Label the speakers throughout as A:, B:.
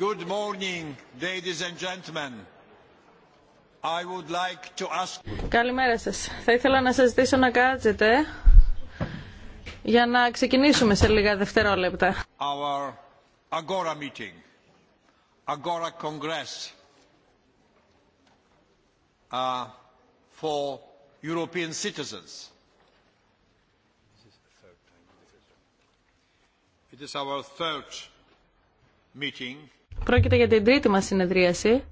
A: Good morning, ladies and gentlemen.
B: I would like to ask... Καλημέρα σας. Θα ήθελα να σας ζητήσω να κάτσετε για να ξεκινήσουμε σε λίγα δευτερόλεπτα.
C: Our Agora meeting, Agora
A: Congress uh, for European citizens.
C: It is our third meeting
B: Πρόκειται για την τρίτη μας συνεδρίαση.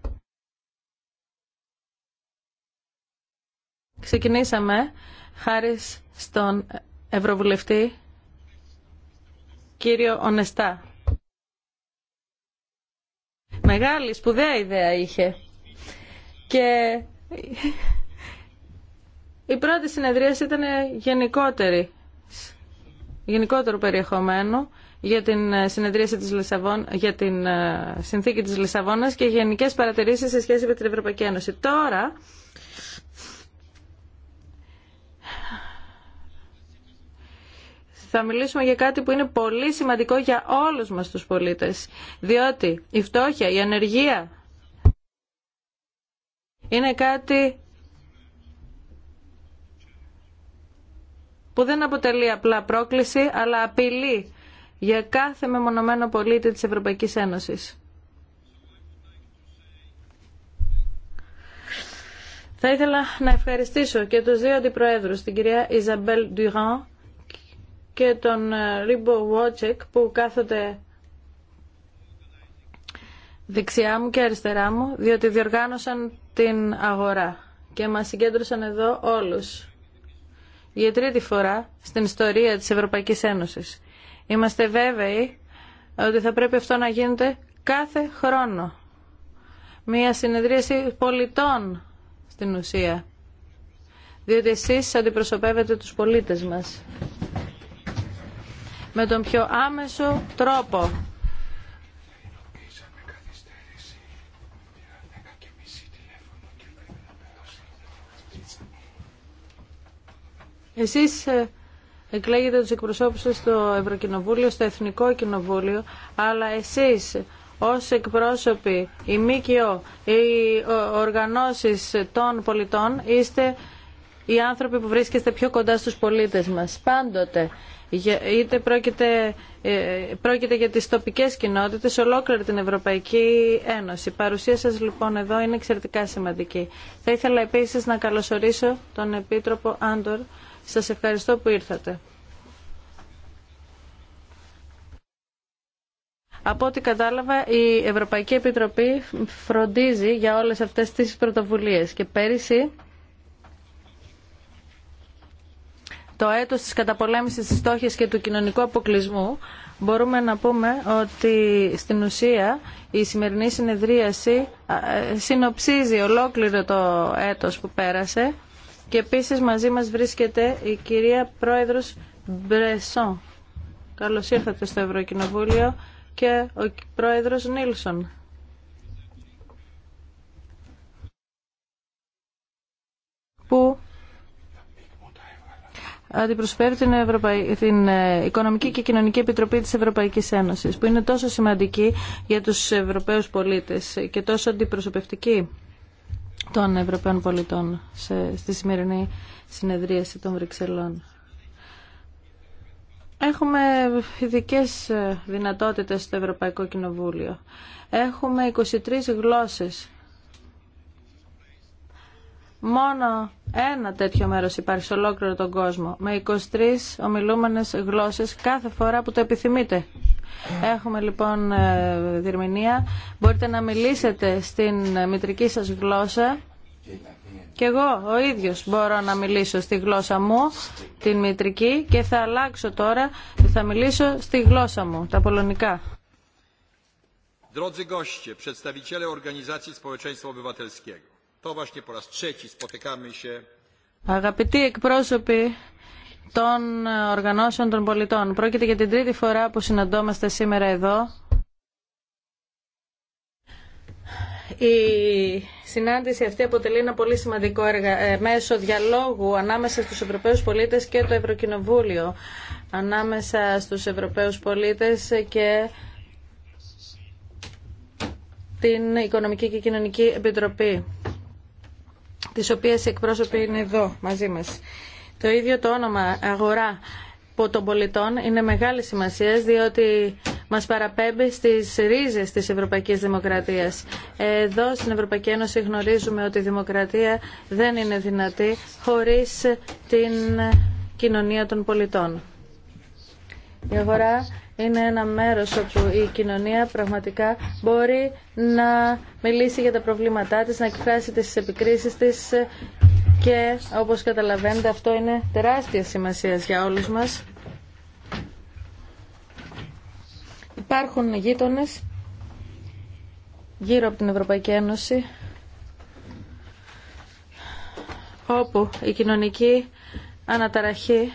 B: Ξεκινήσαμε χάρη στον Ευρωβουλευτή κύριο Ονεστά. Μεγάλη, σπουδαία ιδέα είχε. Και η πρώτη συνεδρίαση ήταν γενικότερη, γενικότερο περιεχομένου για την ε, συνεδρίαση της για την ε, συνθήκη της Λισαβόνας και γενικές παρατηρήσεις σε σχέση με την Ευρωπαϊκή Ένωση. Τώρα, θα μιλήσουμε για κάτι που είναι πολύ σημαντικό για όλους μας τους πολίτες. Διότι η φτώχεια, η ανεργία είναι κάτι που δεν αποτελεί απλά πρόκληση, αλλά απειλή για κάθε μεμονωμένο πολίτη της Ευρωπαϊκής Ένωσης. Θα ήθελα να ευχαριστήσω και τους δύο αντιπροέδρους, την κυρία Ιζαμπέλ Ντουιγάν και τον ε, Ρίμπο Βότσεκ που κάθονται δεξιά μου και αριστερά μου, διότι διοργάνωσαν την αγορά και μας συγκέντρωσαν εδώ όλους για τρίτη φορά στην ιστορία της Ευρωπαϊκής Ένωσης. Είμαστε βέβαιοι ότι θα πρέπει αυτό να γίνεται κάθε χρόνο. Μία συνεδρίαση πολιτών στην ουσία. Διότι εσείς αντιπροσωπεύετε τους πολίτες μας. Με τον πιο άμεσο τρόπο. Εσείς ε, εκλέγετε τους εκπροσώπους σας στο Ευρωκοινοβούλιο, στο Εθνικό Κοινοβούλιο, αλλά εσείς ως εκπρόσωποι, η ΜΚΟ, οι οργανώσεις των πολιτών, είστε οι άνθρωποι που βρίσκεστε πιο κοντά στους πολίτες μας. Πάντοτε, είτε ε, πρόκειται, για τις τοπικές κοινότητες, ολόκληρη την Ευρωπαϊκή Ένωση. Η παρουσία σας λοιπόν εδώ είναι εξαιρετικά σημαντική. Θα ήθελα επίσης να καλωσορίσω τον Επίτροπο Άντορ, σας ευχαριστώ που ήρθατε. Από ό,τι κατάλαβα, η Ευρωπαϊκή Επιτροπή φροντίζει για όλες αυτές τις πρωτοβουλίες. Και πέρυσι, το έτος της καταπολέμησης της στόχης και του κοινωνικού αποκλεισμού, μπορούμε να πούμε ότι στην ουσία η σημερινή συνεδρίαση συνοψίζει ολόκληρο το έτος που πέρασε και επίση μαζί μα βρίσκεται η κυρία Πρόεδρο Μπρεσόν. Καλώ ήρθατε στο Ευρωκοινοβούλιο και ο Πρόεδρος Νίλσον. Που αντιπροσφέρει την, την ε, Οικονομική και Κοινωνική Επιτροπή της Ευρωπαϊκής Ένωσης, που είναι τόσο σημαντική για τους Ευρωπαίους πολίτες και τόσο αντιπροσωπευτική των Ευρωπαίων πολιτών σε, στη σημερινή συνεδρίαση των Βρυξελών. Έχουμε ειδικέ ε, δυνατότητες στο Ευρωπαϊκό Κοινοβούλιο. Έχουμε 23 γλώσσες Μόνο ένα τέτοιο μέρος υπάρχει σε ολόκληρο τον κόσμο, με 23 ομιλούμενες γλώσσες κάθε φορά που το επιθυμείτε. Έχουμε λοιπόν ε, διερμηνία. Μπορείτε να μιλήσετε στην μητρική σας γλώσσα. Και εγώ ο ίδιος μπορώ να μιλήσω στη γλώσσα μου, την μητρική, και θα αλλάξω τώρα και θα μιλήσω στη γλώσσα μου, τα πολωνικά.
C: Drodzy goście, przedstawiciele organizacji społeczeństwa obywatelskiego.
B: Αγαπητοί εκπρόσωποι των οργανώσεων των πολιτών, πρόκειται για την τρίτη φορά που συναντώμαστε σήμερα εδώ. Η συνάντηση αυτή αποτελεί ένα πολύ σημαντικό ε, μέσο διαλόγου ανάμεσα στους Ευρωπαίους πολίτες και το Ευρωκοινοβούλιο, ανάμεσα στους Ευρωπαίους πολίτες και την Οικονομική και Κοινωνική Επιτροπή τις οποίες οι εκπρόσωποι είναι εδώ μαζί μας. Το ίδιο το όνομα αγορά των πολιτών είναι μεγάλη σημασία διότι μας παραπέμπει στις ρίζες της Ευρωπαϊκής Δημοκρατίας. Εδώ στην Ευρωπαϊκή Ένωση γνωρίζουμε ότι η δημοκρατία δεν είναι δυνατή χωρίς την κοινωνία των πολιτών. Η αγορά είναι ένα μέρος όπου η κοινωνία πραγματικά μπορεί να μιλήσει για τα προβλήματά της, να εκφράσει τις επικρίσεις της και όπως καταλαβαίνετε αυτό είναι τεράστια σημασία για όλους μας. Υπάρχουν γείτονε γύρω από την Ευρωπαϊκή Ένωση όπου η κοινωνική αναταραχή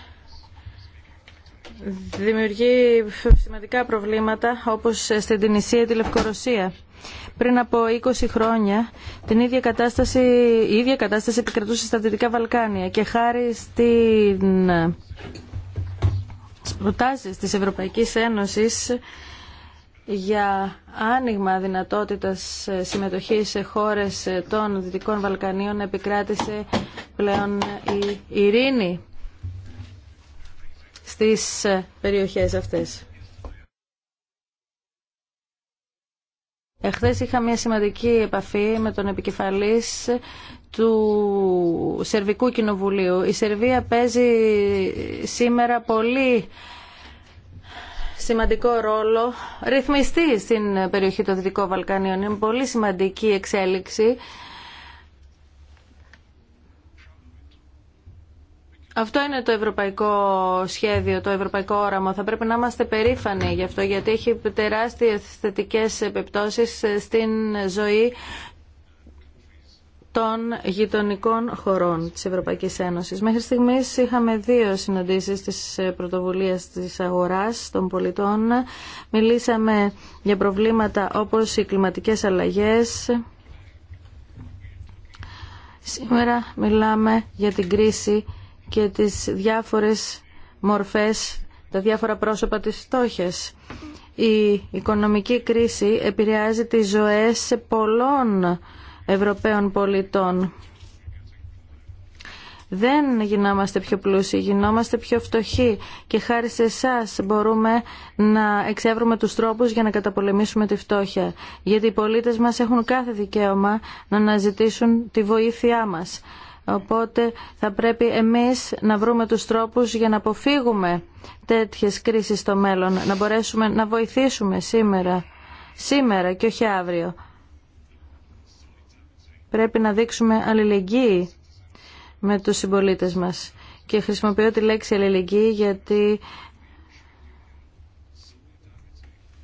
B: δημιουργεί σημαντικά προβλήματα όπως στην Τινησία τη Λευκορωσία. Πριν από 20 χρόνια την ίδια κατάσταση, η ίδια κατάσταση επικρατούσε στα Δυτικά Βαλκάνια και χάρη στην προτάσεις της Ευρωπαϊκής Ένωσης για άνοιγμα δυνατότητας συμμετοχής σε χώρες των Δυτικών Βαλκανίων επικράτησε πλέον η ειρήνη στις ε, περιοχές αυτές. Εχθές είχα μια σημαντική επαφή με τον επικεφαλής του Σερβικού Κοινοβουλίου. Η Σερβία παίζει σήμερα πολύ σημαντικό ρόλο ρυθμιστή στην περιοχή των Δυτικών Βαλκανίων. Είναι πολύ σημαντική εξέλιξη Αυτό είναι το ευρωπαϊκό σχέδιο, το ευρωπαϊκό όραμα. Θα πρέπει να είμαστε περήφανοι γι' αυτό, γιατί έχει τεράστιες θετικές επιπτώσεις στην ζωή των γειτονικών χωρών της Ευρωπαϊκής Ένωσης. Μέχρι στιγμής είχαμε δύο συναντήσεις της πρωτοβουλίας της αγοράς των πολιτών. Μιλήσαμε για προβλήματα όπως οι κλιματικές αλλαγές. Σήμερα μιλάμε για την κρίση και τις διάφορες μορφές, τα διάφορα πρόσωπα της φτώχειας. Η οικονομική κρίση επηρεάζει τις ζωές σε πολλών Ευρωπαίων πολιτών. Δεν γινόμαστε πιο πλούσιοι, γινόμαστε πιο φτωχοί και χάρη σε εσά μπορούμε να εξεύρουμε τους τρόπους για να καταπολεμήσουμε τη φτώχεια. Γιατί οι πολίτες μας έχουν κάθε δικαίωμα να αναζητήσουν τη βοήθειά μας. Οπότε θα πρέπει εμείς να βρούμε τους τρόπους για να αποφύγουμε τέτοιες κρίσεις στο μέλλον, να μπορέσουμε να βοηθήσουμε σήμερα, σήμερα και όχι αύριο. Πρέπει να δείξουμε αλληλεγγύη με τους συμπολίτες μας. Και χρησιμοποιώ τη λέξη αλληλεγγύη γιατί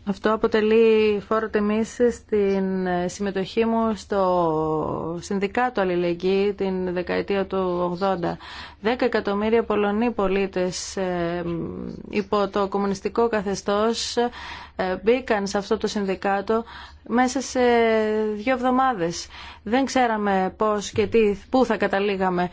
B: αυτό αποτελεί φόρο τιμή στην συμμετοχή μου στο Συνδικάτο Αλληλεγγύη την δεκαετία του 80. Δέκα εκατομμύρια Πολωνοί πολίτες ε, υπό το κομμουνιστικό καθεστώς ε, μπήκαν σε αυτό το συνδικάτο μέσα σε δύο εβδομάδες. Δεν ξέραμε πώς και τι, πού θα καταλήγαμε.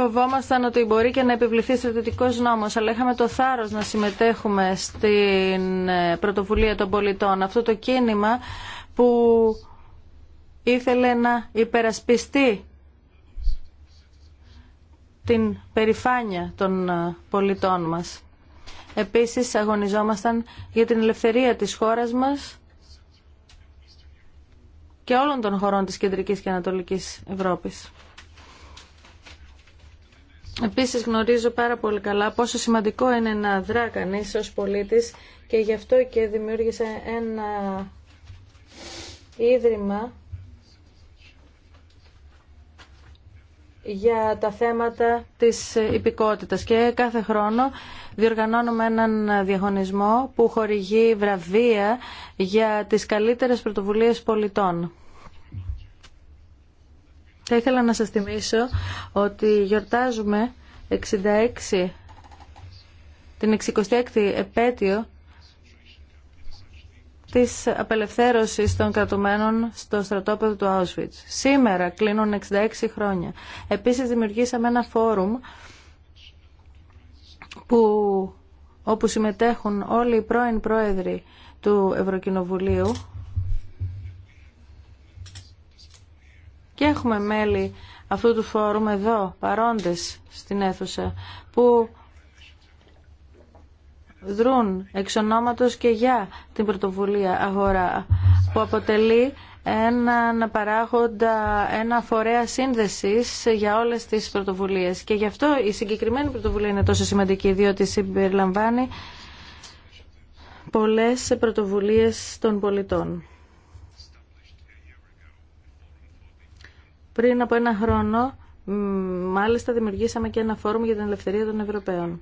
B: φοβόμασταν ότι μπορεί και να επιβληθεί στρατιωτικό νόμο, αλλά είχαμε το θάρρο να συμμετέχουμε στην ε, πρωτοβουλία των πολιτών. Αυτό το κίνημα που ήθελε να υπερασπιστεί την περηφάνεια των ε, πολιτών μας. Επίσης αγωνιζόμασταν για την ελευθερία της χώρας μας και όλων των χωρών της Κεντρικής και Ανατολικής Ευρώπης. Επίσης γνωρίζω πάρα πολύ καλά πόσο σημαντικό είναι να δρά κανεί ως πολίτης και γι' αυτό και δημιούργησα ένα ίδρυμα για τα θέματα της υπηκότητας και κάθε χρόνο διοργανώνουμε έναν διαγωνισμό που χορηγεί βραβεία για τις καλύτερες πρωτοβουλίες πολιτών. Θα ήθελα να σας θυμίσω ότι γιορτάζουμε 66, την 66η επέτειο της απελευθέρωσης των κρατουμένων στο στρατόπεδο του Auschwitz. Σήμερα κλείνουν 66 χρόνια. Επίσης δημιουργήσαμε ένα φόρουμ που, όπου συμμετέχουν όλοι οι πρώην πρόεδροι του Ευρωκοινοβουλίου και έχουμε μέλη αυτού του φόρουμ εδώ, παρόντες στην αίθουσα, που δρούν εξ και για την πρωτοβουλία αγορά, που αποτελεί να παράγοντα, ένα φορέα σύνδεσης για όλες τις πρωτοβουλίες. Και γι' αυτό η συγκεκριμένη πρωτοβουλία είναι τόσο σημαντική, διότι συμπεριλαμβάνει πολλές πρωτοβουλίες των πολιτών. Πριν από ένα χρόνο, μάλιστα, δημιουργήσαμε και ένα φόρουμ για την ελευθερία των Ευρωπαίων.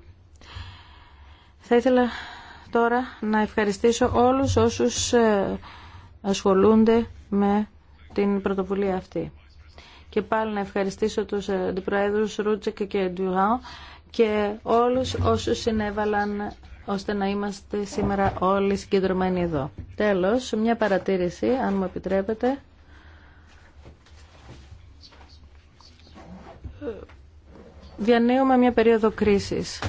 B: Θα ήθελα τώρα να ευχαριστήσω όλους όσους ε, ασχολούνται με την πρωτοβουλία αυτή. Και πάλι να ευχαριστήσω τους ε, αντιπροέδρους Ρούτσεκ και Ντουγάν και όλους όσους συνέβαλαν ώστε να είμαστε σήμερα όλοι συγκεντρωμένοι εδώ. Τέλος, μια παρατήρηση, αν μου επιτρέπετε. διανύουμε μια περίοδο κρίσης.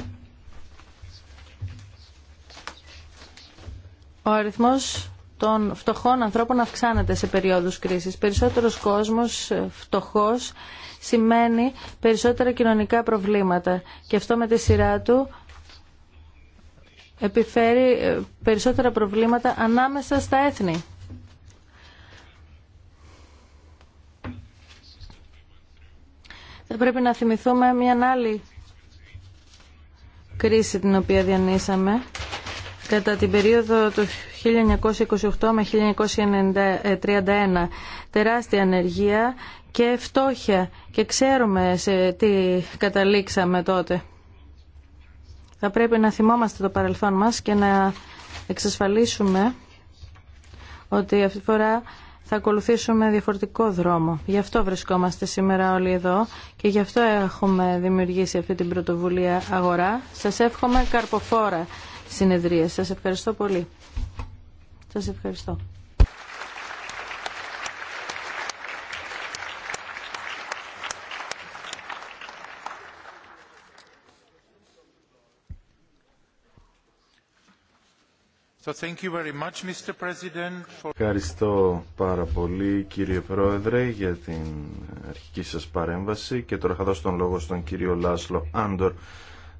B: Ο αριθμός των φτωχών ανθρώπων αυξάνεται σε περίοδους κρίσης. Περισσότερος κόσμος ε, φτωχός σημαίνει περισσότερα κοινωνικά προβλήματα και αυτό με τη σειρά του επιφέρει ε, περισσότερα προβλήματα ανάμεσα στα έθνη. θα πρέπει να θυμηθούμε μια άλλη κρίση την οποία διανύσαμε κατά την περίοδο του 1928 με 1931. Ε, τεράστια ανεργία και φτώχεια και ξέρουμε σε τι καταλήξαμε τότε. Θα πρέπει να θυμόμαστε το παρελθόν μας και να εξασφαλίσουμε ότι αυτή τη φορά θα ακολουθήσουμε διαφορετικό δρόμο. Γι' αυτό βρισκόμαστε σήμερα όλοι εδώ και γι' αυτό έχουμε δημιουργήσει αυτή την πρωτοβουλία αγορά. Σας εύχομαι καρποφόρα συνεδρία. Σας ευχαριστώ πολύ. Σας ευχαριστώ.
D: Ευχαριστώ πάρα πολύ κύριε Πρόεδρε για την αρχική σας παρέμβαση και τώρα θα δώσω τον λόγο στον κύριο Λάσλο Άντορ,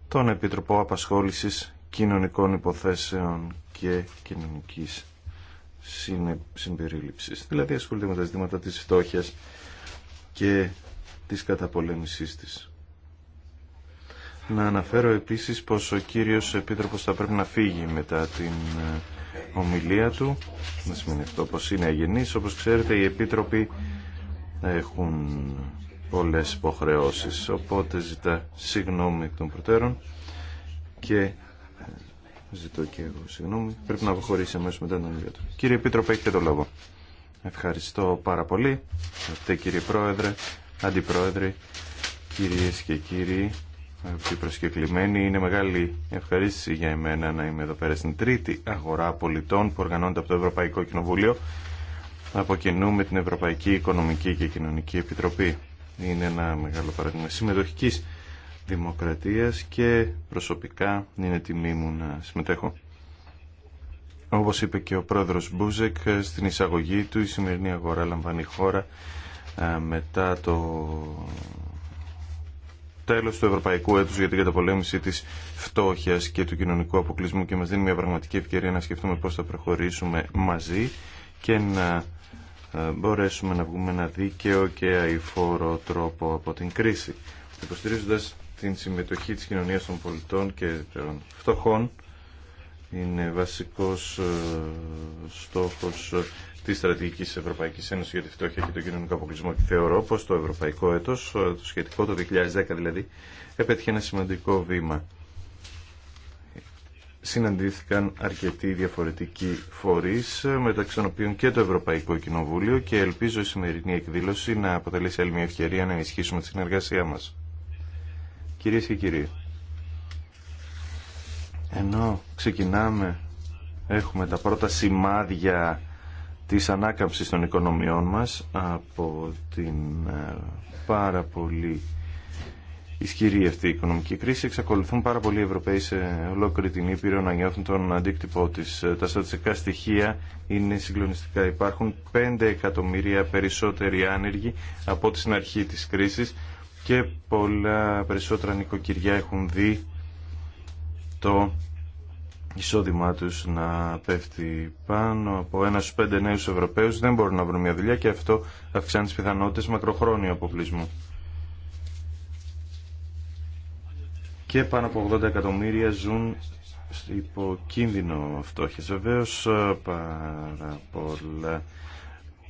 D: τον Επιτροπό Απασχόλησης Κοινωνικών Υποθέσεων και Κοινωνικής Συμπερίληψης. Δηλαδή ασχολείται με τα ζητήματα της φτώχειας και της καταπολέμησής της. Να αναφέρω επίσης πως ο κύριος Επίτροπος θα πρέπει να φύγει μετά την ε, ομιλία του. να σημαίνει αυτό πως είναι αγενής. Όπως ξέρετε οι Επίτροποι έχουν πολλές υποχρεώσεις. Οπότε ζητά συγγνώμη των προτέρων και ε, ζητώ και εγώ συγγνώμη. Πρέπει να αποχωρήσει αμέσως μετά την ομιλία του. Κύριε Επίτροπε έχετε το λόγο. Ευχαριστώ πάρα πολύ. Ευχαριστώ κύριε Πρόεδρε, Αντιπρόεδρε, κυρίες και κύριοι. Αυτή είναι μεγάλη ευχαρίστηση για εμένα να είμαι εδώ πέρα στην τρίτη αγορά πολιτών που οργανώνεται από το Ευρωπαϊκό Κοινοβούλιο από κοινού με την Ευρωπαϊκή Οικονομική και Κοινωνική Επιτροπή. Είναι ένα μεγάλο παράδειγμα συμμετοχικής δημοκρατίας και προσωπικά είναι τιμή μου να συμμετέχω. Όπως είπε και ο πρόεδρος Μπούζεκ, στην εισαγωγή του η σημερινή αγορά λαμβάνει χώρα μετά το τέλος του Ευρωπαϊκού Έτους για την καταπολέμηση της φτώχειας και του κοινωνικού αποκλεισμού και μας δίνει μια πραγματική ευκαιρία να σκεφτούμε πώς θα προχωρήσουμε μαζί και να ε, μπορέσουμε να βγούμε ένα δίκαιο και αηφόρο τρόπο από την κρίση. Υποστηρίζοντας την συμμετοχή της κοινωνίας των πολιτών και των φτωχών, είναι βασικός ε, στόχος της στρατηγικής Ευρωπαϊκής Ένωσης για τη φτώχεια και τον κοινωνικό αποκλεισμό και θεωρώ πως το ευρωπαϊκό έτος, ε, το σχετικό το 2010 δηλαδή, επέτυχε ένα σημαντικό βήμα. Συναντήθηκαν αρκετοί διαφορετικοί φορείς, ε, μεταξύ των οποίων και το Ευρωπαϊκό Κοινοβούλιο και ελπίζω η σημερινή εκδήλωση να αποτελέσει άλλη μια ευκαιρία να ενισχύσουμε τη συνεργασία μας. Κυρίε και κύριοι, ενώ ξεκινάμε, έχουμε τα πρώτα σημάδια της ανάκαμψης των οικονομιών μας από την ε, πάρα πολύ ισχυρή αυτή η οικονομική κρίση. Εξακολουθούν πάρα πολλοί Ευρωπαίοι σε ολόκληρη την Ήπειρο να νιώθουν τον αντίκτυπό της. Ε, τα στατιστικά στοιχεία είναι συγκλονιστικά. Υπάρχουν 5 εκατομμύρια περισσότεροι άνεργοι από την αρχή της κρίσης και πολλά περισσότερα νοικοκυριά έχουν δει το εισόδημά τους να πέφτει πάνω από ένα στους πέντε νέους Ευρωπαίους δεν μπορούν να βρουν μια δουλειά και αυτό αυξάνει τις πιθανότητες μακροχρόνιου αποκλεισμού. Και πάνω από 80 εκατομμύρια ζουν υπό κίνδυνο φτώχειας. Βεβαίως πάρα πολλά.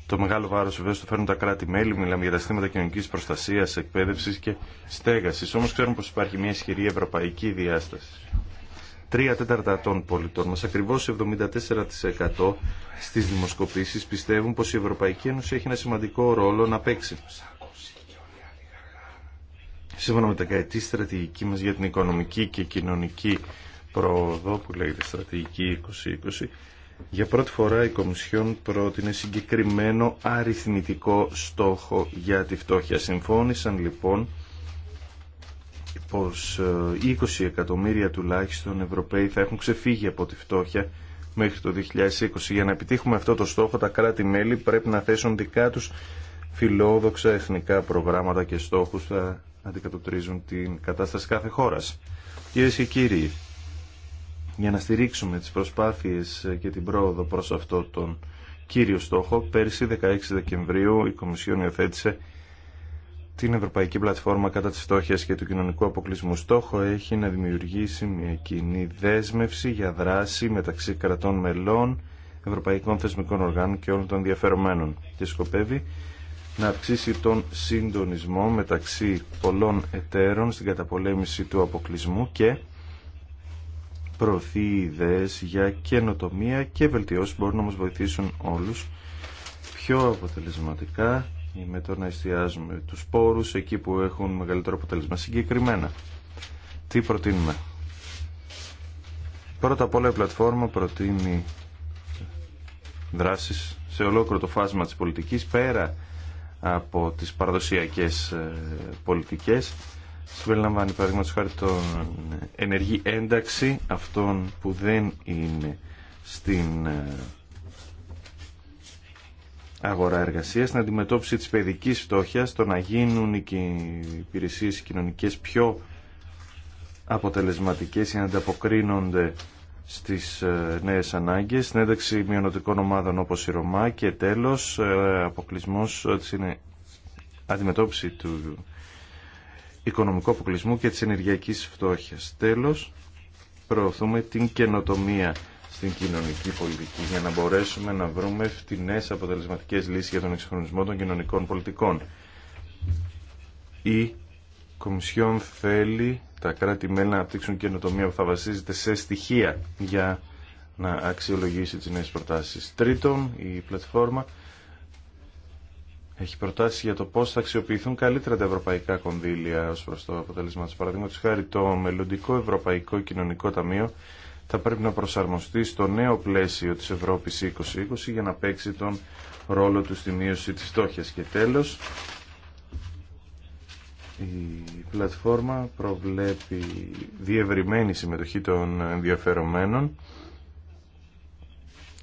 D: Το μεγάλο βάρος βέβαια το φέρνουν τα κράτη-μέλη, μιλάμε για τα στήματα κοινωνικής προστασίας, εκπαίδευσης και στέγασης. Όμως ξέρουμε πως υπάρχει μια ισχυρή ευρωπαϊκή διάσταση Τρία τέταρτα των πολιτών μας, ακριβώς 74% στις δημοσκοπήσεις πιστεύουν πως η Ευρωπαϊκή Ένωση έχει ένα σημαντικό ρόλο να παίξει. Σύμφωνα με τα καετή στρατηγική μας για την οικονομική και κοινωνική πρόοδο που λέγεται στρατηγική 2020, για πρώτη φορά η Κομισιόν πρότεινε συγκεκριμένο αριθμητικό στόχο για τη φτώχεια. Συμφώνησαν λοιπόν πως 20 ε, εκατομμύρια τουλάχιστον Ευρωπαίοι θα έχουν ξεφύγει από τη φτώχεια μέχρι το 2020. Για να επιτύχουμε αυτό το στόχο τα κράτη-μέλη πρέπει να θέσουν δικά τους φιλόδοξα εθνικά προγράμματα και στόχους θα αντικατοπτρίζουν την κατάσταση κάθε χώρας. Κυρίε και κύριοι, για να στηρίξουμε τις προσπάθειες ε, και την πρόοδο προς αυτό τον κύριο στόχο, πέρσι 16 Δεκεμβρίου η Κομισιόν υιοθέτησε την Ευρωπαϊκή Πλατφόρμα κατά της Φτώχειας και του Κοινωνικού Αποκλεισμού. Στόχο έχει να δημιουργήσει μια κοινή δέσμευση για δράση μεταξύ κρατών μελών, ευρωπαϊκών θεσμικών οργάνων και όλων των διαφερομένων και σκοπεύει να αυξήσει τον συντονισμό μεταξύ πολλών εταίρων στην καταπολέμηση του αποκλεισμού και προωθεί ιδέες για καινοτομία και βελτιώσεις μπορούν να μας βοηθήσουν όλους πιο αποτελεσματικά με το να εστιάζουμε τους πόρους εκεί που έχουν μεγαλύτερο αποτέλεσμα. Συγκεκριμένα, τι προτείνουμε. Πρώτα απ' όλα η πλατφόρμα προτείνει δράσεις σε ολόκληρο το φάσμα της πολιτικής πέρα από τις παραδοσιακές ε, πολιτικές. Συμπεριλαμβάνει παραδείγματος χάρη τον ενεργή ένταξη αυτών που δεν είναι στην ε, αγορά εργασία στην αντιμετώπιση τη παιδική φτώχεια το να γίνουν οι υπηρεσίε κοινωνικές πιο αποτελεσματικές ή να ανταποκρίνονται στις ε, νέες ανάγκες, συνένταξη μειονοτικών ομάδων όπως η να ανταποκρινονται στις νεες αναγκες ένταξη μειονοτικων ομαδων όπω η ρωμα και τέλο. Ε, ε, αντιμετώπιση του οικονομικού αποκλεισμού και τη ενεργειακή φτώχεια. Τέλο, προωθούμε την καινοτομία στην κοινωνική πολιτική για να μπορέσουμε να βρούμε φτηνές αποτελεσματικέ λύσεις για τον εξυγχρονισμό των κοινωνικών πολιτικών. Η Κομισιόν θέλει τα κράτη-μέλη να αναπτύξουν καινοτομία που θα βασίζεται σε στοιχεία για να αξιολογήσει τι νέε προτάσει. Τρίτον, η πλατφόρμα έχει προτάσει για το πώ θα αξιοποιηθούν καλύτερα τα ευρωπαϊκά κονδύλια ω προ το αποτέλεσμα του. Παραδείγματο χάρη, το μελλοντικό Ευρωπαϊκό Κοινωνικό Ταμείο θα πρέπει να προσαρμοστεί στο νέο πλαίσιο της Ευρώπης 2020 για να παίξει τον ρόλο του στη μείωση της φτώχειας. Και τέλος, η πλατφόρμα προβλέπει διευρυμένη συμμετοχή των ενδιαφερομένων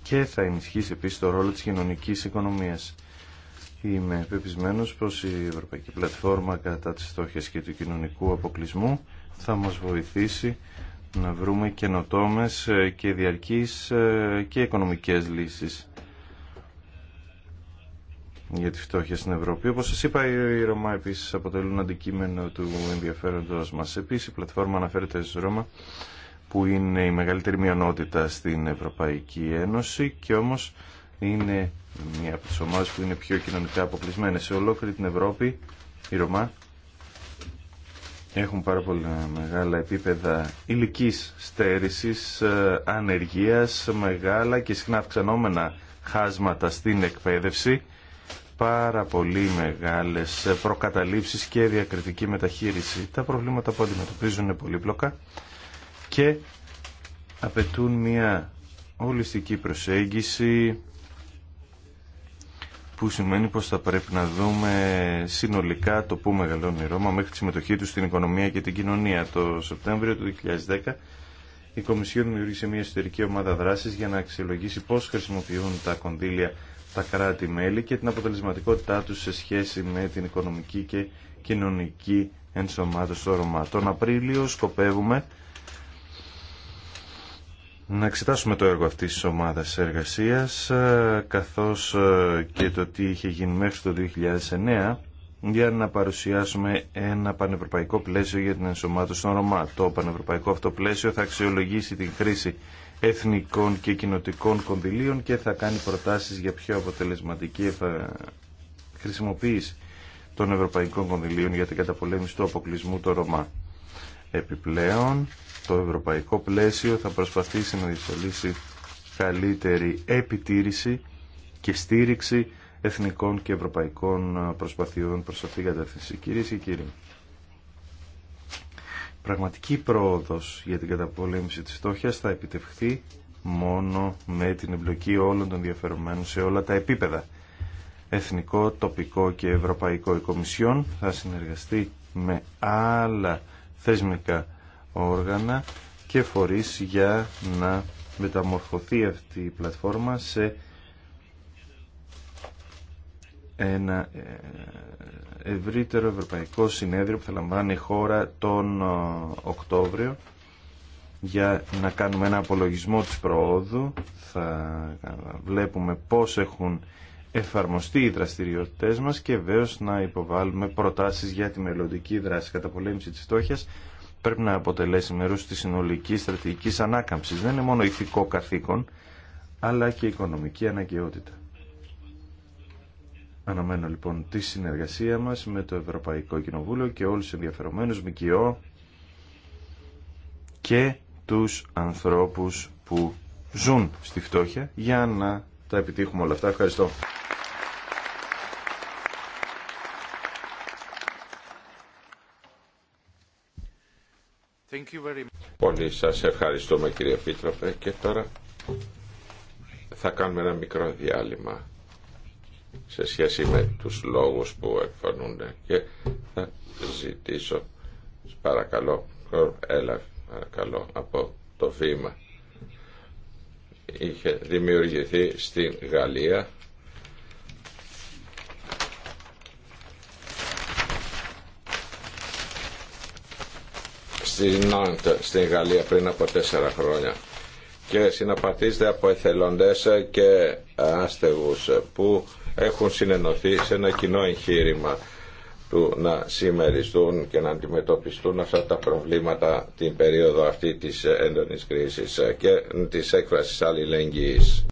D: και θα ενισχύσει επίσης το ρόλο της κοινωνικής οικονομίας. Είμαι πεπισμένος πως η Ευρωπαϊκή Πλατφόρμα κατά της στόχες και του κοινωνικού αποκλεισμού θα μας βοηθήσει να βρούμε καινοτόμες ε, και διαρκείς ε, και οικονομικές λύσεις για τη φτώχεια στην Ευρώπη. Όπως σας είπα, οι Ρωμά επίσης αποτελούν αντικείμενο του ενδιαφέροντος μας. Επίσης, η πλατφόρμα αναφέρεται στους Ρώμα, που είναι η μεγαλύτερη μειονότητα στην Ευρωπαϊκή Ένωση και όμως είναι μια από τις ομάδες που είναι πιο κοινωνικά αποκλεισμένες. Σε ολόκληρη την Ευρώπη, οι Ρωμά έχουν πάρα πολλά μεγάλα επίπεδα ηλικής στέρησης, ε, ανεργίας, μεγάλα και συχνά αυξανόμενα χάσματα στην εκπαίδευση, πάρα πολύ μεγάλες προκαταλήψεις και διακριτική μεταχείριση. Τα προβλήματα που αντιμετωπίζουν είναι πολύπλοκα και απαιτούν μια ολιστική προσέγγιση που σημαίνει πως θα πρέπει να δούμε συνολικά το πού μεγαλώνει η Ρώμα μέχρι τη συμμετοχή του στην οικονομία και την κοινωνία. Το Σεπτέμβριο του 2010 η Κομισιόν δημιούργησε μια εσωτερική ομάδα δράσης για να αξιολογήσει πώς χρησιμοποιούν τα κονδύλια τα κράτη-μέλη και την αποτελεσματικότητά τους σε σχέση με την οικονομική και κοινωνική ενσωμάτωση στο Ρωμά. Τον Απρίλιο σκοπεύουμε να εξετάσουμε το έργο αυτής της ομάδας εργασίας ε, καθώς ε, και το τι είχε γίνει μέχρι το 2009 για να παρουσιάσουμε ένα πανευρωπαϊκό πλαίσιο για την ενσωμάτωση των Ρωμά. Το πανευρωπαϊκό αυτό πλαίσιο θα αξιολογήσει την χρήση εθνικών και κοινοτικών κονδυλίων και θα κάνει προτάσεις για πιο αποτελεσματική χρησιμοποίηση των ευρωπαϊκών κονδυλίων για την καταπολέμηση του αποκλεισμού των Ρωμά. Επιπλέον, το ευρωπαϊκό πλαίσιο θα προσπαθήσει να διασφαλίσει καλύτερη επιτήρηση και στήριξη εθνικών και ευρωπαϊκών προσπαθειών προς αυτήν την κατεύθυνση. Κυρίες και κύριοι, πραγματική πρόοδος για την καταπολέμηση της φτώχειας θα επιτευχθεί μόνο με την εμπλοκή όλων των διαφερομένων σε όλα τα επίπεδα. Εθνικό, τοπικό και ευρωπαϊκό η Κομισιόν θα συνεργαστεί με άλλα θεσμικά όργανα και φορείς για να μεταμορφωθεί αυτή η πλατφόρμα σε ένα ε, ευρύτερο ευρωπαϊκό συνέδριο που θα λαμβάνει η χώρα τον ε, Οκτώβριο για να κάνουμε ένα απολογισμό της προόδου. Θα ε, βλέπουμε πώς έχουν εφαρμοστεί οι δραστηριότητές μας και βεβαίω να υποβάλουμε προτάσεις για τη μελλοντική δράση κατά πολέμηση της φτώχειας πρέπει να αποτελέσει μέρος της συνολικής στρατηγικής ανάκαμψης. Δεν είναι μόνο ηθικό καθήκον, αλλά και οικονομική αναγκαιότητα. Αναμένω λοιπόν τη συνεργασία μας με το Ευρωπαϊκό Κοινοβούλιο και όλους τους ενδιαφερομένους ΜΚΟ και τους ανθρώπους που ζουν στη φτώχεια για να τα επιτύχουμε όλα αυτά. Ευχαριστώ.
C: Πολύ σας ευχαριστούμε κύριε Επίτροπε και τώρα θα κάνουμε ένα μικρό διάλειμμα σε σχέση με τους λόγους που εκφωνούν και θα ζητήσω παρακαλώ έλα παρακαλώ από το βήμα είχε δημιουργηθεί στην Γαλλία στη στην Γαλλία πριν από τέσσερα χρόνια και συναπατήστε από εθελοντές και άστεγους που έχουν συνενωθεί σε ένα κοινό εγχείρημα του να συμμεριστούν και να αντιμετωπιστούν αυτά τα προβλήματα την περίοδο αυτή της έντονης κρίσης και της έκφρασης αλληλεγγύης.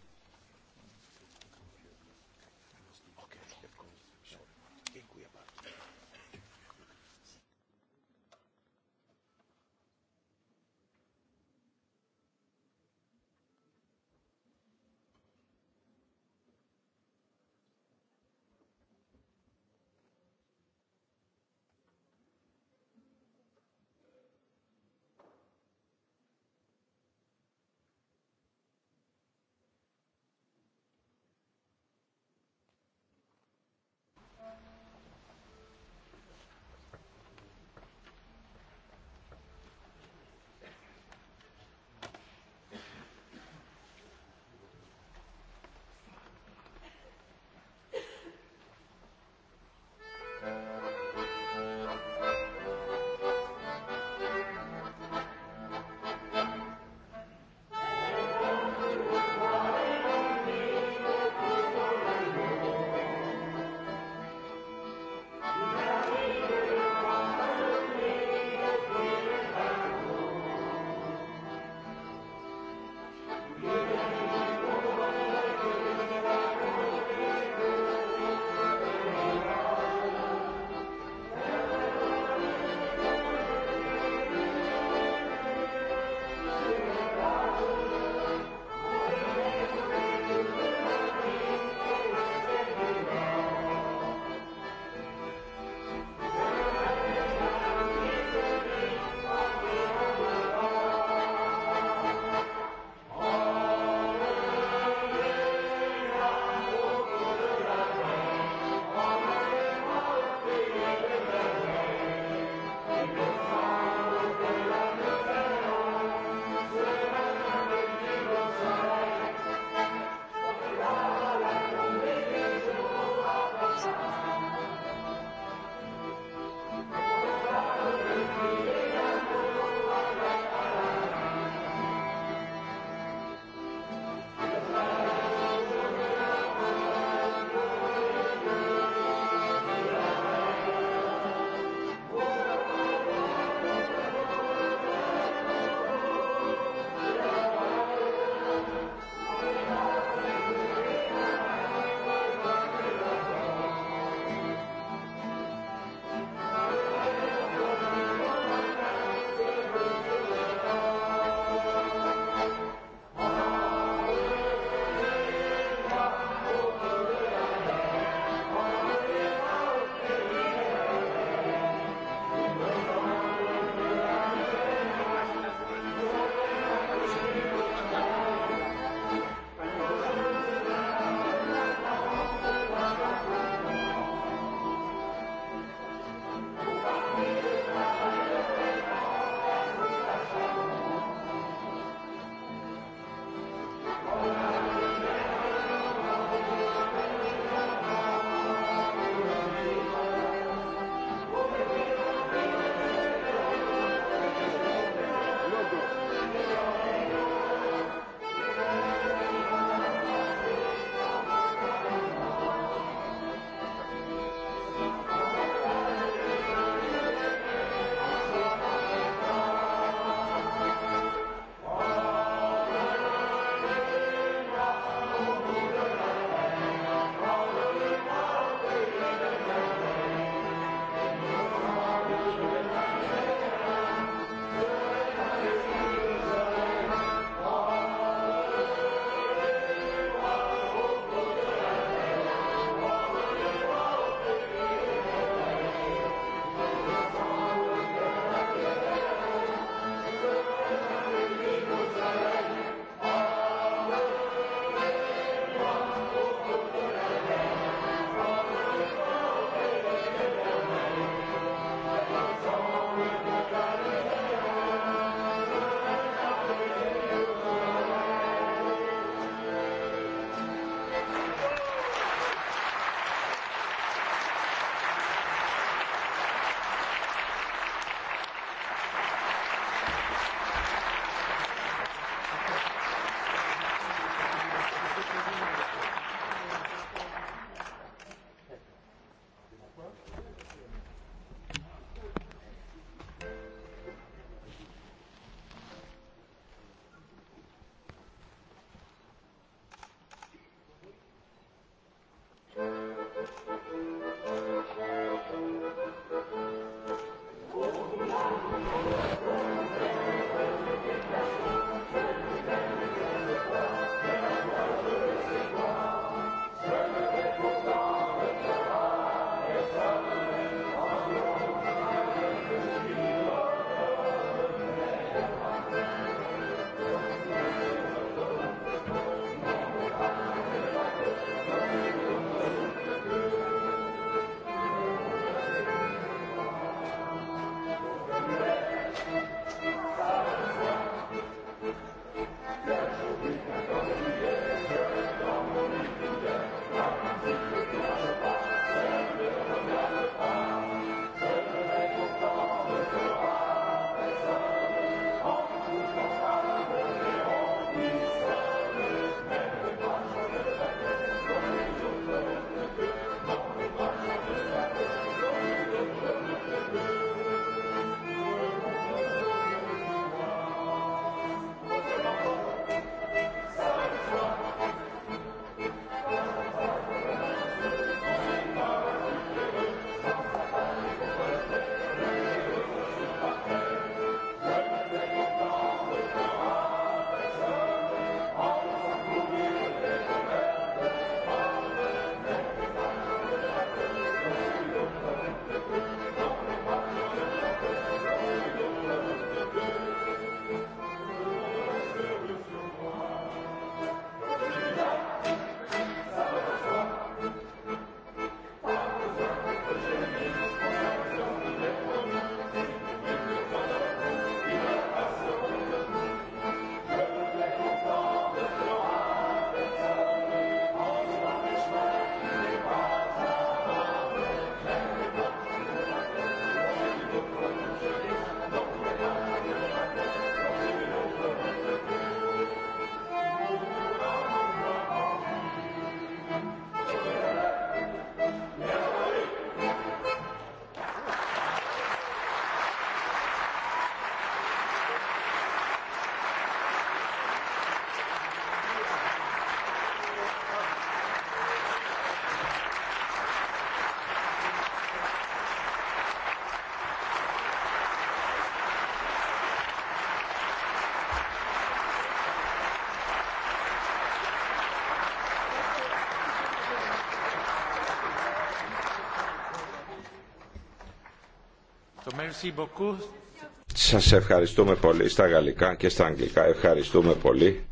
C: Σας ευχαριστούμε πολύ στα γαλλικά και στα αγγλικά. Ευχαριστούμε πολύ.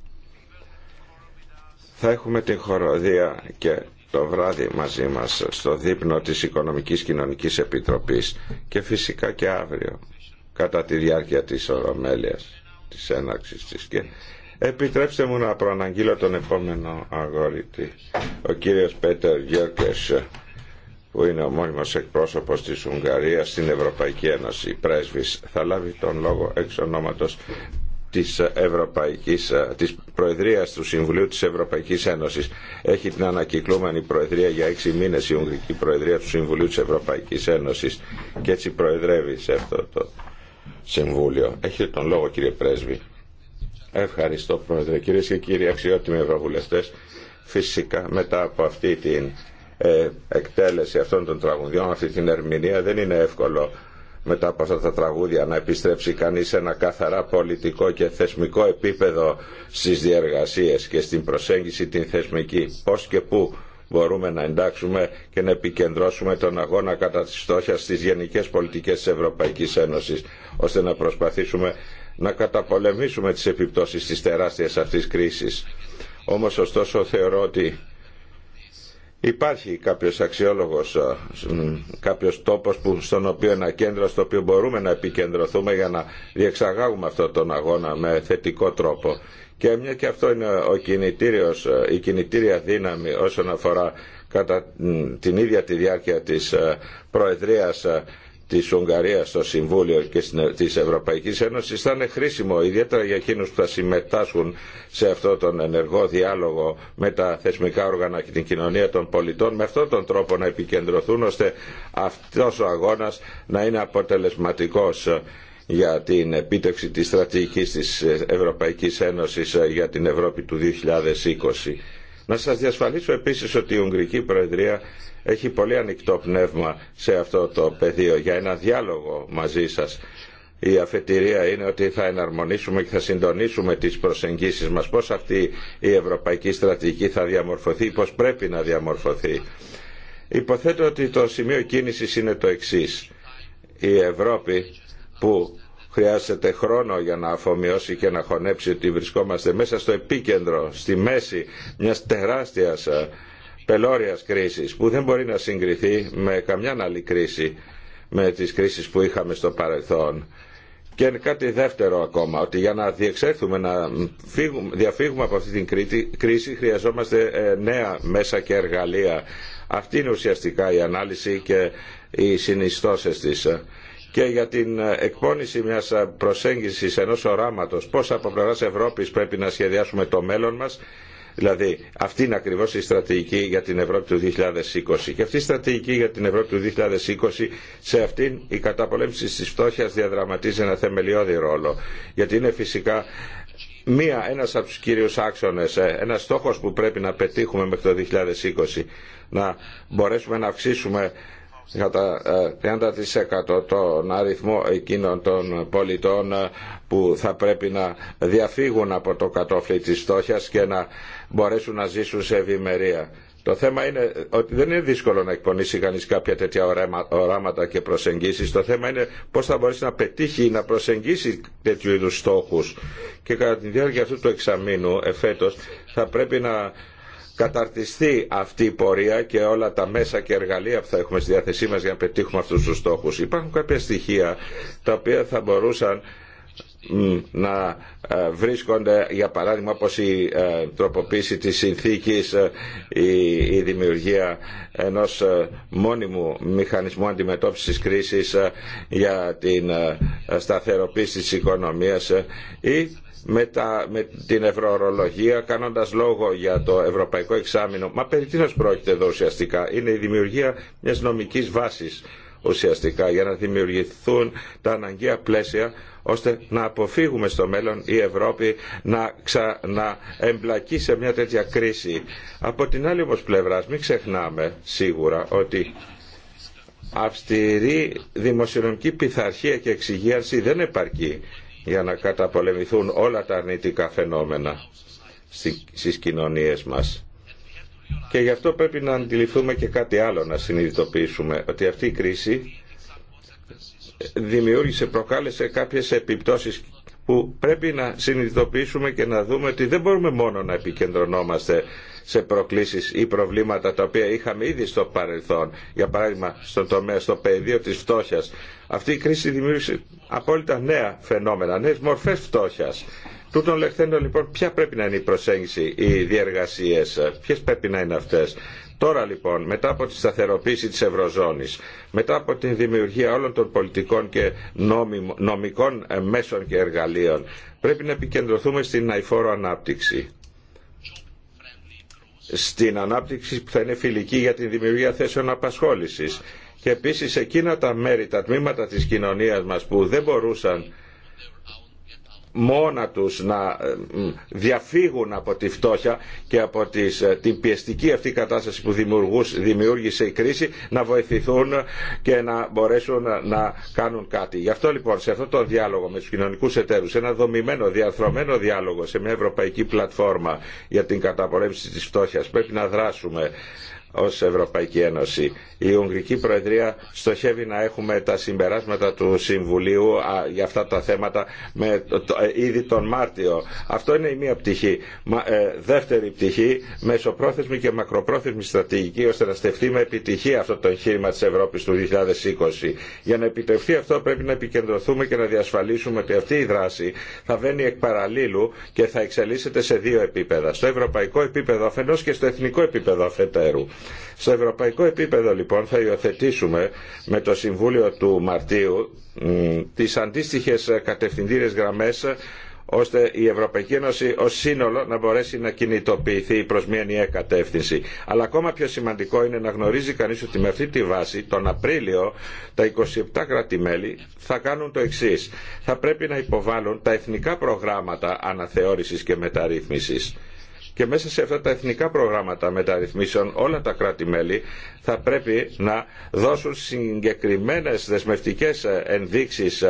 C: Θα έχουμε την χοροδία και το βράδυ μαζί μας στο δείπνο της Οικονομικής Κοινωνικής Επιτροπής και φυσικά και αύριο κατά τη διάρκεια της ορομέλειας της έναρξης της και επιτρέψτε μου να προαναγγείλω τον επόμενο αγόριτη, ο κύριος Πέτερ Γιώκες που είναι ο μόνιμος εκπρόσωπος της Ουγγαρίας στην Ευρωπαϊκή Ένωση, Η πρέσβης, θα λάβει τον λόγο εξ ονόματος της, Ευρωπαϊκής, της Προεδρίας του Συμβουλίου της Ευρωπαϊκής Ένωσης. Έχει την ανακυκλούμενη Προεδρία για έξι μήνες η Ουγγρική Προεδρία του Συμβουλίου της Ευρωπαϊκής Ένωσης και έτσι προεδρεύει σε αυτό το Συμβούλιο. Έχει τον λόγο κύριε Πρέσβη. Ευχαριστώ Πρόεδρε. Κυρίες και κύριοι αξιότιμοι Ευρωβουλευτές, φυσικά μετά από αυτή την ε, εκτέλεση αυτών των τραγουδιών, αυτή την ερμηνεία δεν είναι εύκολο μετά από αυτά τα τραγούδια να επιστρέψει κανείς σε ένα καθαρά πολιτικό και θεσμικό επίπεδο στις διεργασίες και στην προσέγγιση την θεσμική. Πώς και πού μπορούμε να εντάξουμε και να επικεντρώσουμε τον αγώνα κατά της στόχια στις γενικές πολιτικές της Ευρωπαϊκής Ένωσης, ώστε να προσπαθήσουμε να καταπολεμήσουμε τις επιπτώσεις της τεράστιας αυτής κρίσης. Όμως ωστόσο θεωρώ ότι Υπάρχει κάποιος αξιόλογος, ε, κάποιος τόπος που, στον οποίο ένα κέντρο στο οποίο μπορούμε να επικεντρωθούμε για να διεξαγάγουμε αυτόν τον αγώνα με θετικό τρόπο. Και μια και αυτό είναι ο κινητήριος, ε, η κινητήρια δύναμη όσον αφορά κατά την ίδια τη διάρκεια της ε, Προεδρίας της Ουγγαρίας στο Συμβούλιο και ε, της Ευρωπαϊκής Ένωσης θα είναι χρήσιμο ιδιαίτερα για εκείνους που θα συμμετάσχουν σε αυτό τον ενεργό διάλογο με τα θεσμικά όργανα και την κοινωνία των πολιτών με αυτόν τον τρόπο να επικεντρωθούν ώστε αυτός ο αγώνας να είναι αποτελεσματικός ε, για την επίτευξη της στρατηγικής της ε, Ευρωπαϊκής Ένωσης για την Ευρώπη του 2020. Να σας διασφαλίσω επίσης ότι η Ουγγρική Προεδρία έχει πολύ ανοιχτό πνεύμα σε αυτό το πεδίο για ένα διάλογο μαζί σας. Η αφετηρία είναι ότι θα εναρμονίσουμε και θα συντονίσουμε τις προσεγγίσεις μας. Πώς αυτή η ευρωπαϊκή στρατηγική θα διαμορφωθεί, πώς πρέπει να διαμορφωθεί. Υποθέτω ότι το σημείο κίνησης είναι το εξής. Η Ευρώπη που χρειάζεται χρόνο για να αφομοιώσει και να χωνέψει ότι βρισκόμαστε μέσα στο επίκεντρο, στη μέση μιας τεράστιας ε, πελώριας κρίσης που δεν μπορεί να συγκριθεί με καμιά άλλη κρίση με τις κρίσεις που είχαμε στο παρελθόν. Και κάτι δεύτερο ακόμα, ότι για να διεξέλθουμε, να διαφύγουμε από αυτή την κρίση χρειαζόμαστε ε, νέα μέσα και εργαλεία. Αυτή είναι ουσιαστικά η ανάλυση και οι συνιστώσεις της. Ε και για την ε, εκπόνηση μια ε, προσέγγιση ενό οράματο πώς από πλευρά Ευρώπη πρέπει να σχεδιάσουμε το μέλλον μα, Δηλαδή, αυτή είναι ακριβώ η στρατηγική για την Ευρώπη του 2020. Και αυτή η στρατηγική για την Ευρώπη του 2020, σε αυτήν η καταπολέμηση τη φτώχεια διαδραματίζει ένα θεμελιώδη ρόλο. Γιατί είναι φυσικά μία, ένας από τους κύριους άξονες, ε, ένας στόχος που πρέπει να πετύχουμε μέχρι το 2020, να μπορέσουμε να αυξήσουμε ε, κατά 30% τον αριθμό εκείνων των πολιτών ε, που θα πρέπει να διαφύγουν από το κατόφλι της στόχιας και να μπορέσουν να ζήσουν σε ευημερία. Το θέμα είναι ότι δεν είναι δύσκολο να εκπονήσει κανεί κάποια τέτοια οράματα και προσεγγίσεις. Το θέμα είναι πώς θα μπορέσει να πετύχει να προσεγγίσει τέτοιου είδου στόχου. Και κατά τη διάρκεια αυτού του εξαμήνου, εφέτο, θα πρέπει να καταρτιστεί αυτή η πορεία και όλα τα μέσα και εργαλεία που θα έχουμε στη διάθεσή μας για να πετύχουμε αυτούς τους στόχους. Υπάρχουν κάποια στοιχεία τα οποία θα μπορούσαν να ε, βρίσκονται για παράδειγμα όπως η ε, τροποποίηση της συνθήκης ε, η δημιουργία ενός μόνιμου μηχανισμού αντιμετώπισης κρίσης για την σταθεροποίηση της οικονομίας με, την ευρωορολογία κάνοντας λόγο για το ευρωπαϊκό εξάμεινο. Μα περί τίνος πρόκειται εδώ ουσιαστικά. Είναι η δημιουργία μιας νομικής βάσης ουσιαστικά για να δημιουργηθούν τα αναγκαία πλαίσια ώστε να αποφύγουμε στο μέλλον η Ευρώπη να εμπλακεί σε μια τέτοια κρίση. Από την άλλη όμως πλευρά μην ξεχνάμε σίγουρα ότι αυστηρή δημοσιονομική πειθαρχία και εξυγίανση δεν επαρκεί για να καταπολεμηθούν όλα τα αρνητικά φαινόμενα στις κοινωνίες μας. Και γι' αυτό πρέπει να αντιληφθούμε και κάτι άλλο, να συνειδητοποιήσουμε ότι αυτή η κρίση δημιούργησε, προκάλεσε κάποιες επιπτώσεις που πρέπει να συνειδητοποιήσουμε και να δούμε ότι δεν μπορούμε μόνο να επικεντρωνόμαστε σε προκλήσεις ή προβλήματα τα οποία είχαμε ήδη στο παρελθόν, για παράδειγμα στο τομέα, στο πεδίο της φτώχειας. Αυτή η κρίση δημιούργησε απόλυτα νέα φαινόμενα, νέες μορφές φτώχειας. Τούτων λεχθέντων λοιπόν ποια πρέπει να είναι η προσέγγιση, οι διεργασίες, ποιες πρέπει να είναι αυτές. Τώρα λοιπόν, μετά από τη σταθεροποίηση της Ευρωζώνης, μετά από τη δημιουργία όλων των πολιτικών και νομικών μέσων και εργαλείων, πρέπει να ειναι η προσεγγιση οι διεργασιες ποιε πρεπει να ειναι αυτες τωρα λοιπον μετα απο τη σταθεροποιηση της ευρωζωνης μετα απο τη δημιουργια ολων των πολιτικων και νομικων μεσων και εργαλειων πρεπει να επικεντρωθουμε στην αηφόρο ανάπτυξη στην ανάπτυξη που θα είναι φιλική για τη δημιουργία θέσεων απασχόλησης. Και επίσης εκείνα τα μέρη, τα τμήματα της κοινωνίας μας που δεν μπορούσαν μόνα τους να ε, διαφύγουν από τη φτώχεια και από τις, ε, την πιεστική αυτή κατάσταση που δημιούργησε η κρίση να βοηθηθούν και να μπορέσουν να κάνουν κάτι. Γι' αυτό λοιπόν σε αυτό το διάλογο με τους κοινωνικούς εταίρους, ένα δομημένο, διαρθρωμένο διάλογο σε μια ευρωπαϊκή πλατφόρμα για την καταπολέμηση της φτώχειας πρέπει να δράσουμε ως Ευρωπαϊκή Ένωση. Η Ουγγρική Προεδρία στοχεύει να έχουμε τα συμπεράσματα του Συμβουλίου για αυτά τα θέματα με το, ε, ήδη τον Μάρτιο. Αυτό είναι η μία πτυχή. Μα, ε, δεύτερη πτυχή, μεσοπρόθεσμη και μακροπρόθεσμη στρατηγική ώστε να στεφτεί με επιτυχία αυτό το εγχείρημα της Ευρώπης του 2020. Για να επιτευχθεί αυτό πρέπει να επικεντρωθούμε και να διασφαλίσουμε ότι αυτή η δράση θα βαίνει εκ παραλίλου και θα εξελίσσεται σε δύο επίπεδα. Στο ευρωπαϊκό επίπεδο αφενός και στο εθνικό επίπεδο αφετέρου. Στο ευρωπαϊκό επίπεδο λοιπόν θα υιοθετήσουμε με το Συμβούλιο του Μαρτίου τις αντίστοιχες κατευθυντήρες γραμμές ώστε η Ευρωπαϊκή Ένωση ω σύνολο να μπορέσει να κινητοποιηθεί προ μια ενιαία κατεύθυνση. Αλλά ακόμα πιο σημαντικό είναι να γνωρίζει κανεί ότι με αυτή τη βάση τον Απρίλιο τα 27 κράτη-μέλη θα κάνουν το εξή. Θα πρέπει να υποβάλουν τα εθνικά προγράμματα αναθεώρηση και μεταρρύθμιση και μέσα σε αυτά τα εθνικά προγράμματα μεταρρυθμίσεων όλα τα κράτη-μέλη θα πρέπει να δώσουν συγκεκριμένες δεσμευτικές ενδείξεις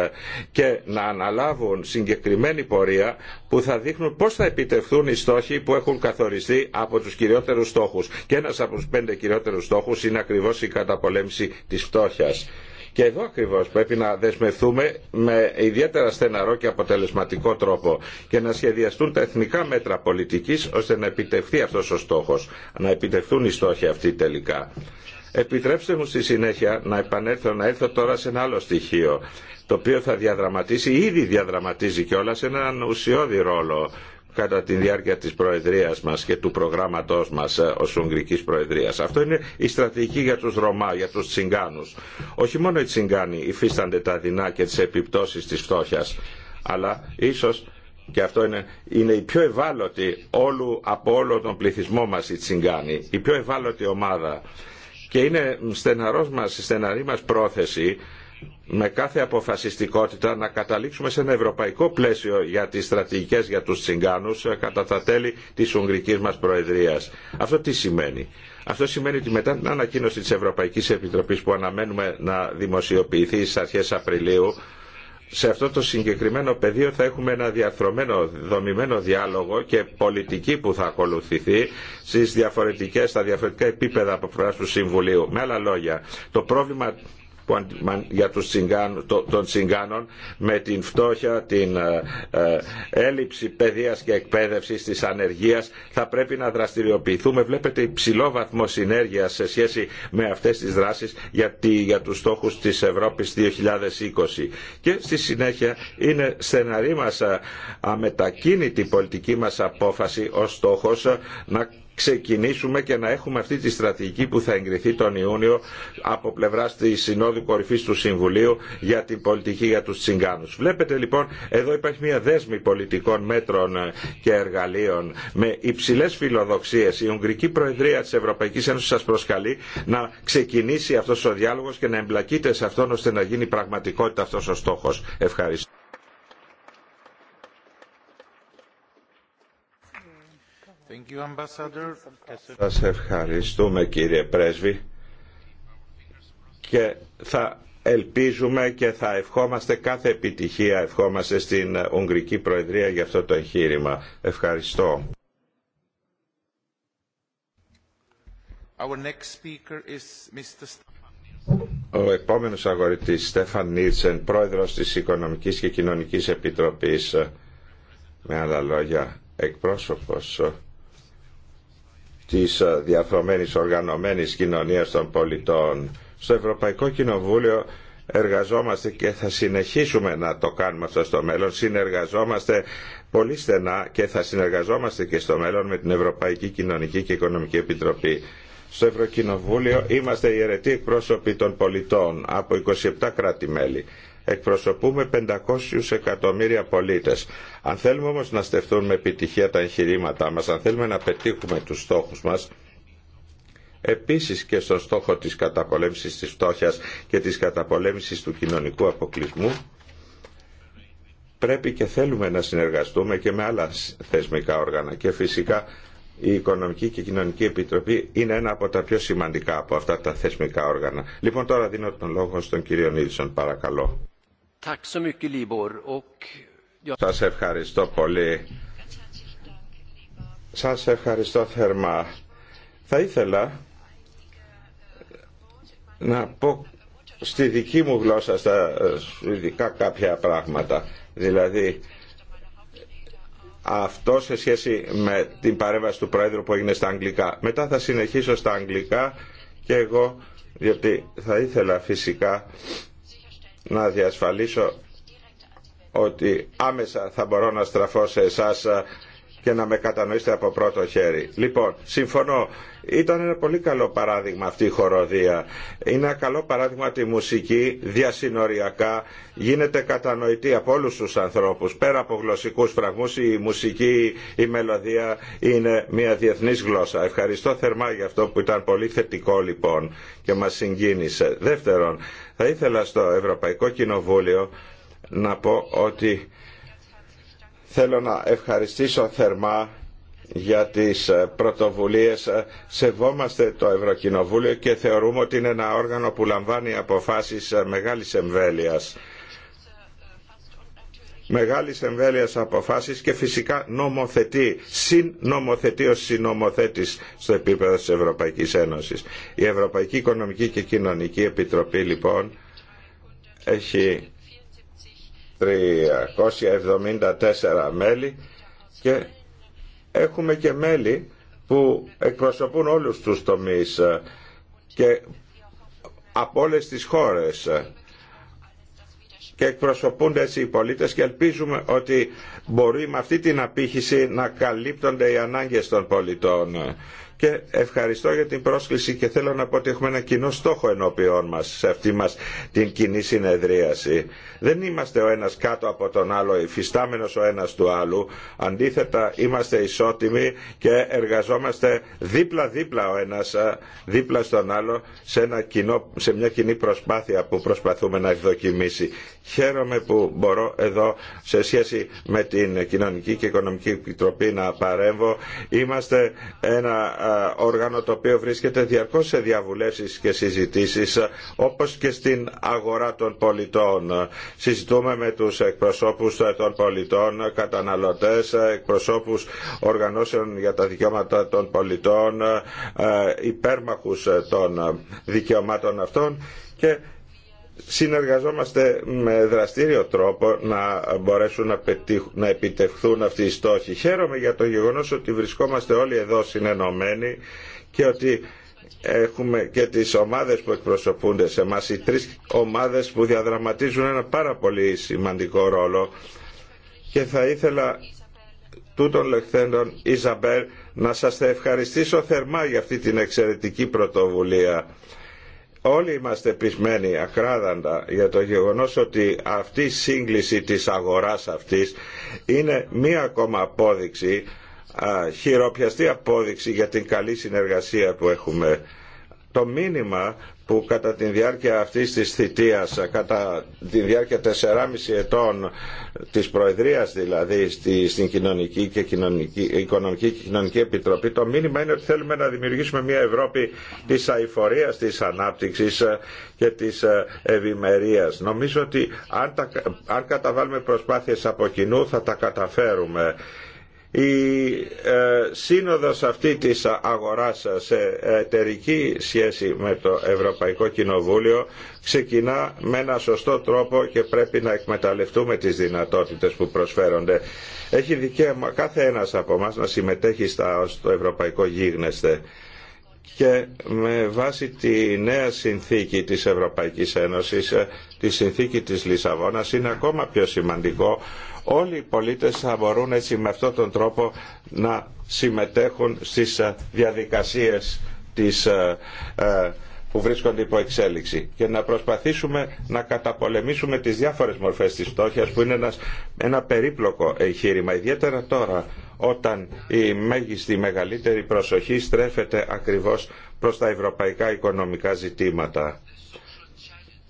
C: και να αναλάβουν συγκεκριμένη πορεία που θα δείχνουν πώς θα επιτευχθούν οι στόχοι που έχουν καθοριστεί από τους κυριότερους στόχους. Και ένας από τους πέντε κυριότερους στόχους είναι ακριβώς η καταπολέμηση της φτώχειας. Και εδώ ακριβώ πρέπει να δεσμευτούμε με ιδιαίτερα στεναρό και αποτελεσματικό τρόπο και να σχεδιαστούν τα εθνικά μέτρα πολιτική ώστε να επιτευχθεί αυτό ο στόχο, να επιτευχθούν οι στόχοι αυτοί τελικά. Επιτρέψτε μου στη συνέχεια να επανέλθω, να έρθω τώρα σε ένα άλλο στοιχείο, το οποίο θα διαδραματίσει, ήδη διαδραματίζει σε έναν ουσιώδη ρόλο κατά τη διάρκεια της Προεδρίας μας και του προγράμματός μας ε, ως Ουγγρικής Προεδρίας. Αυτό είναι η στρατηγική για τους Ρωμά, για τους Τσιγκάνους. Όχι μόνο οι Τσιγκάνοι υφίστανται τα δεινά και τις επιπτώσεις της φτώχειας, αλλά ίσως και αυτό είναι, είναι η πιο ευάλωτη όλου, από όλο τον πληθυσμό μας η Τσιγκάνη, η πιο ευάλωτη ομάδα. Και είναι στεναρός μας, στεναρή μας πρόθεση με κάθε αποφασιστικότητα να καταλήξουμε σε ένα ευρωπαϊκό πλαίσιο για τις στρατηγικές για τους τσιγκάνους ε, κατά τα τέλη της Ουγγρικής μας Προεδρίας. Αυτό τι σημαίνει. Αυτό σημαίνει ότι μετά την ανακοίνωση της Ευρωπαϊκής Επιτροπής που αναμένουμε να δημοσιοποιηθεί στις αρχές Απριλίου σε αυτό το συγκεκριμένο πεδίο θα έχουμε ένα διαρθρωμένο, δομημένο διάλογο και πολιτική που θα ακολουθηθεί στις διαφορετικές, στα διαφορετικά επίπεδα από πλευρά του Συμβουλίου. Με άλλα λόγια, το πρόβλημα για τους τσιγκάν, των τσιγκάνων με την φτώχεια, την ε, ε, έλλειψη παιδείας και εκπαίδευσης της ανεργίας θα πρέπει να δραστηριοποιηθούμε. Βλέπετε υψηλό βαθμό συνέργειας σε σχέση με αυτές τις δράσεις για, τη, για τους στόχους της Ευρώπης 2020. Και στη συνέχεια είναι στεναρή μας ε, αμετακίνητη πολιτική μας απόφαση ως στόχος να ξεκινήσουμε και να έχουμε αυτή τη στρατηγική που θα εγκριθεί τον Ιούνιο από πλευρά τη Συνόδου Κορυφή του Συμβουλίου για την πολιτική για του Τσιγκάνου. Βλέπετε λοιπόν, εδώ υπάρχει μια δέσμη πολιτικών μέτρων και εργαλείων με υψηλέ φιλοδοξίε. Η Ουγγρική Προεδρία τη Ευρωπαϊκή Ένωση σα προσκαλεί να ξεκινήσει αυτό ο διάλογο και να εμπλακείτε σε αυτόν ώστε να γίνει πραγματικότητα αυτό ο στόχο. Ευχαριστώ. Σας ευχαριστούμε κύριε Πρέσβη και θα ελπίζουμε και θα ευχόμαστε κάθε επιτυχία ευχόμαστε στην Ουγγρική Προεδρία για αυτό το εγχείρημα. Ευχαριστώ.
D: Our next speaker is
C: Mr. Ο επόμενος αγορητής Στέφαν Νίλσεν, πρόεδρος της Οικονομικής και Κοινωνικής Επιτροπής, με άλλα λόγια εκπρόσωπος της ε, διαφρομένης οργανωμένης κοινωνίας των πολιτών. Στο Ευρωπαϊκό Κοινοβούλιο εργαζόμαστε και θα συνεχίσουμε να το κάνουμε αυτό στο μέλλον. Συνεργαζόμαστε πολύ στενά και θα συνεργαζόμαστε και στο μέλλον με την Ευρωπαϊκή Κοινωνική και Οικονομική Επιτροπή. Στο Ευρωκοινοβούλιο είμαστε οι αιρετοί εκπρόσωποι των πολιτών από 27 κράτη-μέλη εκπροσωπούμε 500 εκατομμύρια πολίτες. Αν θέλουμε όμως να στεφτούν με επιτυχία τα εγχειρήματά μας, αν θέλουμε να πετύχουμε τους στόχους μας, επίσης και στον στόχο της καταπολέμησης της φτώχειας και της καταπολέμησης του κοινωνικού αποκλεισμού, πρέπει και θέλουμε να συνεργαστούμε και με άλλα θεσμικά όργανα και φυσικά η Οικονομική και Κοινωνική Επιτροπή είναι ένα από τα πιο σημαντικά από αυτά τα θεσμικά όργανα. Λοιπόν, τώρα δίνω τον λόγο στον κύριο Νίλσον, παρακαλώ. Σας ευχαριστώ πολύ. Σας ευχαριστώ θερμά. Θα ήθελα να πω στη δική μου γλώσσα στα ειδικά κάποια πράγματα. Δηλαδή, αυτό σε σχέση με την παρέμβαση του Πρόεδρου που έγινε στα αγγλικά. Μετά θα συνεχίσω στα αγγλικά και εγώ, διότι θα ήθελα φυσικά να διασφαλίσω ότι άμεσα θα μπορώ να στραφώ σε εσάς και να με κατανοήσετε από πρώτο χέρι. Λοιπόν, συμφωνώ. Ήταν ένα πολύ καλό παράδειγμα αυτή η χοροδία. Είναι ένα καλό παράδειγμα ότι η μουσική διασυνοριακά γίνεται κατανοητή από όλους τους ανθρώπους. Πέρα από γλωσσικούς φραγμούς η μουσική, η μελωδία είναι μια διεθνής γλώσσα. Ευχαριστώ θερμά για αυτό που ήταν πολύ θετικό λοιπόν και μα συγκίνησε. Δεύτερον, θα ήθελα στο Ευρωπαϊκό Κοινοβούλιο να πω ότι Θέλω να ευχαριστήσω θερμά για τις ε, πρωτοβουλίες ε, σεβόμαστε το Ευρωκοινοβούλιο και θεωρούμε ότι είναι ένα όργανο που λαμβάνει αποφάσεις ε, μεγάλης εμβέλειας μεγάλης εμβέλειας αποφάσεις και φυσικά νομοθετεί, συνομοθετεί ως συνομοθέτης στο επίπεδο της Ευρωπαϊκής Ένωσης. Η Ευρωπαϊκή Οικονομική και Κοινωνική Επιτροπή λοιπόν έχει 374 μέλη και έχουμε και μέλη που εκπροσωπούν όλους τους τομείς ε, και από όλες τις χώρες ε, και εκπροσωπούν έτσι οι πολίτες και ελπίζουμε ότι μπορεί με αυτή την απήχηση να καλύπτονται οι ανάγκες των πολιτών και ευχαριστώ για την πρόσκληση και θέλω να πω ότι έχουμε ένα κοινό στόχο ενώπιόν μας σε αυτή μας την κοινή συνεδρίαση. Δεν είμαστε ο ένας κάτω από τον άλλο, υφιστάμενος ο ένας του άλλου. Αντίθετα είμαστε ισότιμοι και εργαζόμαστε δίπλα-δίπλα ο ένας, δίπλα στον άλλο σε, ένα κοινό, σε μια κοινή προσπάθεια που προσπαθούμε να εκδοκιμήσει. Χαίρομαι που μπορώ εδώ σε σχέση με την Κοινωνική και Οικονομική Επιτροπή να παρέμβω. Είμαστε ένα όργανο το οποίο βρίσκεται διαρκώς σε διαβουλεύσεις και συζητήσεις όπως και στην αγορά των πολιτών. Συζητούμε με τους εκπροσώπους των πολιτών, καταναλωτές, εκπροσώπους οργανώσεων για τα δικαιώματα των πολιτών, ε, υπέρμαχους των δικαιωμάτων αυτών και συνεργαζόμαστε με δραστήριο τρόπο να μπορέσουν να, πετύχουν, να επιτευχθούν αυτοί οι στόχοι. Χαίρομαι για το γεγονός ότι βρισκόμαστε όλοι εδώ συνενωμένοι και ότι έχουμε και τις ομάδες που εκπροσωπούνται σε εμάς οι τρεις ομάδες που διαδραματίζουν ένα πάρα πολύ σημαντικό ρόλο και θα ήθελα τούτων λεχθέντων Ιζαμπέρ να σας ευχαριστήσω θερμά για αυτή την εξαιρετική πρωτοβουλία Όλοι είμαστε πεισμένοι ακράδαντα για το γεγονός ότι αυτή η σύγκληση της αγοράς αυτής είναι μία ακόμα απόδειξη, χειροπιαστή απόδειξη για την καλή συνεργασία που έχουμε. Το μήνυμα που κατά τη διάρκεια αυτής της θητείας, κατά τη διάρκεια 4,5 ετών της Προεδρίας δηλαδή στην κοινωνική και κοινωνική, Οικονομική και Κοινωνική Επιτροπή το μήνυμα είναι ότι θέλουμε να δημιουργήσουμε μια Ευρώπη της αηφορίας, της ανάπτυξης και της ευημερία. Νομίζω ότι αν, τα, αν καταβάλουμε προσπάθειες από κοινού θα τα καταφέρουμε η ε, σύνοδος αυτή της αγοράς σε εταιρική σχέση με το Ευρωπαϊκό Κοινοβούλιο ξεκινά με ένα σωστό τρόπο και πρέπει να εκμεταλλευτούμε τις δυνατότητες που προσφέρονται. Έχει δικαίωμα κάθε ένας από εμά να συμμετέχει στο Ευρωπαϊκό Γίγνεσθε και με βάση τη νέα συνθήκη της Ευρωπαϊκής Ένωσης, ε, τη συνθήκη της Λισαβόνας, είναι ακόμα πιο σημαντικό Όλοι οι πολίτες θα μπορούν έτσι με αυτόν τον τρόπο να συμμετέχουν στις ε, διαδικασίες της ε, ε, που βρίσκονται υπό εξέλιξη και να προσπαθήσουμε να καταπολεμήσουμε τις διάφορες μορφές της φτώχειας που είναι ένας, ένα περίπλοκο εγχείρημα ιδιαίτερα τώρα όταν η μέγιστη μεγαλύτερη προσοχή στρέφεται ακριβώς προς τα ευρωπαϊκά οικονομικά ζητήματα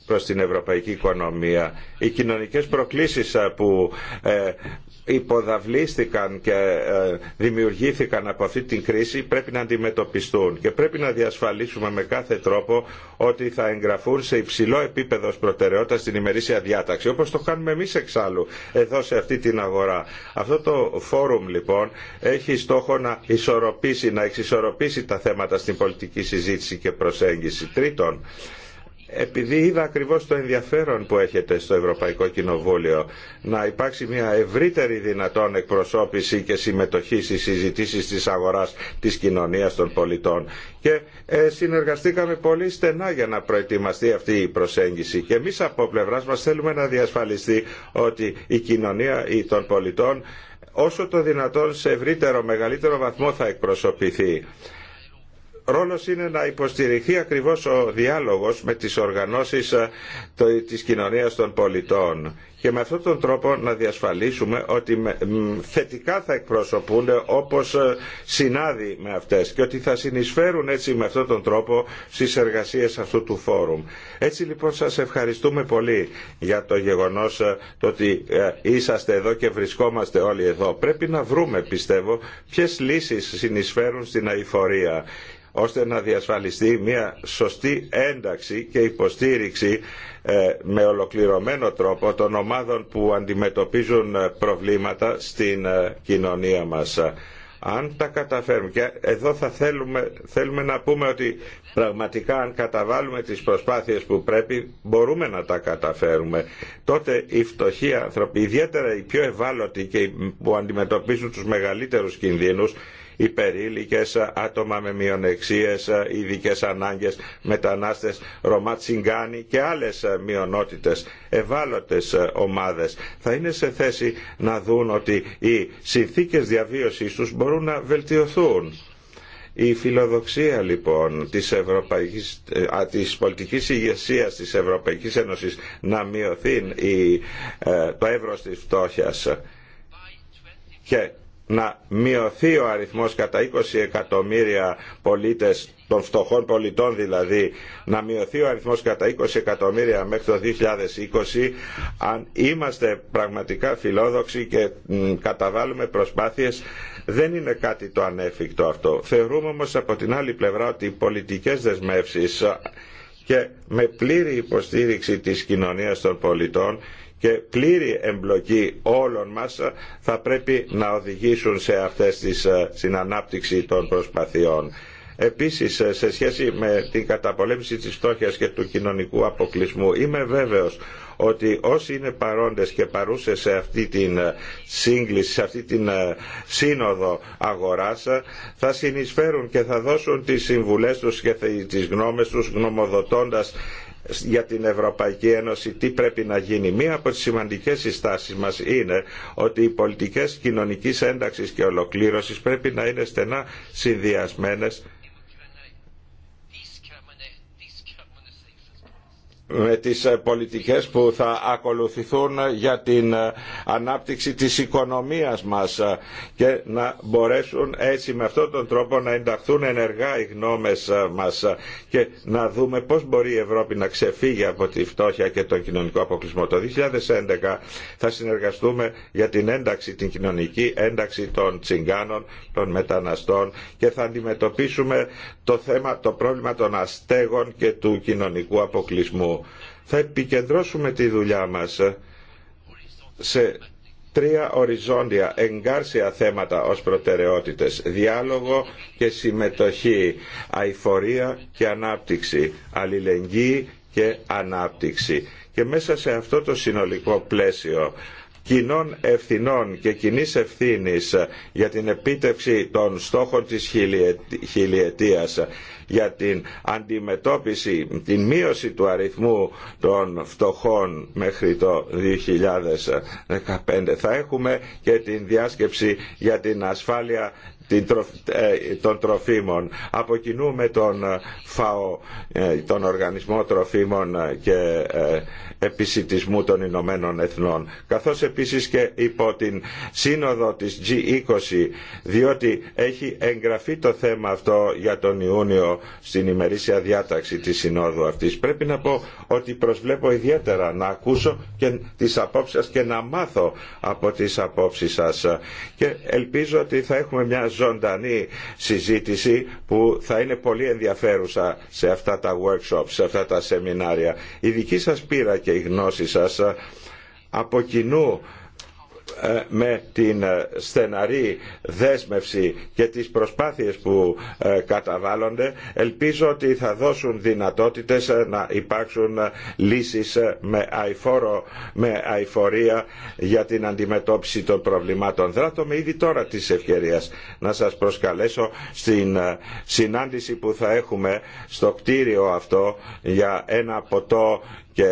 C: προς την ευρωπαϊκή οικονομία. Οι κοινωνικές προκλήσεις ε, που ε, υποδαβλίστηκαν και ε, δημιουργήθηκαν από αυτή την κρίση πρέπει να αντιμετωπιστούν και πρέπει να διασφαλίσουμε με κάθε τρόπο ότι θα εγγραφούν σε υψηλό επίπεδο προτεραιότητα στην ημερήσια διάταξη όπως το κάνουμε εμείς εξάλλου εδώ σε αυτή την αγορά. Αυτό το φόρουμ λοιπόν έχει στόχο να ισορροπήσει, να εξισορροπήσει τα θέματα στην πολιτική συζήτηση και προσέγγιση. Τρίτον, επειδή είδα ακριβώς το ενδιαφέρον που έχετε στο Ευρωπαϊκό Κοινοβούλιο να υπάρξει μια ευρύτερη δυνατόν εκπροσώπηση και συμμετοχή στις συζητήσεις της αγοράς της κοινωνίας των πολιτών και ε, συνεργαστήκαμε πολύ στενά για να προετοιμαστεί αυτή η προσέγγιση και εμείς από πλευράς μας θέλουμε να διασφαλιστεί ότι η κοινωνία των πολιτών όσο το δυνατόν σε ευρύτερο μεγαλύτερο βαθμό θα εκπροσωπηθεί ρόλος είναι να υποστηριχθεί ακριβώς ο διάλογος με τις οργανώσεις ε, της κοινωνίας των πολιτών και με αυτόν τον τρόπο να διασφαλίσουμε ότι θετικά θα εκπροσωπούνται όπως ε, συνάδει με αυτές και ότι θα συνεισφέρουν έτσι με αυτόν τον τρόπο στις εργασίες αυτού του φόρουμ. Έτσι λοιπόν σας ευχαριστούμε πολύ για το γεγονός ε, ότι είσαστε εδώ και βρισκόμαστε όλοι εδώ. Πρέπει να βρούμε πιστεύω ποιες λύσεις συνεισφέρουν στην αηφορία ώστε να διασφαλιστεί μια σωστή ένταξη και υποστήριξη ε, με ολοκληρωμένο τρόπο των ομάδων που αντιμετωπίζουν ε, προβλήματα στην ε, κοινωνία μας. Αν τα καταφέρουμε και εδώ θα θέλουμε, να πούμε ότι πραγματικά αν καταβάλουμε τις προσπάθειες που πρέπει μπορούμε να τα καταφέρουμε. Τότε οι φτωχοί άνθρωποι, ιδιαίτερα οι πιο ευάλωτοι και που αντιμετωπίζουν τους μεγαλύτερους κινδύνους υπερήλικες, άτομα με μειονεξίες, ειδικέ ανάγκες, μετανάστες, Ρωμά Τσιγκάνοι και άλλες μειονότητες, ευάλωτες ομάδες. Θα είναι σε θέση να δουν ότι οι συνθήκες διαβίωσης τους μπορούν να βελτιωθούν. Η φιλοδοξία λοιπόν της, ευρωπαϊκής, της πολιτικής ηγεσία της Ευρωπαϊκής Ένωσης να μειωθεί ε, το εύρος της φτώχειας και να μειωθεί ο αριθμός κατά 20 εκατομμύρια πολίτες, των φτωχών πολιτών δηλαδή, να μειωθεί ο αριθμός κατά 20 εκατομμύρια μέχρι το 2020, αν είμαστε πραγματικά φιλόδοξοι και καταβάλουμε προσπάθειες, δεν είναι κάτι το ανέφικτο αυτό. Θεωρούμε όμως από την άλλη πλευρά ότι οι πολιτικές δεσμεύσεις και με πλήρη υποστήριξη της κοινωνίας των πολιτών και πλήρη εμπλοκή όλων μας ε, θα πρέπει να οδηγήσουν σε αυτές τις, ε, στην ανάπτυξη των προσπαθειών. Επίσης, ε, σε σχέση με την καταπολέμηση της φτώχειας και του κοινωνικού αποκλεισμού, είμαι βέβαιος ότι όσοι είναι παρόντες και παρούσες σε αυτή την ε, σύγκληση, σε αυτή την ε, σύνοδο αγοράς, θα συνεισφέρουν και θα δώσουν τις συμβουλές τους και τις γνώμες τους γνωμοδοτώντας για την Ευρωπαϊκή Ένωση τι πρέπει να γίνει. Μία από τις σημαντικές συστάσεις μας είναι ότι οι πολιτικές κοινωνικής ένταξης και ολοκλήρωσης πρέπει να είναι στενά συνδυασμένες με τις ε, πολιτικές που θα ακολουθηθούν για την ε, ανάπτυξη της οικονομίας μας ε, και να μπορέσουν έτσι με αυτόν τον τρόπο να ενταχθούν ενεργά οι γνώμες μας και να δούμε πώς μπορεί η Ευρώπη να ξεφύγει από τη φτώχεια και τον κοινωνικό αποκλεισμό. Το 2011 θα συνεργαστούμε για την ένταξη, την κοινωνική ένταξη των τσιγκάνων, των μεταναστών και θα αντιμετωπίσουμε το θέμα, το πρόβλημα των αστέγων και του κοινωνικού αποκλεισμού θα επικεντρώσουμε τη δουλειά μας σε τρία οριζόντια εγκάρσια θέματα ως προτεραιότητες. Διάλογο και συμμετοχή, αηφορία και ανάπτυξη, αλληλεγγύη και ανάπτυξη. Και μέσα σε αυτό το συνολικό πλαίσιο κοινών ευθυνών και κοινή ευθύνη για την επίτευξη των στόχων της χιλιετίας για την αντιμετώπιση, την μείωση του αριθμού των φτωχών μέχρι το 2015. Θα έχουμε και την διάσκεψη για την ασφάλεια ε, των τροφίμων. Αποκινούμε τον ε, ΦΑΟ, ε, τον Οργανισμό Τροφίμων και επισητισμού των Ηνωμένων Εθνών καθώς επίσης και υπό την σύνοδο της G20 διότι έχει εγγραφεί το θέμα αυτό για τον Ιούνιο στην ημερήσια διάταξη της συνόδου αυτής. Πρέπει να πω ότι προσβλέπω ιδιαίτερα να ακούσω και τις απόψεις σας και να μάθω από τις απόψεις σας και ελπίζω ότι θα έχουμε μια ζωντανή συζήτηση που θα είναι πολύ ενδιαφέρουσα σε αυτά τα workshops, σε αυτά τα σεμινάρια. Η δική σας πείρα και και η γνώση σας ε, από κοινού ε, με την ε, στεναρή δέσμευση και τις προσπάθειες που ε, καταβάλλονται ελπίζω ότι θα δώσουν δυνατότητες να υπάρξουν λύσεις με, αηφόρο, με αηφορία για την αντιμετώπιση των προβλημάτων. Δράτω με ήδη τώρα της ευκαιρίας να σας προσκαλέσω στην συνάντηση που θα έχουμε στο κτίριο αυτό για ένα ποτό και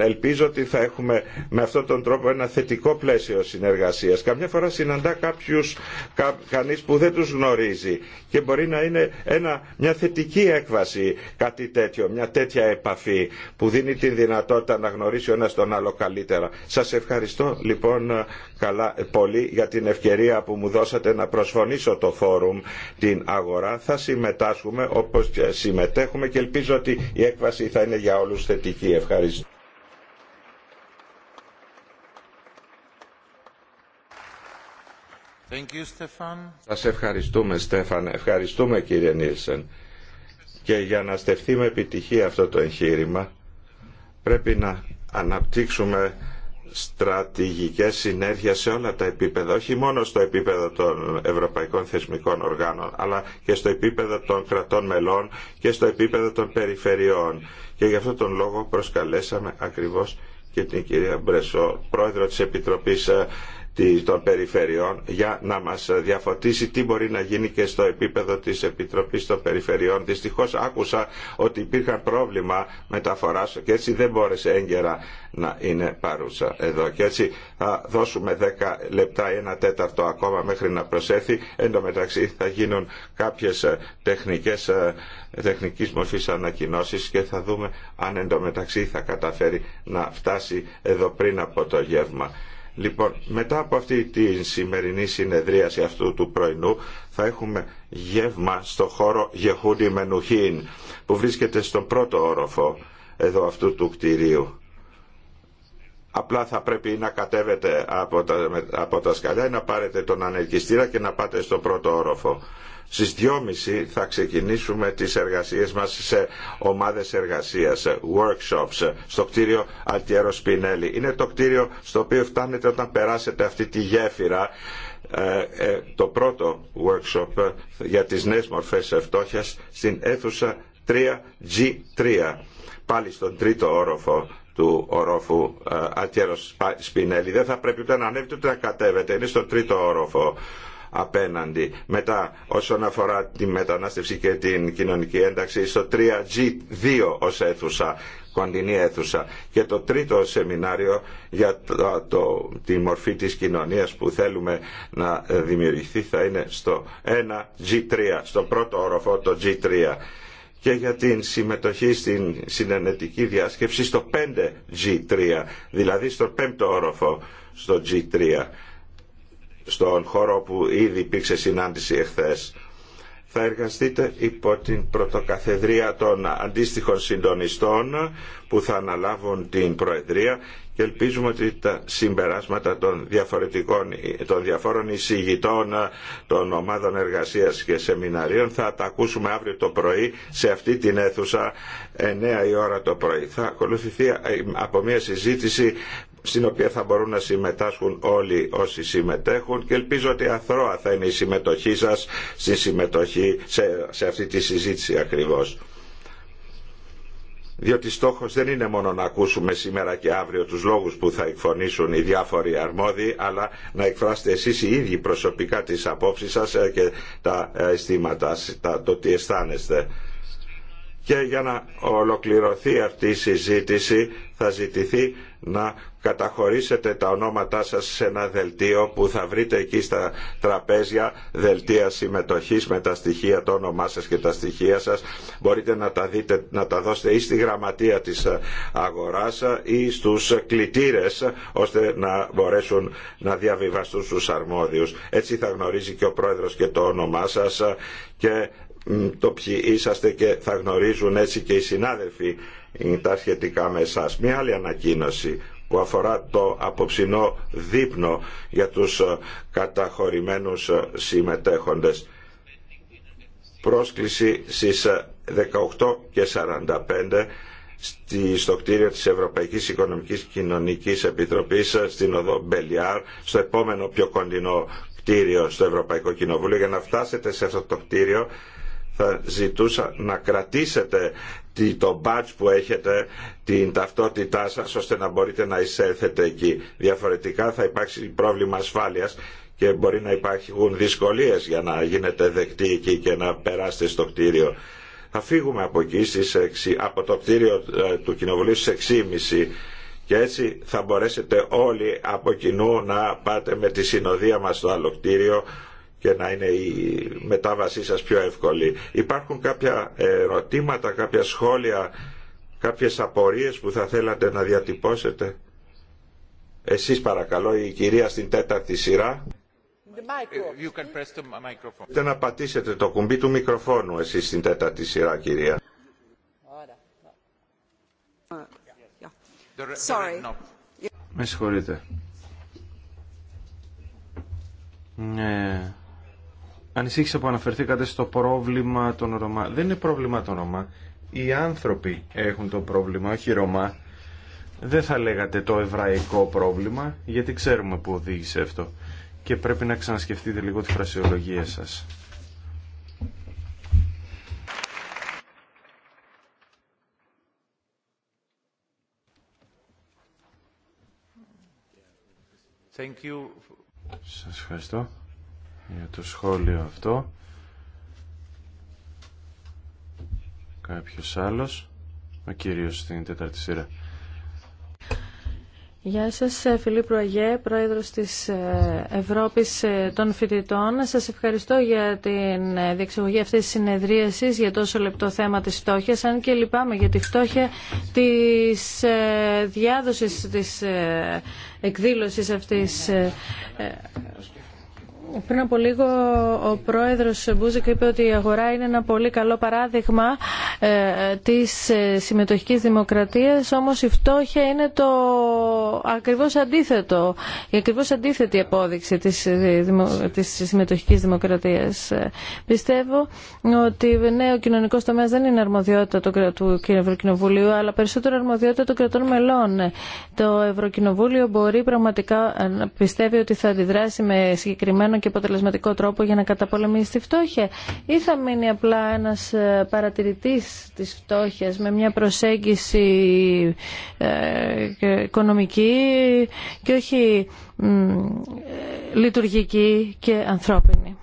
C: Ελπίζω ότι θα έχουμε με αυτόν τον τρόπο ένα θετικό πλαίσιο συνεργασίας. Καμιά φορά συναντά κάποιους, κα, κανείς που δεν τους γνωρίζει και μπορεί να είναι ένα, μια θετική έκβαση κάτι τέτοιο, μια τέτοια επαφή που δίνει την δυνατότητα να γνωρίσει ο ένας τον άλλο καλύτερα. Σας ευχαριστώ λοιπόν καλά, πολύ για την ευκαιρία που μου δώσατε να προσφωνήσω το φόρουμ την αγορά. Θα συμμετάσχουμε όπως συμμετέχουμε και ελπίζω ότι η έκβαση θα είναι για όλους θετική. Ευχαριστώ. Σας ευχαριστούμε Στέφαν, ευχαριστούμε κύριε Νίλσεν και για να στεφθεί με επιτυχία αυτό το εγχείρημα πρέπει να αναπτύξουμε στρατηγικέ συνέργειες σε όλα τα επίπεδα, όχι μόνο στο επίπεδο των ευρωπαϊκών θεσμικών οργάνων, αλλά και στο επίπεδο των κρατών μελών και στο επίπεδο των περιφερειών. Και γι' αυτό τον λόγο προσκαλέσαμε ακριβώς και την κυρία Μπρεσό, πρόεδρο της Επιτροπής ε, των περιφερειών για να μας διαφωτίσει τι μπορεί να γίνει και στο επίπεδο της Επιτροπής των Περιφερειών. Δυστυχώς άκουσα ότι υπήρχαν πρόβλημα μεταφοράς και έτσι δεν μπόρεσε έγκαιρα να είναι παρούσα εδώ. Και έτσι θα δώσουμε 10 λεπτά ή ένα τέταρτο ακόμα μέχρι να προσέθει. Εν τω μεταξύ θα γίνουν κάποιες ε, τεχνικές, ε, τεχνικής μορφής και θα δούμε αν εν τω μεταξύ θα καταφέρει να φτάσει εδώ πριν από το γεύμα. Λοιπόν, μετά από αυτή τη σημερινή συνεδρίαση αυτού του πρωινού θα έχουμε γεύμα στο χώρο Γεχούντι Μενουχίν που βρίσκεται στον πρώτο όροφο εδώ αυτού του κτηρίου. Απλά θα πρέπει να κατέβετε από τα, από τα σκαλιά ή να πάρετε τον ανελκυστήρα και να πάτε στο πρώτο όροφο. Στις 2.30 θα ξεκινήσουμε τις εργασίες μας σε ομάδες εργασίας, workshops, στο κτίριο Αλτιέρο Σπινέλη. Είναι το κτίριο στο οποίο φτάνετε όταν περάσετε αυτή τη γέφυρα ε, ε, το πρώτο workshop για τις νέες μορφές φτώχεια στην αίθουσα 3G3 πάλι στον τρίτο όροφο του ορόφου Αλτιέρο ε, Σπινέλη. Δεν θα πρέπει ούτε να ανέβετε ούτε να κατέβετε. Είναι στον τρίτο όροφο απέναντι. Μετά όσον αφορά τη μετανάστευση και την κοινωνική ένταξη στο 3G2 ως αίθουσα κοντινή αίθουσα και το τρίτο σεμινάριο για το, τη μορφή της κοινωνίας που θέλουμε να ε, δημιουργηθεί θα είναι στο 1G3, στο πρώτο όροφο το G3 και για την συμμετοχή στην συνενετική διάσκεψη στο 5G3, δηλαδή στο πέμπτο όροφο στο G3 στον χώρο που ήδη υπήρξε συνάντηση εχθές. Θα εργαστείτε υπό την πρωτοκαθεδρία των αντίστοιχων συντονιστών που θα αναλάβουν την Προεδρία και ελπίζουμε ότι τα συμπεράσματα των, διαφορετικών, των διαφόρων εισηγητών των ομάδων εργασίας και σεμιναρίων θα τα ακούσουμε αύριο το πρωί σε αυτή την αίθουσα 9 η ώρα το πρωί. Θα ακολουθηθεί ε, από μια συζήτηση στην οποία θα μπορούν να συμμετάσχουν όλοι όσοι συμμετέχουν και ελπίζω ότι αθρώα θα είναι η συμμετοχή σας στη συμμετοχή σε, σε αυτή τη συζήτηση ακριβώς διότι στόχος δεν είναι μόνο να ακούσουμε σήμερα και αύριο τους λόγους που θα εκφωνήσουν οι διάφοροι αρμόδιοι, αλλά να εκφράσετε εσείς οι ίδιοι προσωπικά τις απόψεις σας ε, και τα ε, αισθήματά, το τι αισθάνεστε. Και για να ολοκληρωθεί αυτή η συζήτηση θα ζητηθεί να καταχωρήσετε τα ονόματά σας σε ένα δελτίο που θα βρείτε εκεί στα τραπέζια δελτία συμμετοχής με τα στοιχεία, το όνομά σας και τα στοιχεία σας. Μπορείτε να τα, δείτε, να τα δώσετε ή στη γραμματεία της αγοράς ή στους κλητήρες ώστε να μπορέσουν να διαβιβαστούν στους αρμόδιους. Έτσι θα γνωρίζει και ο πρόεδρος και το όνομά σας και το ποιοι είσαστε και θα γνωρίζουν έτσι και οι συνάδελφοι ε, τα σχετικά με εσάς. Μια άλλη ανακοίνωση που αφορά το αποψινό δείπνο για τους ε, καταχωρημένους ε, συμμετέχοντες. Πρόσκληση στις 18 ε, και 45 στο κτίριο της Ευρωπαϊκής Οικονομικής Κοινωνικής Επιτροπής στην Οδό Μπελιάρ, στο επόμενο πιο κοντινό κτίριο στο Ευρωπαϊκό Κοινοβούλιο για να φτάσετε σε αυτό το κτίριο θα ζητούσα να κρατήσετε το badge που έχετε, την ταυτότητά σας, ώστε να μπορείτε να εισέλθετε εκεί. Διαφορετικά θα υπάρξει πρόβλημα ασφάλειας και μπορεί να υπάρχουν δυσκολίες για να γίνετε δεκτοί εκεί και να περάσετε στο κτίριο. Θα φύγουμε από εκεί από το κτίριο ε, του Κοινοβουλίου στις 6.30 και έτσι θα μπορέσετε όλοι από κοινού να πάτε με τη συνοδεία μας στο άλλο κτίριο και να είναι η μετάβασή σας πιο εύκολη. Υπάρχουν κάποια ερωτήματα, κάποια σχόλια, κάποιες απορίες που θα θέλατε να διατυπώσετε. Εσείς παρακαλώ, η κυρία στην τέταρτη σειρά. Θέλετε να πατήσετε το κουμπί του μικροφόνου εσείς στην τέταρτη σειρά, κυρία.
E: Sorry.
D: Με συγχωρείτε. Ναι, ανησύχησα που αναφερθήκατε στο πρόβλημα των Ρωμά. Δεν είναι πρόβλημα των Ρωμά. Οι άνθρωποι έχουν το πρόβλημα, όχι οι Ρωμά. Δεν θα λέγατε το εβραϊκό πρόβλημα, γιατί ξέρουμε που οδήγησε αυτό. Και πρέπει να ξανασκεφτείτε λίγο τη φρασιολογία σας. Thank you. Σας ευχαριστώ για το σχόλιο αυτό. Κάποιος άλλος. Ο κύριος στην τέταρτη σειρά.
B: Γεια σας, ε, Φιλίπ Προαγέ, Πρόεδρος της ε, Ευρώπης ε, των Φοιτητών. Σας ευχαριστώ για την διεξαγωγή αυτής της συνεδρίασης για τόσο λεπτό θέμα της φτώχειας, αν και λυπάμαι για τη φτώχεια της διάδοσης της εκδήλωσης αυτής πριν από λίγο ο πρόεδρος Μπούζικ είπε ότι η αγορά είναι ένα πολύ καλό παράδειγμα ε, της ε, συμμετοχικής δημοκρατίας, όμως η φτώχεια είναι το ακριβώς αντίθετο, η ακριβώς αντίθετη απόδειξη της, ε, της συμμετοχικής δημοκρατίας. Πιστεύω ότι ναι, ο κοινωνικός τομέας δεν είναι αρμοδιότητα του Ευρωκοινοβουλίου, αλλά περισσότερο αρμοδιότητα των κρατών μελών. Το Ευρωκοινοβούλιο μπορεί πραγματικά να πιστεύει ότι θα αντιδράσει με συγκεκριμένο και αποτελεσματικό τρόπο για να καταπολεμήσει τη φτώχεια ή θα μείνει απλά ένας ε, παρατηρητής της φτώχειας με μια προσέγγιση ε, οικονομική και όχι ε, λειτουργική και ανθρώπινη.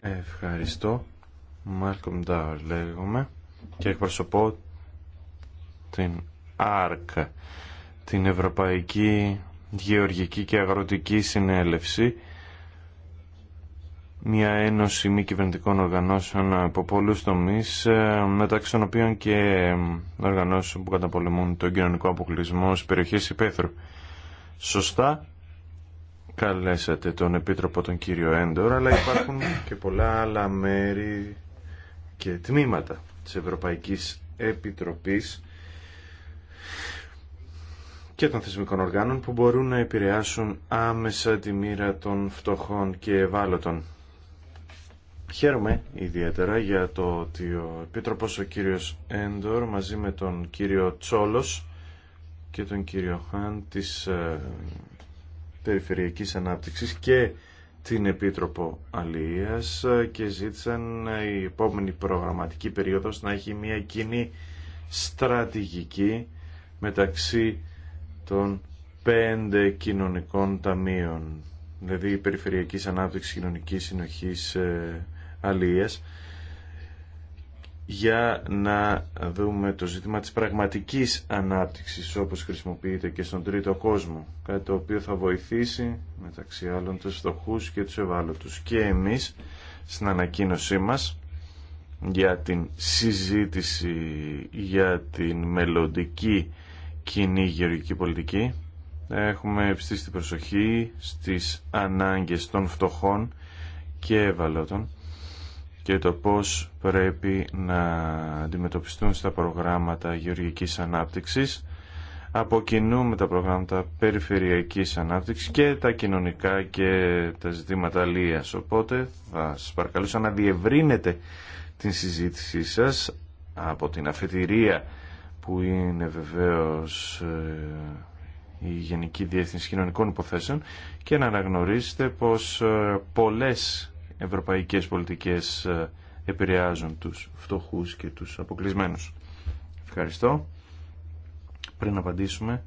D: Ευχαριστώ. Μάλκομ Ντάουρ λέγομαι και εκπροσωπώ την ΑΡΚΑ την Ευρωπαϊκή Γεωργική και Αγροτική Συνέλευση, μια ένωση μη κυβερνητικών οργανώσεων από πολλούς τομείς, ε, μεταξύ των οποίων και ε, οργανώσεων που καταπολεμούν τον κοινωνικό αποκλεισμό στις περιοχές υπαίθρου. Σωστά καλέσατε τον Επίτροπο τον κύριο Έντορ, αλλά υπάρχουν και πολλά άλλα μέρη και τμήματα της Ευρωπαϊκής Επιτροπής και των θεσμικών οργάνων που μπορούν να επηρεάσουν άμεσα τη μοίρα των φτωχών και ευάλωτων. Χαίρομαι ιδιαίτερα για το ότι ο Επίτροπος ο κύριος Έντορ μαζί με τον κύριο Τσόλος και τον κύριο Χάν της ε, Περιφερειακής Ανάπτυξης και την Επίτροπο Αλίας ε, και ζήτησαν ε, η επόμενη προγραμματική περίοδος να έχει μια κοινή στρατηγική μεταξύ των πέντε κοινωνικών ταμείων, δηλαδή περιφερειακής ανάπτυξης, κοινωνικής συνοχής, ε, αλίας, για να δούμε το ζήτημα της πραγματικής ανάπτυξης όπως χρησιμοποιείται και στον τρίτο κόσμο κάτι το οποίο θα βοηθήσει μεταξύ άλλων τους φτωχού και τους ευάλωτους και εμείς στην ανακοίνωσή μας για την συζήτηση για την μελλοντική κοινή γεωργική πολιτική. Έχουμε ευστήσει την προσοχή στις ανάγκες των φτωχών και ευαλώτων και το πώς πρέπει να αντιμετωπιστούν στα προγράμματα γεωργικής ανάπτυξης. Αποκινούμε τα προγράμματα περιφερειακής ανάπτυξης και τα κοινωνικά και τα ζητήματα αλίας. Οπότε θα σας παρακαλούσα να διευρύνετε την συζήτησή σας από την αφετηρία που είναι βεβαίως ε, η Γενική Διεύθυνση Κοινωνικών Υποθέσεων και να αναγνωρίσετε πως ε, πολλές ευρωπαϊκές πολιτικές ε, επηρεάζουν τους φτωχούς και τους αποκλεισμένους. Ευχαριστώ. Πριν απαντήσουμε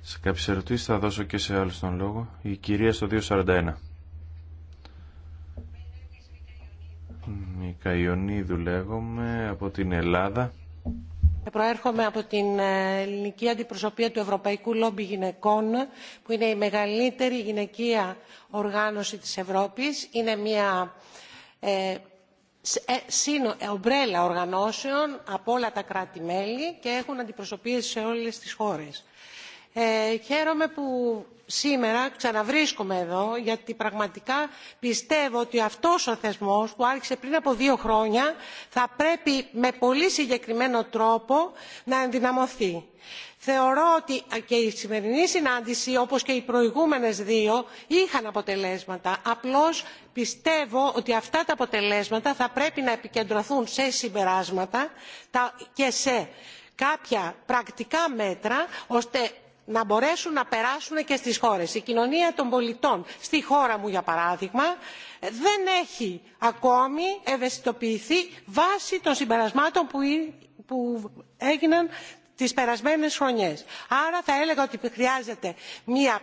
D: σε κάποιες ερωτήσεις θα δώσω και σε άλλους τον λόγο. Η κυρία στο 241. Μικαϊονίδου λέγομαι από την Ελλάδα
E: Προέρχομαι από την ε, ελληνική αντιπροσωπεία του Ευρωπαϊκού Λόμπι Γυναικών, που είναι η μεγαλύτερη γυναικεία οργάνωση της Ευρώπης. Είναι μια ε, ε, ομπρέλα οργανώσεων από όλα τα κράτη-μέλη και έχουν αντιπροσωπείες σε όλες τις χώρες. Ε, χαίρομαι που σήμερα ξαναβρίσκομαι εδώ γιατί πραγματικά πιστεύω ότι αυτός ο θεσμός που άρχισε πριν από δύο χρόνια θα πρέπει με πολύ συγκεκριμένο τρόπο να ενδυναμωθεί. Θεωρώ ότι και η σημερινή συνάντηση όπως και οι προηγούμενες δύο είχαν αποτελέσματα. Απλώς πιστεύω ότι αυτά τα αποτελέσματα θα πρέπει να επικεντρωθούν σε συμπεράσματα και σε κάποια πρακτικά μέτρα ώστε να μπορέσουν να περάσουν και στις χώρες. Η κοινωνία των πολιτών, στη χώρα μου για παράδειγμα, δεν έχει ακόμη ευαισθητοποιηθεί βάσει των συμπερασμάτων που έγιναν τις περασμένες χρονιές. Άρα θα έλεγα ότι χρειάζεται μια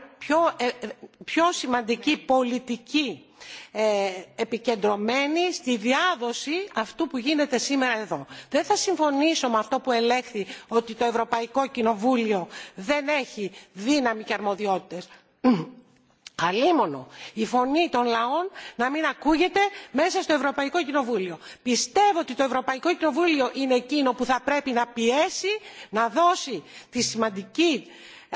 E: πιο, ε, σημαντική πολιτική ε, επικεντρωμένη στη διάδοση αυτού που γίνεται σήμερα εδώ. Δεν θα συμφωνήσω με αυτό που ελέγχθη ότι το Ευρωπαϊκό Κοινοβούλιο δεν έχει δύναμη και αρμοδιότητες αλίμονο η φωνή των λαών να μην ακούγεται μέσα στο ευρωπαϊκό κοινοβούλιο. πιστεύω ότι το ευρωπαϊκό κοινοβούλιο είναι εκείνο που θα πρέπει να πιέσει να δώσει τη σημαντική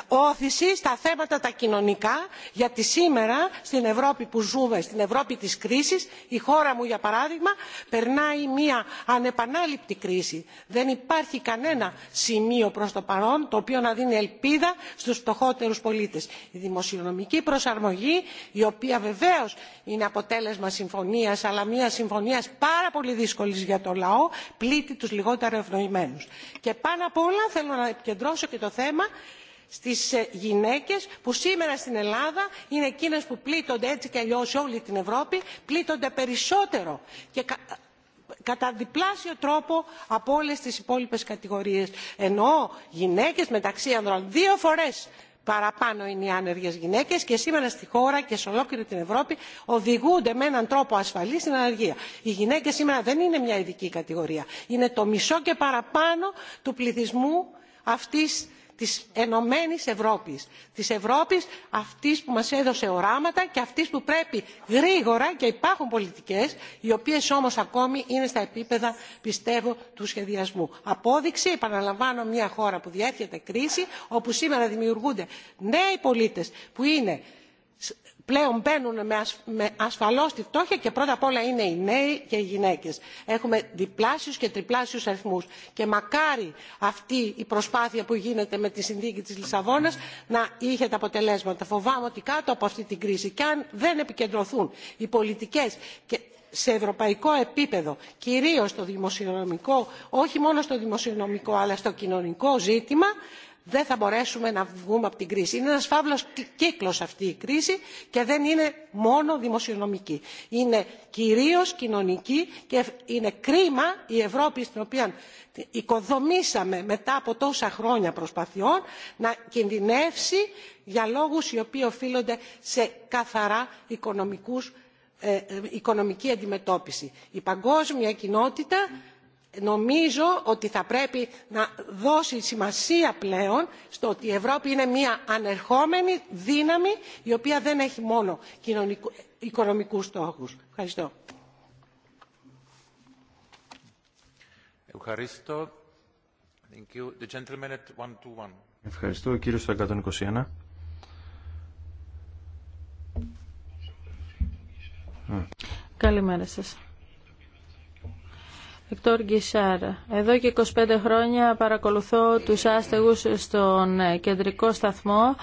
E: όθηση στα θέματα τα κοινωνικά γιατί σήμερα στην ευρώπη που ζούμε στην ευρώπη της κρίσης η χώρα μου για παράδειγμα περνάει μια ανεπανάληπτη κρίση. δεν υπάρχει κανένα σημείο προς το παρόν το οποίο να δίνει ελπίδα στους φτωχότερους πολίτες. η δημοσιονομική προσαρμογή η οποία βεβαίως είναι αποτέλεσμα συμφωνίας αλλά μια συμφωνίας πάρα πολύ δύσκολης για το λαό πλήττει τους λιγότερο ευνοημένους. και πάνω απ' όλα θέλω να επικεντρώσω και το θέμα στις ε, γυναίκες που σήμερα στην Ελλάδα είναι εκείνες που πλήττονται έτσι και αλλιώς σε όλη την Ευρώπη, πλήττονται περισσότερο και κατά διπλάσιο τρόπο από όλες τις υπόλοιπες κατηγορίες. Ενώ γυναίκες μεταξύ ανδρών δύο φορές παραπάνω είναι οι άνεργες γυναίκες και σήμερα στη χώρα και σε ολόκληρη την Ευρώπη οδηγούνται με έναν τρόπο ασφαλή στην ανεργία. Οι γυναίκες σήμερα δεν είναι μια ειδική κατηγορία. Είναι το μισό και παραπάνω του πληθυσμού αυτής της ενωμένης ευρώπης της ευρώπης αυτής που μας έδωσε οράματα και αυτής που πρέπει γρήγορα και υπάρχουν πολιτικές οι οποίες όμως ακόμη είναι στα επίπεδα πιστεύω του σχεδιασμού. απόδειξη επαναλαμβάνω μια χώρα που διέρχεται κρίση όπου σήμερα δημιουργούνται νέοι πολίτες που είναι πλέον μπαίνουν με ασφαλώς τη φτώχεια και πρώτα απ' όλα είναι οι νέοι και οι γυναίκες. Έχουμε διπλάσιους και τριπλάσιους αριθμούς και μακάρι αυτή η προσπάθεια που γίνεται με τη συνθήκη της Λισαβόνας να είχε τα αποτελέσματα. Φοβάμαι ότι κάτω από αυτή την κρίση και αν δεν επικεντρωθούν οι πολιτικές σε ευρωπαϊκό επίπεδο κυρίως στο δημοσιονομικό όχι μόνο στο δημοσιονομικό αλλά στο κοινωνικό ζήτημα δεν θα μπορέσουμε να βγούμε από την κρίση. Είναι ένας φαύλος κύκλος αυτή η κρίση και δεν είναι μόνο δημοσιονομική. Είναι κυρίως κοινωνική και είναι κρίμα η Ευρώπη στην οποία οικοδομήσαμε μετά από τόσα χρόνια προσπαθειών να κινδυνεύσει για λόγους οι οποίοι οφείλονται σε καθαρά οικονομικούς, ε, ε, οικονομική αντιμετώπιση. Η παγκόσμια κοινότητα νομίζω ότι θα πρέπει να δώσει σημασία πλέον στο ότι η ευρώπη είναι μια ανερχόμενη δύναμη η οποία δεν έχει μόνο οικονομικούς στόχους. Ευχαριστώ.
C: Ευχαριστώ. Thank you. The
D: gentleman 121. Ευχαριστώ.
B: Καλημέρα σας. Εδώ και 25 χρόνια παρακολουθώ τους άστεγους στον ε, κεντρικό σταθμό.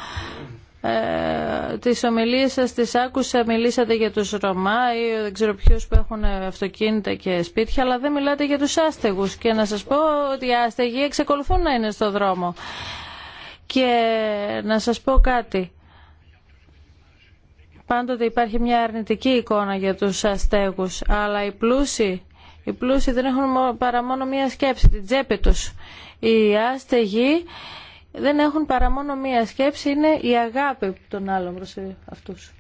B: Ε, τις ομιλίες σας τις άκουσα, μιλήσατε για τους Ρωμά ή δεν ξέρω ποιους που έχουν ε, αυτοκίνητα και σπίτια, αλλά δεν μιλάτε για τους άστεγους. Και να σας πω ότι οι άστεγοι εξεκολουθούν να είναι στο δρόμο. Και να σας πω κάτι. Πάντοτε υπάρχει μια αρνητική εικόνα για τους αστέγους, αλλά οι πλούσιοι οι πλούσιοι δεν έχουν παρά μόνο μία σκέψη, την τσέπη του. Οι άστεγοι δεν έχουν παρά μόνο μία σκέψη, είναι η αγάπη των άλλων προς
C: αυτούς.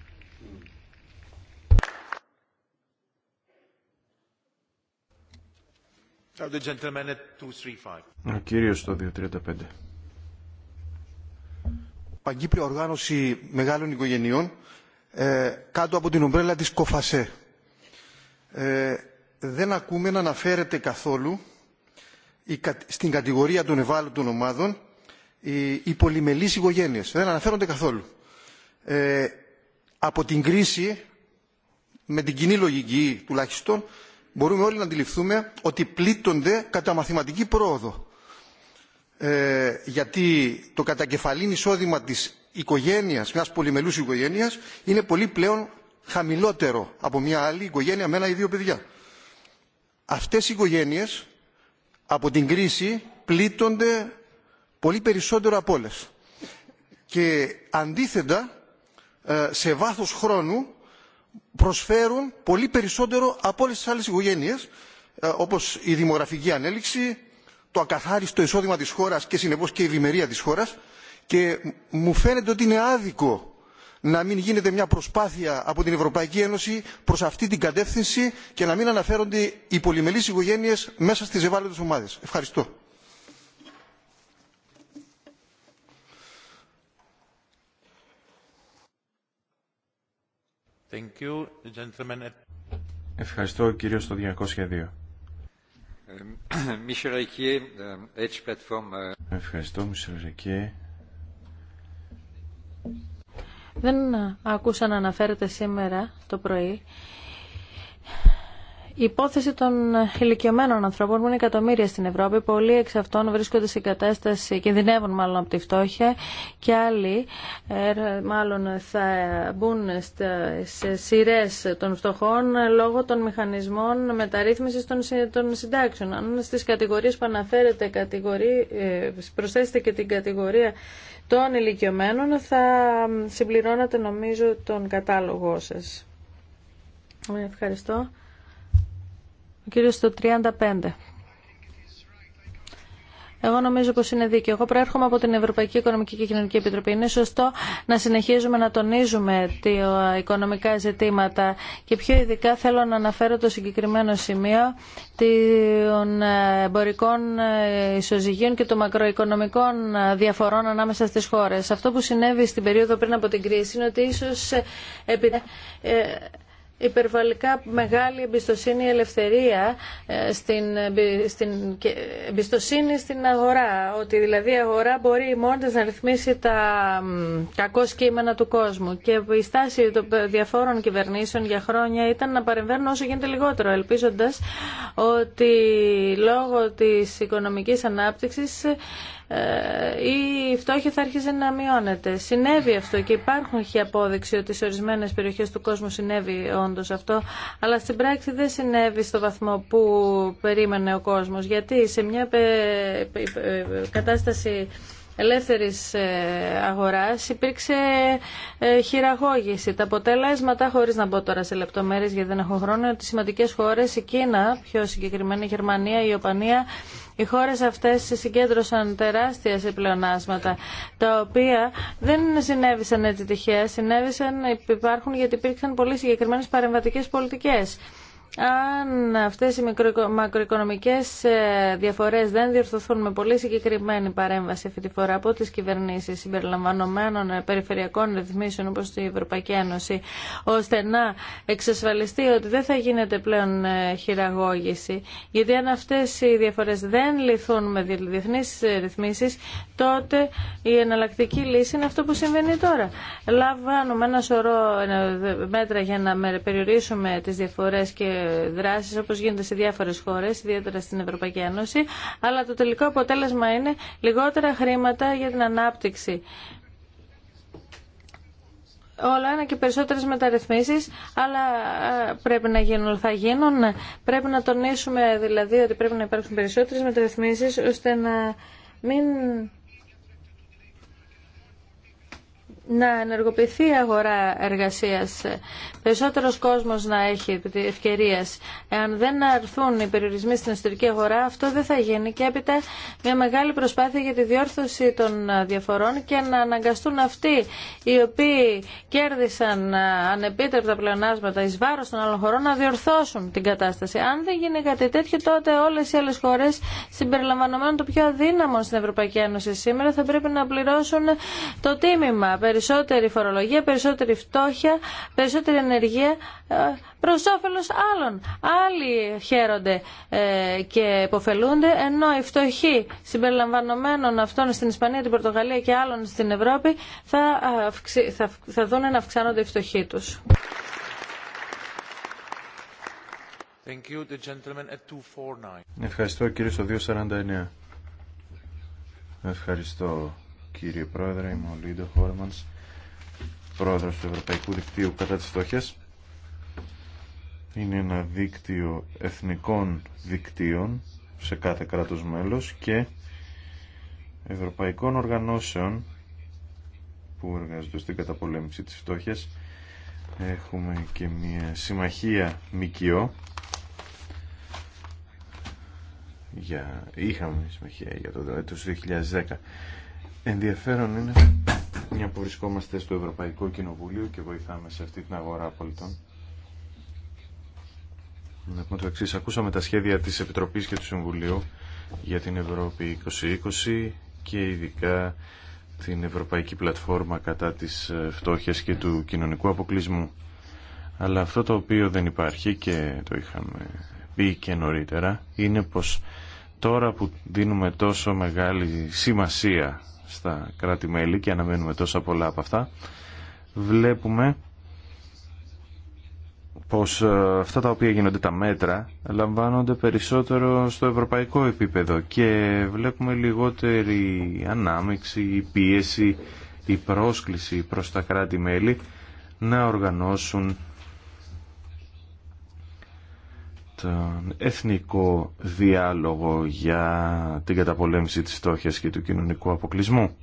A: Ο κύριος το 235. Παγκύπρια οργάνωση μεγάλων οικογενειών ε, κάτω από την ομπρέλα της ΚΟΦΑΣΕ. Ε, δεν ακούμε να αναφέρεται καθόλου στην κατηγορία των ευάλωτων ομάδων οι πολυμελείς οικογένειες. Δεν αναφέρονται καθόλου. Ε, από την κρίση, με την κοινή λογική τουλάχιστον, μπορούμε όλοι να αντιληφθούμε ότι πλήττονται κατά μαθηματική πρόοδο. Ε, γιατί το κατακεφαλήν εισόδημα της οικογένειας, μιας πολυμελούς οικογένειας, είναι πολύ πλέον χαμηλότερο από μια άλλη οικογένεια με ένα ή δύο παιδιά αυτές οι οικογένειες από την κρίση πλήττονται πολύ περισσότερο από όλες. Και αντίθετα, ε, σε βάθος χρόνου προσφέρουν πολύ περισσότερο από όλες τις άλλες οικογένειες, ε, όπως η δημογραφική ανέλυξη, το ακαθάριστο εισόδημα της χώρας και συνεπώς και η ευημερία της χώρας. Και μου φαίνεται ότι είναι άδικο να μην γίνεται μια προσπάθεια από την Ευρωπαϊκή Ένωση προς αυτή την κατεύθυνση και να μην αναφέρονται οι πολυμελείς οικογένειες μέσα στις ευάλωτες ομάδες. Ευχαριστώ.
C: Thank you, gentlemen.
D: Ευχαριστώ κύριο στο 202. Ε,
C: ε, ε.
D: Ευχαριστώ, Μισελ Ρεκιέ.
B: Δεν άκουσα να αναφέρεται σήμερα το πρωί η υπόθεση των ηλικιωμένων ανθρώπων που είναι εκατομμύρια στην Ευρώπη, πολλοί εξ αυτών βρίσκονται σε κατάσταση, κινδυνεύουν μάλλον από τη φτώχεια και άλλοι ε, μάλλον θα μπουν σε σειρέ των φτωχών λόγω των μηχανισμών μεταρρύθμισης των συντάξεων. Αν στις κατηγορίες που αναφέρετε προσθέσετε και την κατηγορία των ηλικιωμένων θα συμπληρώνατε νομίζω τον κατάλογό σας. Ε, ευχαριστώ. Ο κύριος στο 35. Εγώ νομίζω πως είναι δίκαιο. Εγώ προέρχομαι από την Ευρωπαϊκή Οικονομική και Κοινωνική Επιτροπή. Είναι σωστό να συνεχίζουμε να τονίζουμε τα οικονομικά ζητήματα και πιο ειδικά θέλω να αναφέρω το συγκεκριμένο σημείο των εμπορικών ισοζυγίων και των μακροοικονομικών διαφορών ανάμεσα στις χώρες. Αυτό που συνέβη στην περίοδο πριν από την κρίση είναι ότι ίσω υπερβαλικά μεγάλη εμπιστοσύνη ελευθερία ε, στην, στην εμπιστοσύνη στην αγορά. Ότι δηλαδή η αγορά μπορεί μόνη να ρυθμίσει τα κακό σκήμενα του κόσμου. Και η στάση των διαφόρων κυβερνήσεων για χρόνια ήταν να παρεμβαίνουν όσο γίνεται λιγότερο, ελπίζοντας ότι λόγω της οικονομικής ανάπτυξης ε, η φτώχεια θα αρχίζει να μειώνεται. Συνέβη αυτό και υπάρχουν έχει απόδειξη ότι σε ορισμένε περιοχέ του κόσμου συνέβη όντω αυτό, αλλά στην πράξη δεν συνέβη στο βαθμό που περίμενε ο κόσμο. Γιατί σε μια κατάσταση ελεύθερης ε, αγοράς υπήρξε ε, χειραγώγηση. Τα αποτελέσματα, χωρίς να μπω τώρα σε λεπτομέρειες γιατί δεν έχω χρόνο, ότι σημαντικές χώρες, η Κίνα, πιο συγκεκριμένα η Γερμανία, η Ιωπανία, οι χώρες αυτές συγκέντρωσαν τεράστια σε πλεονάσματα, τα οποία δεν συνέβησαν έτσι τυχαία, συνέβησαν, υπάρχουν γιατί υπήρξαν πολύ συγκεκριμένες παρεμβατικές πολιτικές αν αυτές οι μακροοικονομικές ε, διαφορές δεν διορθωθούν με πολύ συγκεκριμένη παρέμβαση αυτή τη φορά από τις κυβερνήσεις συμπεριλαμβανομένων ε, περιφερειακών ρυθμίσεων όπως η Ευρωπαϊκή Ένωση, ώστε να εξασφαλιστεί ότι δεν θα γίνεται πλέον ε, χειραγώγηση, γιατί αν αυτές οι διαφορές δεν λυθούν με διεθνείς ρυθμίσεις, τότε η εναλλακτική λύση είναι αυτό που συμβαίνει τώρα. Λαμβάνουμε ένα σωρό μέτρα για να περιορίσουμε τις διαφορές και δράσεις όπως γίνονται σε διάφορες χώρες, ιδιαίτερα στην Ευρωπαϊκή Ένωση, αλλά το τελικό αποτέλεσμα είναι λιγότερα χρήματα για την ανάπτυξη Όλα ένα και περισσότερες μεταρρυθμίσεις, αλλά ε, πρέπει να γίνουν, θα γίνουν. Πρέπει να τονίσουμε δηλαδή ότι πρέπει να υπάρχουν περισσότερες μεταρρυθμίσεις, ώστε να μην να ενεργοποιηθεί η αγορά εργασίας, περισσότερος κόσμος να έχει ευκαιρίες. Εάν δεν αρθούν οι περιορισμοί στην εσωτερική αγορά, αυτό δεν θα γίνει και έπειτα μια μεγάλη προσπάθεια για τη διόρθωση των διαφορών και να αναγκαστούν αυτοί οι οποίοι κέρδισαν ανεπίτευτα πλεονάσματα εις βάρος των άλλων χωρών να διορθώσουν την κατάσταση. Αν δεν γίνει κάτι τέτοιο, τότε όλες οι άλλες χώρες συμπεριλαμβανομένων το πιο αδύναμο στην Ευρωπαϊκή Ένωση σήμερα θα πρέπει να πληρώσουν το τίμημα περισσότερη φορολογία, περισσότερη φτώχεια, περισσότερη ενεργεία ε, προ όφελο άλλων. Άλλοι χαίρονται ε, και υποφελούνται, ενώ οι φτωχοί συμπεριλαμβανομένων αυτών στην Ισπανία, την Πορτογαλία και άλλων στην Ευρώπη θα, ε, αυξη... θα... θα δουν να αυξάνονται οι φτωχοί τους.
D: Ευχαριστώ κύριε στο 249. Ευχαριστώ κύριε Πρόεδρε, είμαι ο Λίντο Χόρμανς, Πρόεδρος του Ευρωπαϊκού Δικτύου κατά τις Στόχες. Είναι ένα δίκτυο εθνικών δικτύων σε κάθε κράτος μέλος και ευρωπαϊκών οργανώσεων που εργάζονται στην καταπολέμηση της φτώχειας. Έχουμε και μια συμμαχία ΜΚΙΟ. Για... Είχαμε συμμαχία για το έτος 2010 Ενδιαφέρον είναι μια που βρισκόμαστε στο Ευρωπαϊκό Κοινοβούλιο και βοηθάμε σε αυτή την αγορά πολιτών. Να πούμε Ακούσαμε τα σχέδια της Επιτροπής και του Συμβουλίου για την Ευρώπη 2020 και ειδικά την Ευρωπαϊκή Πλατφόρμα κατά της ε, φτώχειας και του κοινωνικού αποκλεισμού. Αλλά αυτό το οποίο δεν υπάρχει και το είχαμε πει και νωρίτερα είναι πως τώρα που δίνουμε τόσο μεγάλη σημασία στα κράτη-μέλη και αναμένουμε τόσα πολλά από αυτά, βλέπουμε πως ε, αυτά τα οποία γίνονται τα μέτρα λαμβάνονται περισσότερο στο ευρωπαϊκό επίπεδο και βλέπουμε λιγότερη ανάμειξη, η πίεση, η πρόσκληση προς τα κράτη-μέλη να οργανώσουν εθνικό διάλογο για την καταπολέμηση της στόχιας και του κοινωνικού αποκλεισμού.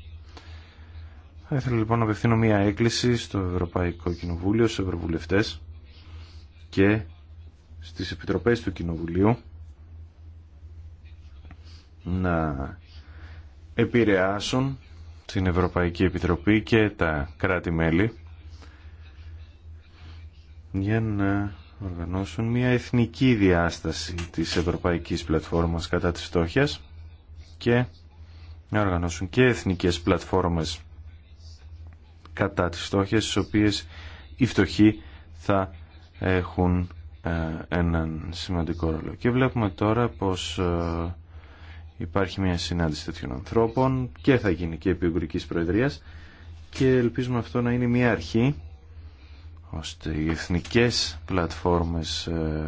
D: Θα ήθελα λοιπόν να απευθύνω μια έκκληση στο Ευρωπαϊκό Κοινοβούλιο, στους Ευρωβουλευτές και στις Επιτροπές του Κοινοβουλίου να επηρεάσουν την Ευρωπαϊκή Επιτροπή και τα κράτη-μέλη για να οργανώσουν μια εθνική διάσταση της Ευρωπαϊκής Πλατφόρμας κατά της φτώχειας και να οργανώσουν και εθνικές πλατφόρμες κατά της φτώχειας, στις οποίες οι φτωχοί θα έχουν ε, έναν σημαντικό ρόλο. Και βλέπουμε τώρα πως ε, υπάρχει μια συνάντηση τέτοιων ανθρώπων και θα γίνει και επί Προεδρίας και ελπίζουμε αυτό να είναι μια αρχή ώστε οι εθνικές πλατφόρμες ε,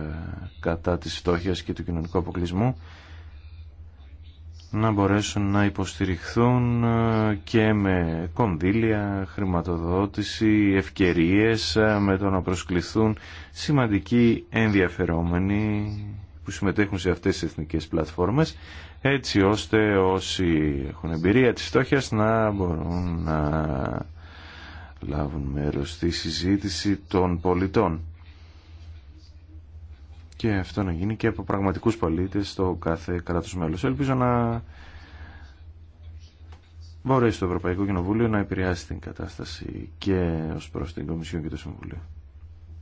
D: κατά της φτώχειας και του κοινωνικού αποκλεισμού να μπορέσουν να υποστηριχθούν ε, και με κονδύλια, χρηματοδότηση, ευκαιρίες ε, με το να προσκληθούν σημαντικοί ενδιαφερόμενοι που συμμετέχουν σε αυτές τις εθνικές πλατφόρμες έτσι ώστε όσοι έχουν εμπειρία της φτώχειας να μπορούν να λάβουν μέρος στη συζήτηση των πολιτών και αυτό να γίνει και από πραγματικούς πολίτες στο κάθε κράτος μέλος. Ελπίζω να μπορέσει το Ευρωπαϊκό Κοινοβούλιο να επηρεάσει την κατάσταση και ως προς την Κομισιόν και το Συμβουλίο.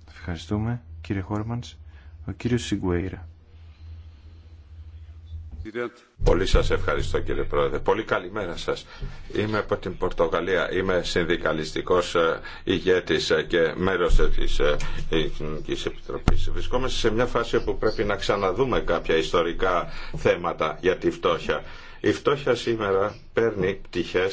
D: Ευχαριστούμε κύριε Χόρμαντς. Ο κύριος Σιγκουέιρα.
C: Πολύ σα ευχαριστώ κύριε Πρόεδρε. Πολύ καλημέρα σας. Είμαι από την Πορτογαλία. Είμαι συνδικαλιστικός ε, ηγέτης ε, και μέρο ε, της Εθνικής Επιτροπής. Βρισκόμαστε σε μια φάση που πρέπει να ξαναδούμε κάποια ιστορικά θέματα για τη φτώχεια. Η φτώχεια σήμερα παίρνει πτυχέ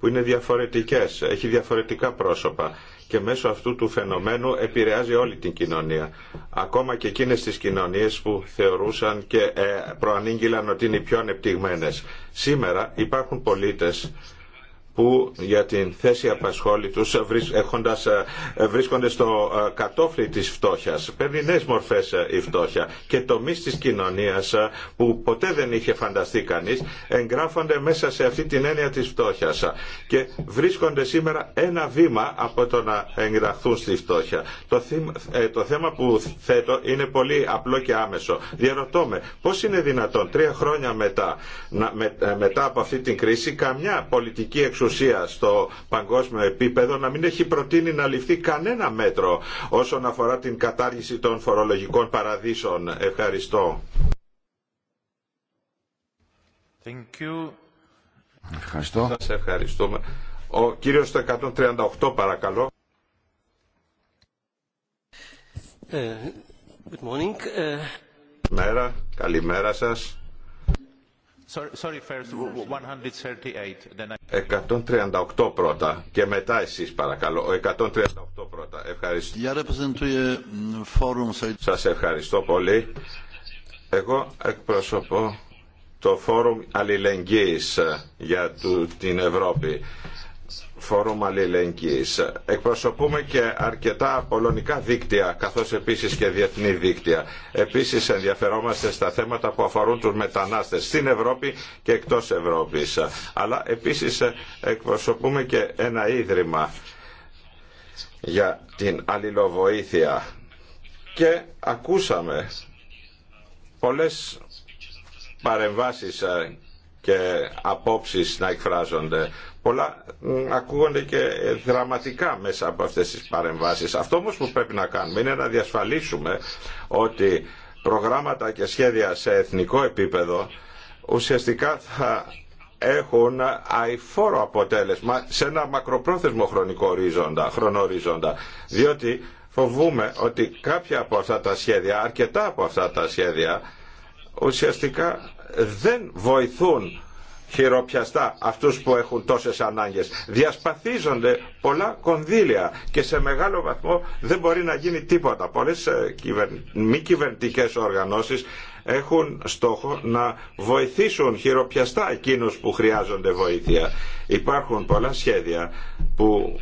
C: που είναι διαφορετικές, έχει διαφορετικά πρόσωπα και μέσω αυτού του φαινομένου επηρεάζει όλη την κοινωνία. Ακόμα και εκείνες τις κοινωνίες που θεωρούσαν και ε, προανήγγυλαν ότι είναι οι πιο ανεπτυγμένες. Σήμερα υπάρχουν πολίτες που για την θέση απασχόλη τους ε, βρίσκονται στο ε, κατόφλι της φτώχειας. Παίρνει νέε μορφές ε, η φτώχεια και τομείς της κοινωνίας που ποτέ δεν είχε φανταστεί κανείς εγγράφονται μέσα σε αυτή την έννοια της φτώχειας και βρίσκονται σήμερα ένα βήμα από το να εγγραφθούν στη φτώχεια. Το, το θέμα που θέτω είναι πολύ απλό και άμεσο. Διαρωτώ με πώς είναι δυνατόν τρία χρόνια μετά, μετά από αυτή την κρίση καμιά πολιτική εξουσία εξουσία στο παγκόσμιο επίπεδο να μην έχει προτείνει να ληφθεί κανένα μέτρο όσον αφορά την κατάργηση των φορολογικών παραδείσων. Ευχαριστώ. Thank you. Ευχαριστώ. Σας ευχαριστούμε. Ο κύριος το 138 παρακαλώ.
A: Ε, good morning. Ε,
C: καλημέρα, καλημέρα σας. 138 πρώτα και μετά εσείς παρακαλώ. 138 πρώτα. Ευχαριστώ. Mm, Σας ευχαριστώ πολύ. Εγώ εκπροσωπώ το Φόρουμ Αλληλεγγύης ε, για την Ευρώπη Φόρουμ Αλληλεγγύης. Εκπροσωπούμε και αρκετά πολωνικά δίκτυα, καθώς επίσης και διεθνή δίκτυα. Επίσης ενδιαφερόμαστε στα θέματα που αφορούν τους μετανάστες στην Ευρώπη και εκτός Ευρώπης. Αλλά επίσης εκπροσωπούμε και ένα ίδρυμα για την αλληλοβοήθεια. Και ακούσαμε πολλές παρεμβάσει. Ε, και απόψεις να εκφράζονται. Πολλά ακούγονται και δραματικά μέσα από αυτές τις παρεμβάσεις. Αυτό όμως που πρέπει να κάνουμε είναι να διασφαλίσουμε ότι προγράμματα και σχέδια σε εθνικό επίπεδο ουσιαστικά θα έχουν αηφόρο αποτέλεσμα σε ένα μακροπρόθεσμο χρονικό ορίζοντα, χρονορίζοντα. Διότι φοβούμε ότι κάποια από αυτά τα σχέδια, αρκετά από αυτά τα σχέδια, ουσιαστικά δεν βοηθούν χειροπιαστά αυτούς που έχουν τόσες ανάγκες. Διασπαθίζονται πολλά κονδύλια και σε μεγάλο βαθμό δεν μπορεί να γίνει τίποτα. Πολλές ε, μη κυβερνητικέ οργανώσεις έχουν στόχο να βοηθήσουν χειροπιαστά εκείνους που χρειάζονται βοήθεια. Υπάρχουν πολλά σχέδια που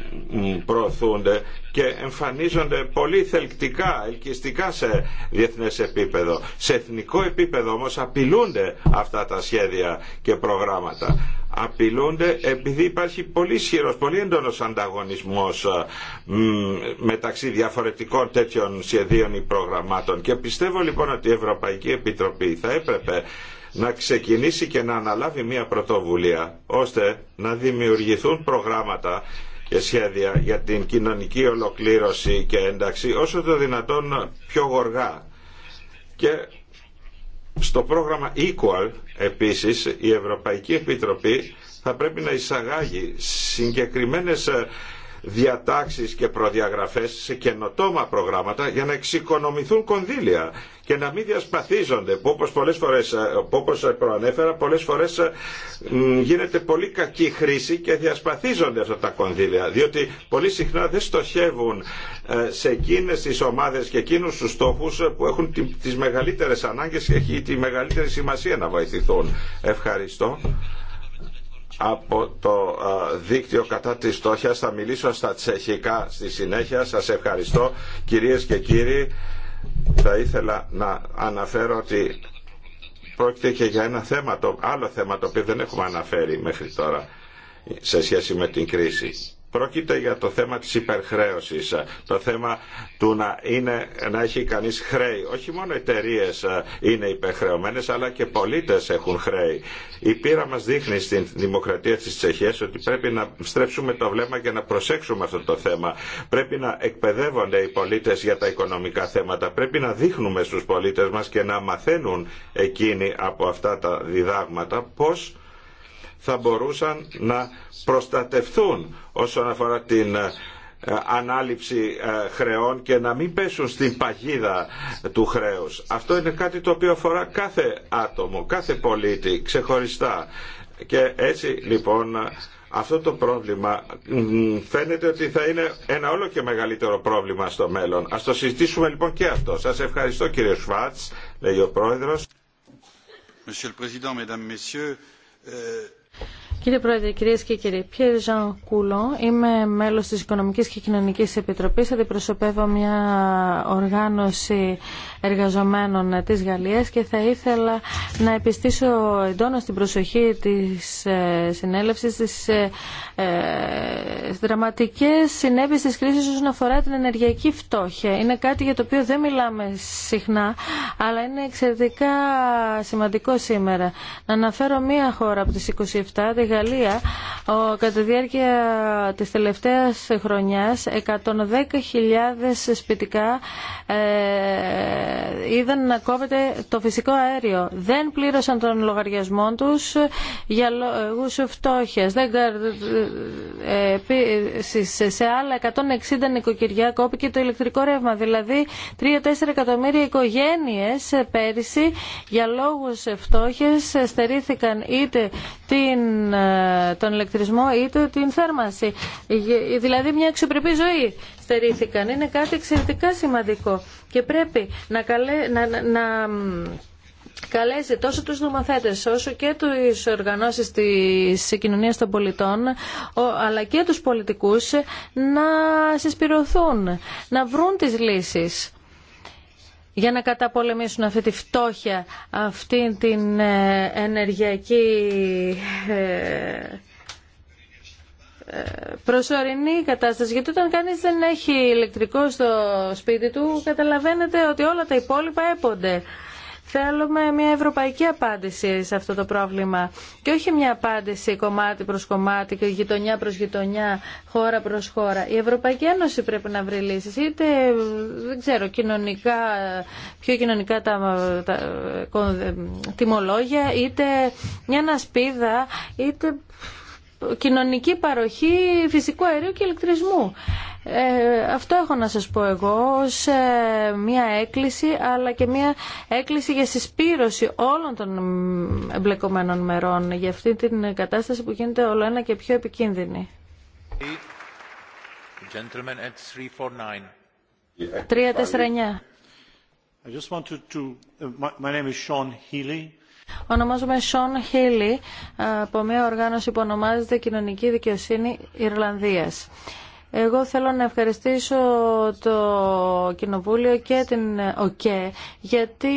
C: προωθούνται και εμφανίζονται πολύ θελκτικά, ελκυστικά σε διεθνές επίπεδο. Σε εθνικό επίπεδο όμως απειλούνται αυτά τα σχέδια και προγράμματα. Απειλούνται επειδή υπάρχει πολύ ισχυρό, πολύ έντονο ανταγωνισμό μεταξύ διαφορετικών τέτοιων σχεδίων ή προγραμμάτων. Και πιστεύω λοιπόν ότι η Ευρωπαϊκή Επιτροπή θα έπρεπε να ξεκινήσει και να αναλάβει μια πρωτοβουλία ώστε να δημιουργηθούν προγράμματα και σχέδια για την κοινωνική ολοκλήρωση και ένταξη όσο το δυνατόν πιο γοργά. Και στο πρόγραμμα Equal επίσης η Ευρωπαϊκή Επιτροπή θα πρέπει να εισαγάγει συγκεκριμένες ε, διατάξεις και προδιαγραφές σε καινοτόμα προγράμματα για να εξοικονομηθούν κονδύλια και να μην διασπαθίζονται που όπως, πολλές φορές, προανέφερα πολλές φορές ε, γίνεται πολύ κακή χρήση και διασπαθίζονται αυτά τα κονδύλια διότι πολύ συχνά δεν στοχεύουν ε, σε εκείνες τις ομάδες και εκείνους τους στόχους ε, που έχουν τις μεγαλύτερες ανάγκες και έχει τη μεγαλύτερη σημασία να βοηθηθούν. Ευχαριστώ από το δίκτυο κατά της στόχιας. Θα μιλήσω στα τσεχικά στη συνέχεια. Σας ευχαριστώ κυρίες και κύριοι. Θα ήθελα να αναφέρω ότι πρόκειται και για ένα θέμα, το άλλο θέμα το οποίο δεν έχουμε αναφέρει μέχρι τώρα σε σχέση με την κρίση Πρόκειται για το θέμα της υπερχρέωσης, το θέμα του να, είναι, να έχει κανείς χρέη. Όχι μόνο εταιρείε ε, είναι υπερχρεωμένες, αλλά και πολίτες έχουν χρέη. Η πείρα μας δείχνει στην δημοκρατία της Τσεχίας ότι πρέπει να στρέψουμε το βλέμμα και να προσέξουμε αυτό το θέμα. Πρέπει να εκπαιδεύονται οι πολίτες για τα οικονομικά θέματα. Πρέπει να δείχνουμε στους πολίτες μας και να μαθαίνουν εκείνοι από αυτά τα διδάγματα πώς θα μπορούσαν να προστατευθούν όσον αφορά την ε, ανάληψη ε, χρεών και να μην πέσουν στην παγίδα του χρέους. Αυτό είναι κάτι το οποίο αφορά κάθε άτομο, κάθε πολίτη ξεχωριστά. Και έτσι λοιπόν αυτό το πρόβλημα φαίνεται ότι θα είναι ένα όλο και μεγαλύτερο πρόβλημα στο μέλλον. Ας το συζητήσουμε λοιπόν και αυτό. Σας ευχαριστώ κύριε Σφάτς, λέει ο πρόεδρος. Monsieur le Président, Mesdames, Messieurs, ε,
B: Υπότιτλοι Κύριε Πρόεδρε, κυρίε και κύριοι, Πιέρ Ζαν Κούλο, είμαι μέλο τη Οικονομική και Κοινωνική Επιτροπή. Αντιπροσωπεύω μια οργάνωση εργαζομένων τη Γαλλία και θα ήθελα να επιστήσω εντόνω την προσοχή τη ε, συνέλευση στι ε, ε, δραματικέ συνέπειε τη κρίση όσον αφορά την ενεργειακή φτώχεια. Είναι κάτι για το οποίο δεν μιλάμε συχνά, αλλά είναι εξαιρετικά σημαντικό σήμερα. Να αναφέρω μία χώρα από τι 27, Γαλλία ο, κατά τη διάρκεια της τελευταίας χρονιάς 110.000 σπιτικά ε, είδαν να κόβεται το φυσικό αέριο. Δεν πλήρωσαν τον λογαριασμό τους για λόγους φτώχειας. Δεν, ε, σε, σε άλλα 160 νοικοκυριά κόπηκε το ηλεκτρικό ρεύμα. Δηλαδή 3-4 εκατομμύρια οικογένειες πέρυσι για λόγους φτώχειας στερήθηκαν είτε την ε, τον ηλεκτρισμό ή την θέρμανση. Δηλαδή μια εξωπρεπή ζωή στερήθηκαν. Είναι κάτι εξαιρετικά σημαντικό και πρέπει να, καλέ, να, να καλέσει τόσο τους νομοθέτες όσο και τις οργανώσεις της κοινωνίας των πολιτών αλλά και τους πολιτικούς να συσπηρωθούν, να βρουν τις λύσεις για να καταπολεμήσουν αυτή τη φτώχεια, αυτή την ε, ενεργειακή ε, ε, προσωρινή κατάσταση. Γιατί όταν κανείς δεν έχει ηλεκτρικό στο σπίτι του, καταλαβαίνετε ότι όλα τα υπόλοιπα έπονται. Θέλουμε μια ευρωπαϊκή απάντηση σε αυτό το πρόβλημα και όχι μια απάντηση κομμάτι προς κομμάτι και γειτονιά προς γειτονιά, χώρα προς χώρα. Η Ευρωπαϊκή Ένωση πρέπει να βρει λύσεις, είτε δεν ξέρω, κοινωνικά, πιο κοινωνικά τα, τα τιμολόγια, είτε μια ανασπίδα, είτε κοινωνική παροχή φυσικού αερίου και ηλεκτρισμού. Ε, αυτό έχω να σας πω εγώ ως ε, μια έκκληση αλλά και μια έκκληση για συσπήρωση όλων των εμπλεκομένων μερών για αυτή την κατάσταση που γίνεται όλο ένα και πιο επικίνδυνη. Τρία I Ονομάζομαι Σον Χίλι από μια οργάνωση που ονομάζεται Κοινωνική Δικαιοσύνη Ιρλανδίας. Εγώ θέλω να ευχαριστήσω το Κοινοβούλιο και την ΟΚΕ γιατί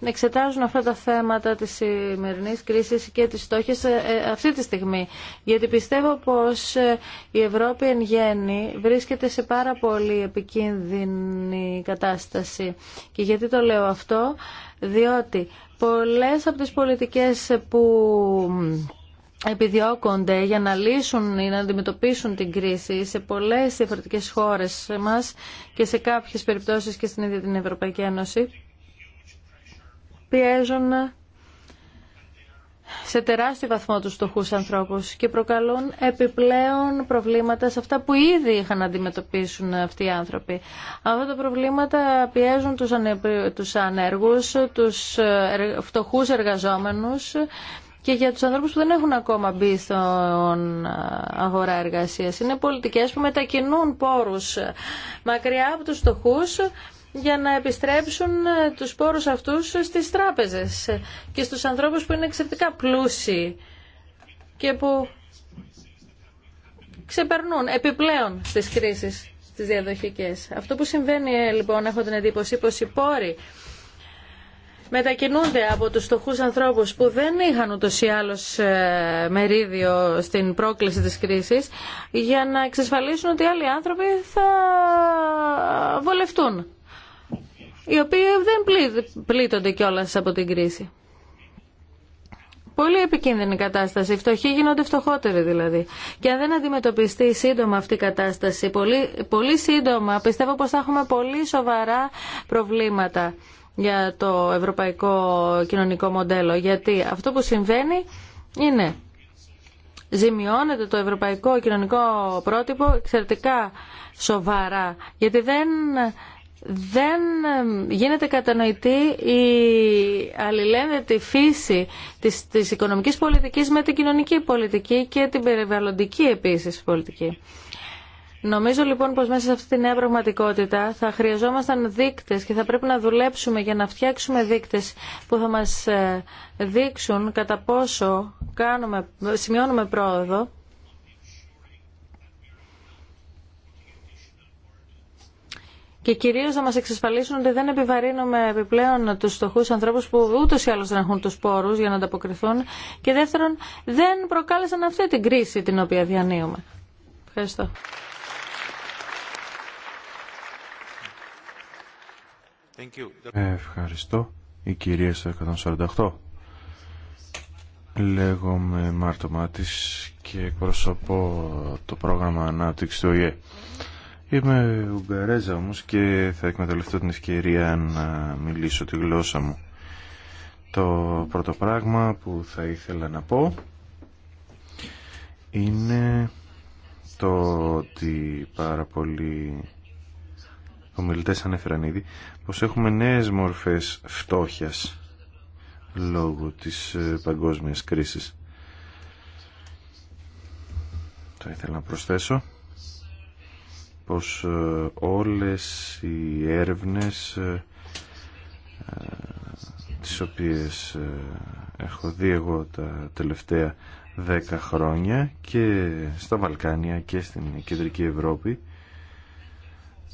B: εξετάζουν αυτά τα θέματα της σημερινή κρίσης και τις στόχες ε, αυτή τη στιγμή. Γιατί πιστεύω πως ε, η Ευρώπη εν γέννη βρίσκεται σε πάρα πολύ επικίνδυνη κατάσταση. Και γιατί το λέω αυτό, διότι Πολλές από τις πολιτικές που επιδιώκονται για να λύσουν ή να αντιμετωπίσουν την κρίση σε πολλές διαφορετικές χώρες μας και σε κάποιες περιπτώσεις και στην ίδια την Ευρωπαϊκή Ένωση πιέζουν σε τεράστιο βαθμό τους στοχούς ανθρώπους και προκαλούν επιπλέον προβλήματα σε αυτά που ήδη είχαν να αντιμετωπίσουν αυτοί οι άνθρωποι. Αυτά τα προβλήματα πιέζουν τους, τους ανέργους, τους ε, φτωχούς εργαζόμενους και για τους ανθρώπους που δεν έχουν ακόμα μπει στον ε, αγορά εργασίας. Είναι πολιτικές που μετακινούν πόρους μακριά από τους φτωχούς για να επιστρέψουν ε, τους πόρους αυτούς στις τράπεζες και στους ανθρώπους που είναι εξαιρετικά πλούσιοι και που ξεπερνούν επιπλέον στις κρίσεις τις διαδοχικές. Αυτό που συμβαίνει ε, λοιπόν έχω την εντύπωση πως οι πόροι μετακινούνται από τους στοχούς ανθρώπους που δεν είχαν ούτως ή άλλως ε, μερίδιο στην πρόκληση της κρίσης για να εξασφαλίσουν ότι άλλοι άνθρωποι θα βολευτούν οι οποίοι δεν πλήττονται κιόλα από την κρίση. Πολύ επικίνδυνη κατάσταση. Οι φτωχοί γίνονται φτωχότεροι δηλαδή. Και αν δεν αντιμετωπιστεί σύντομα αυτή η κατάσταση, πολύ, πολύ σύντομα πιστεύω πως θα έχουμε πολύ σοβαρά προβλήματα για το ευρωπαϊκό κοινωνικό μοντέλο. Γιατί αυτό που συμβαίνει είναι ζημιώνεται το ευρωπαϊκό κοινωνικό πρότυπο εξαιρετικά σοβαρά. Γιατί δεν δεν γίνεται κατανοητή η αλληλένδετη φύση της, της οικονομικής πολιτικής με την κοινωνική πολιτική και την περιβαλλοντική επίσης πολιτική. Νομίζω λοιπόν πως μέσα σε αυτή τη νέα πραγματικότητα θα χρειαζόμασταν δείκτες και θα πρέπει να δουλέψουμε για να φτιάξουμε δείκτες που θα μας ε, δείξουν κατά πόσο κάνουμε, σημειώνουμε πρόοδο και κυρίως να μας εξασφαλίσουν ότι δεν επιβαρύνουμε επιπλέον τους στοχούς ανθρώπου που ούτως ή άλλως δεν έχουν τους πόρους για να ανταποκριθούν και δεύτερον δεν προκάλεσαν αυτή την κρίση την οποία διανύουμε. Ευχαριστώ.
D: Ευχαριστώ. Η κυρία 148. Λέγομαι Μάρτο Μάτης και εκπροσωπώ το πρόγραμμα ανάπτυξη του ΟΗΕ. Είμαι Ουγγαρέζα όμω και θα εκμεταλλευτώ την ευκαιρία να μιλήσω τη γλώσσα μου. Το πρώτο πράγμα που θα ήθελα να πω είναι το ότι πάρα πολλοί ομιλητές ανέφεραν ήδη πως έχουμε νέες μορφές φτώχειας λόγω της ε, παγκόσμιας κρίσης. Θα ήθελα να προσθέσω πως ε, όλες οι έρευνες ε, ε, τις οποίες έχω δει εγώ τα τελευταία δέκα χρόνια και στα Βαλκάνια και στην Κεντρική Ευρώπη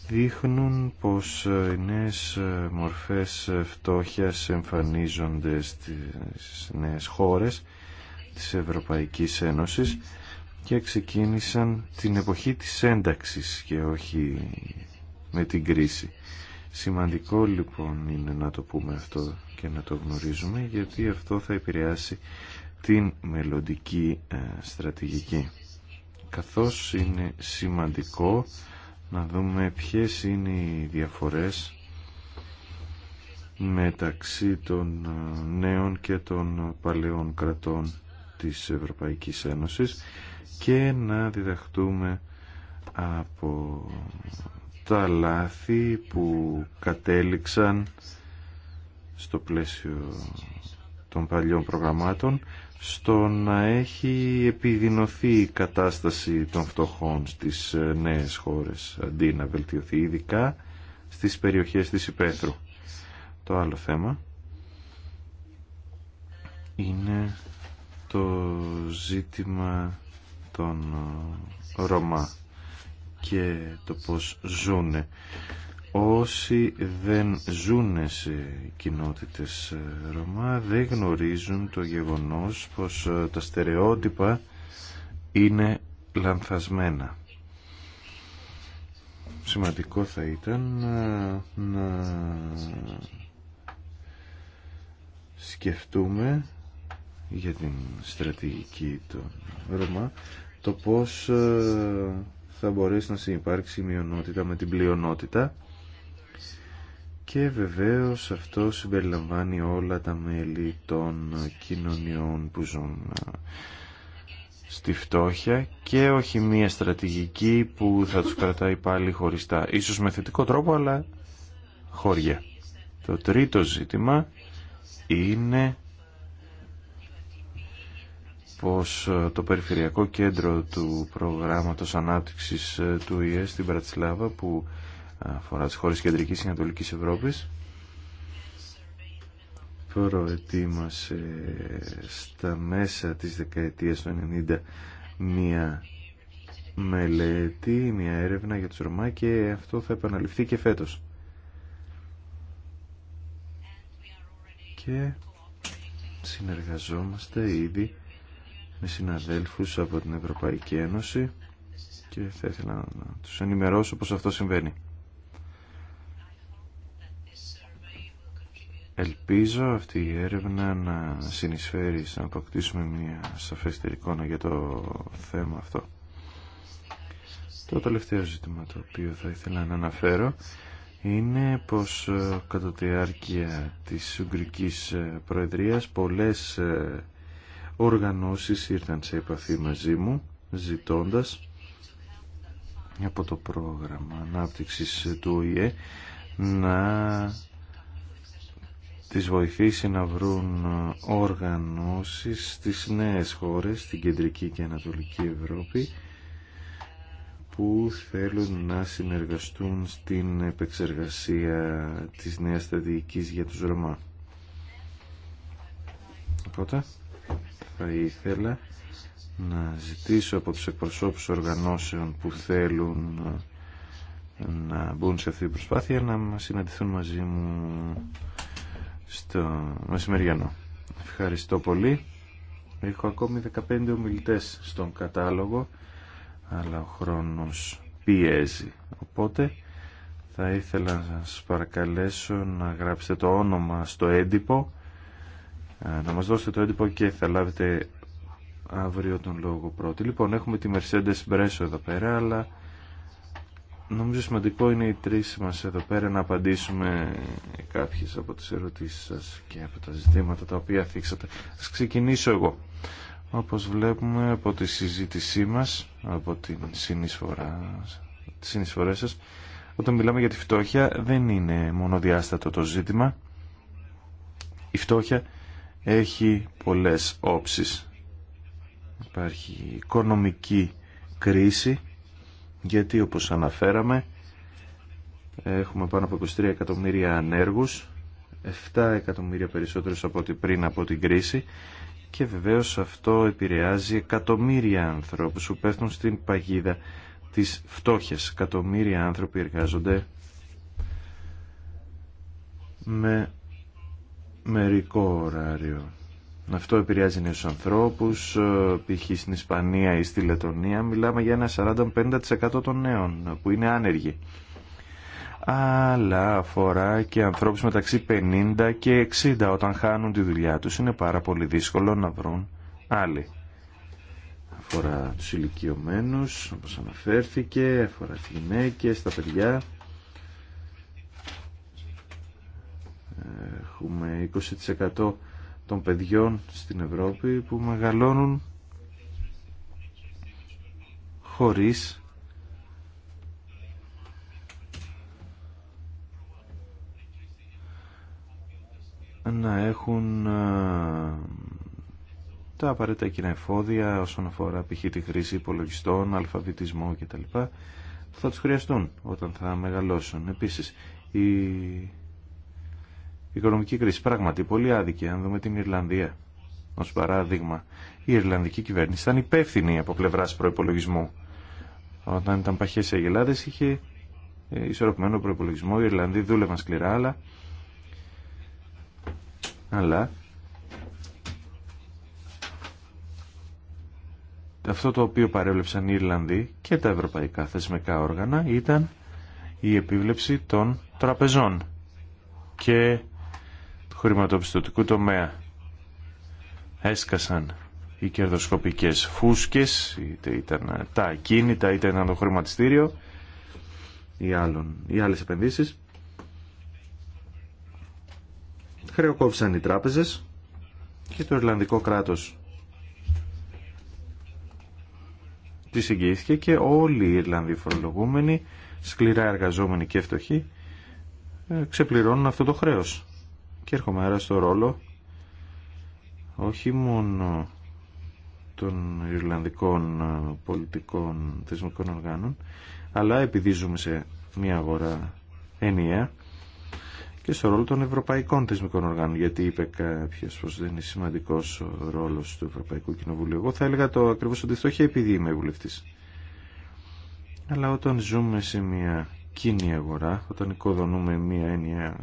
D: δείχνουν πως οι νέες μορφές φτώχειας εμφανίζονται στις νέες χώρες της Ευρωπαϊκής Ένωσης και ξεκίνησαν την εποχή της ένταξης και όχι με την κρίση. Σημαντικό λοιπόν είναι να το πούμε αυτό και να το γνωρίζουμε γιατί αυτό θα επηρεάσει την μελλοντική ε, στρατηγική. Καθώς είναι σημαντικό να δούμε ποιες είναι οι διαφορές μεταξύ των ε, νέων και των παλαιών κρατών της Ευρωπαϊκής Ένωσης και να διδαχτούμε από τα λάθη που κατέληξαν στο πλαίσιο των παλιών προγραμμάτων στο να έχει επιδεινωθεί η κατάσταση των φτωχών στις ε, νέες χώρες αντί να βελτιωθεί ειδικά στις περιοχές της υπέθρου. Το άλλο θέμα είναι το ζήτημα τον ε, Ρωμά και το πώς ζούνε. Όσοι δεν ζουνε σε κοινότητες ε, Ρωμά δεν γνωρίζουν το γεγονός πως ε, τα στερεότυπα είναι λανθασμένα. Σημαντικό θα ήταν να σκεφτούμε για την στρατηγική των Ρωμά το πώς ε, θα μπορέσει να συμπάρξει η μειονότητα με την πλειονότητα και βεβαίως αυτό συμπεριλαμβάνει όλα τα μέλη των κοινωνιών που ζουν ε, στη φτώχεια και όχι μία στρατηγική που θα τους κρατάει πάλι χωριστά. Ίσως με θετικό τρόπο αλλά χώρια. Το τρίτο ζήτημα είναι πως ε, το Περιφερειακό Κέντρο του Προγράμματος Ανάπτυξης ε, του ΙΕ στην Πρατισλάβα που αφορά τις χώρες Κεντρικής και Ανατολικής Ευρώπης προετοίμασε στα μέσα της δεκαετίας του 90 μία μελέτη, μία έρευνα για τους Ρωμά και αυτό θα επαναληφθεί και φέτος. Και συνεργαζόμαστε ήδη με συναδέλφους από την Ευρωπαϊκή Ένωση και θα ήθελα να τους ενημερώσω πως αυτό συμβαίνει. Ελπίζω αυτή η έρευνα να συνεισφέρει να αποκτήσουμε μια σαφέστερη εικόνα για το θέμα αυτό. Το τελευταίο ζήτημα το οποίο θα ήθελα να αναφέρω είναι πως ε, κατά τη διάρκεια της Ουγγρικής ε, Προεδρίας πολλές ε, οργανώσεις ήρθαν σε επαφή μαζί μου ζητώντας από το πρόγραμμα ανάπτυξης του ΟΗΕ να τις βοηθήσει να βρουν οργανώσεις στις νέες χώρες, στην Κεντρική και Ανατολική Ευρώπη που θέλουν να συνεργαστούν στην επεξεργασία της νέας στρατηγικής για τους Ρωμά. Οπότε, θα ήθελα να ζητήσω από τους εκπροσώπους οργανώσεων που θέλουν να μπουν σε αυτή την προσπάθεια να μας συναντηθούν μαζί μου στο μεσημεριανό. Ευχαριστώ πολύ. Έχω ακόμη 15 ομιλητές στον κατάλογο, αλλά ο χρόνος πιέζει. Οπότε θα ήθελα να σας παρακαλέσω να γράψετε το όνομα στο έντυπο να μας δώσετε το έντυπο και θα λάβετε αύριο τον λόγο πρώτη. Λοιπόν, έχουμε τη Mercedes Bresso εδώ πέρα, αλλά νομίζω σημαντικό είναι οι τρεις μας εδώ πέρα να απαντήσουμε κάποιες από τις ερωτήσεις σας και από τα ζητήματα τα οποία θίξατε. Ας ξεκινήσω εγώ. Όπως βλέπουμε από τη συζήτησή μας, από την συνεισφορά, τις συνεισφορές σας, όταν μιλάμε για τη φτώχεια δεν είναι μονοδιάστατο το ζήτημα. Η φτώχεια έχει πολλές όψεις. Υπάρχει οικονομική κρίση, γιατί όπως αναφέραμε έχουμε πάνω από 23 εκατομμύρια ανέργους, 7 εκατομμύρια περισσότερους από ό,τι πριν από την κρίση και βεβαίως αυτό επηρεάζει εκατομμύρια ανθρώπους που πέφτουν στην παγίδα της φτώχειας. Εκατομμύρια άνθρωποι εργάζονται με μερικό ωράριο. Αυτό επηρεάζει νέους ανθρώπους, π.χ. στην Ισπανία ή στη Λετωνία μιλάμε για ένα 40-50% των νέων που είναι άνεργοι. Αλλά αφορά και ανθρώπους μεταξύ 50 και 60 όταν χάνουν τη δουλειά τους. Είναι πάρα πολύ δύσκολο να βρουν άλλοι. Αφορά τους ηλικιωμένους, όπως αναφέρθηκε, αφορά τις γυναίκες, τα παιδιά Έχουμε 20% των παιδιών στην Ευρώπη που μεγαλώνουν χωρίς να έχουν τα απαραίτητα κοινά εφόδια όσον αφορά π.χ. τη χρήση υπολογιστών, αλφαβητισμό κτλ. θα τους χρειαστούν όταν θα μεγαλώσουν. Επίσης, η οικονομική κρίση. Πράγματι, πολύ άδικη, αν δούμε την Ιρλανδία ω παράδειγμα. Η Ιρλανδική κυβέρνηση ήταν υπεύθυνη από πλευρά προπολογισμού. Όταν ήταν παχέ οι είχε ε, ισορροπημένο προπολογισμό. Οι Ιρλανδοί δούλευαν σκληρά, αλλά... αλλά... Αυτό το οποίο παρέβλεψαν οι Ιρλανδοί και τα ευρωπαϊκά θεσμικά όργανα ήταν η επίβλεψη των τραπεζών και του χρηματοπιστωτικού τομέα. Έσκασαν οι κερδοσκοπικές φούσκες, είτε ήταν τα ακίνητα, είτε ήταν το χρηματιστήριο ή, άλλων, ή άλλες επενδύσεις. Χρεοκόπησαν οι τράπεζες και το Ιρλανδικό κράτος τη εγγυήθηκε και όλοι οι Ιρλανδοί φορολογούμενοι, σκληρά εργαζόμενοι και φτωχοί, ε, ξεπληρώνουν αυτό το χρέος. Και έρχομαι άρα στο ρόλο όχι μόνο των Ιρλανδικών ε, πολιτικών θεσμικών οργάνων αλλά επειδή ζούμε σε μια αγορά ενιαία και στο ρόλο των ευρωπαϊκών θεσμικών οργάνων γιατί είπε κάποιο πω δεν είναι σημαντικός ο ρόλος του Ευρωπαϊκού Κοινοβουλίου εγώ θα έλεγα το ακριβώς αντιστοιχό επειδή είμαι βουλευτή. αλλά όταν ζούμε σε μια κοινή αγορά όταν οικοδονούμε μια ενιαία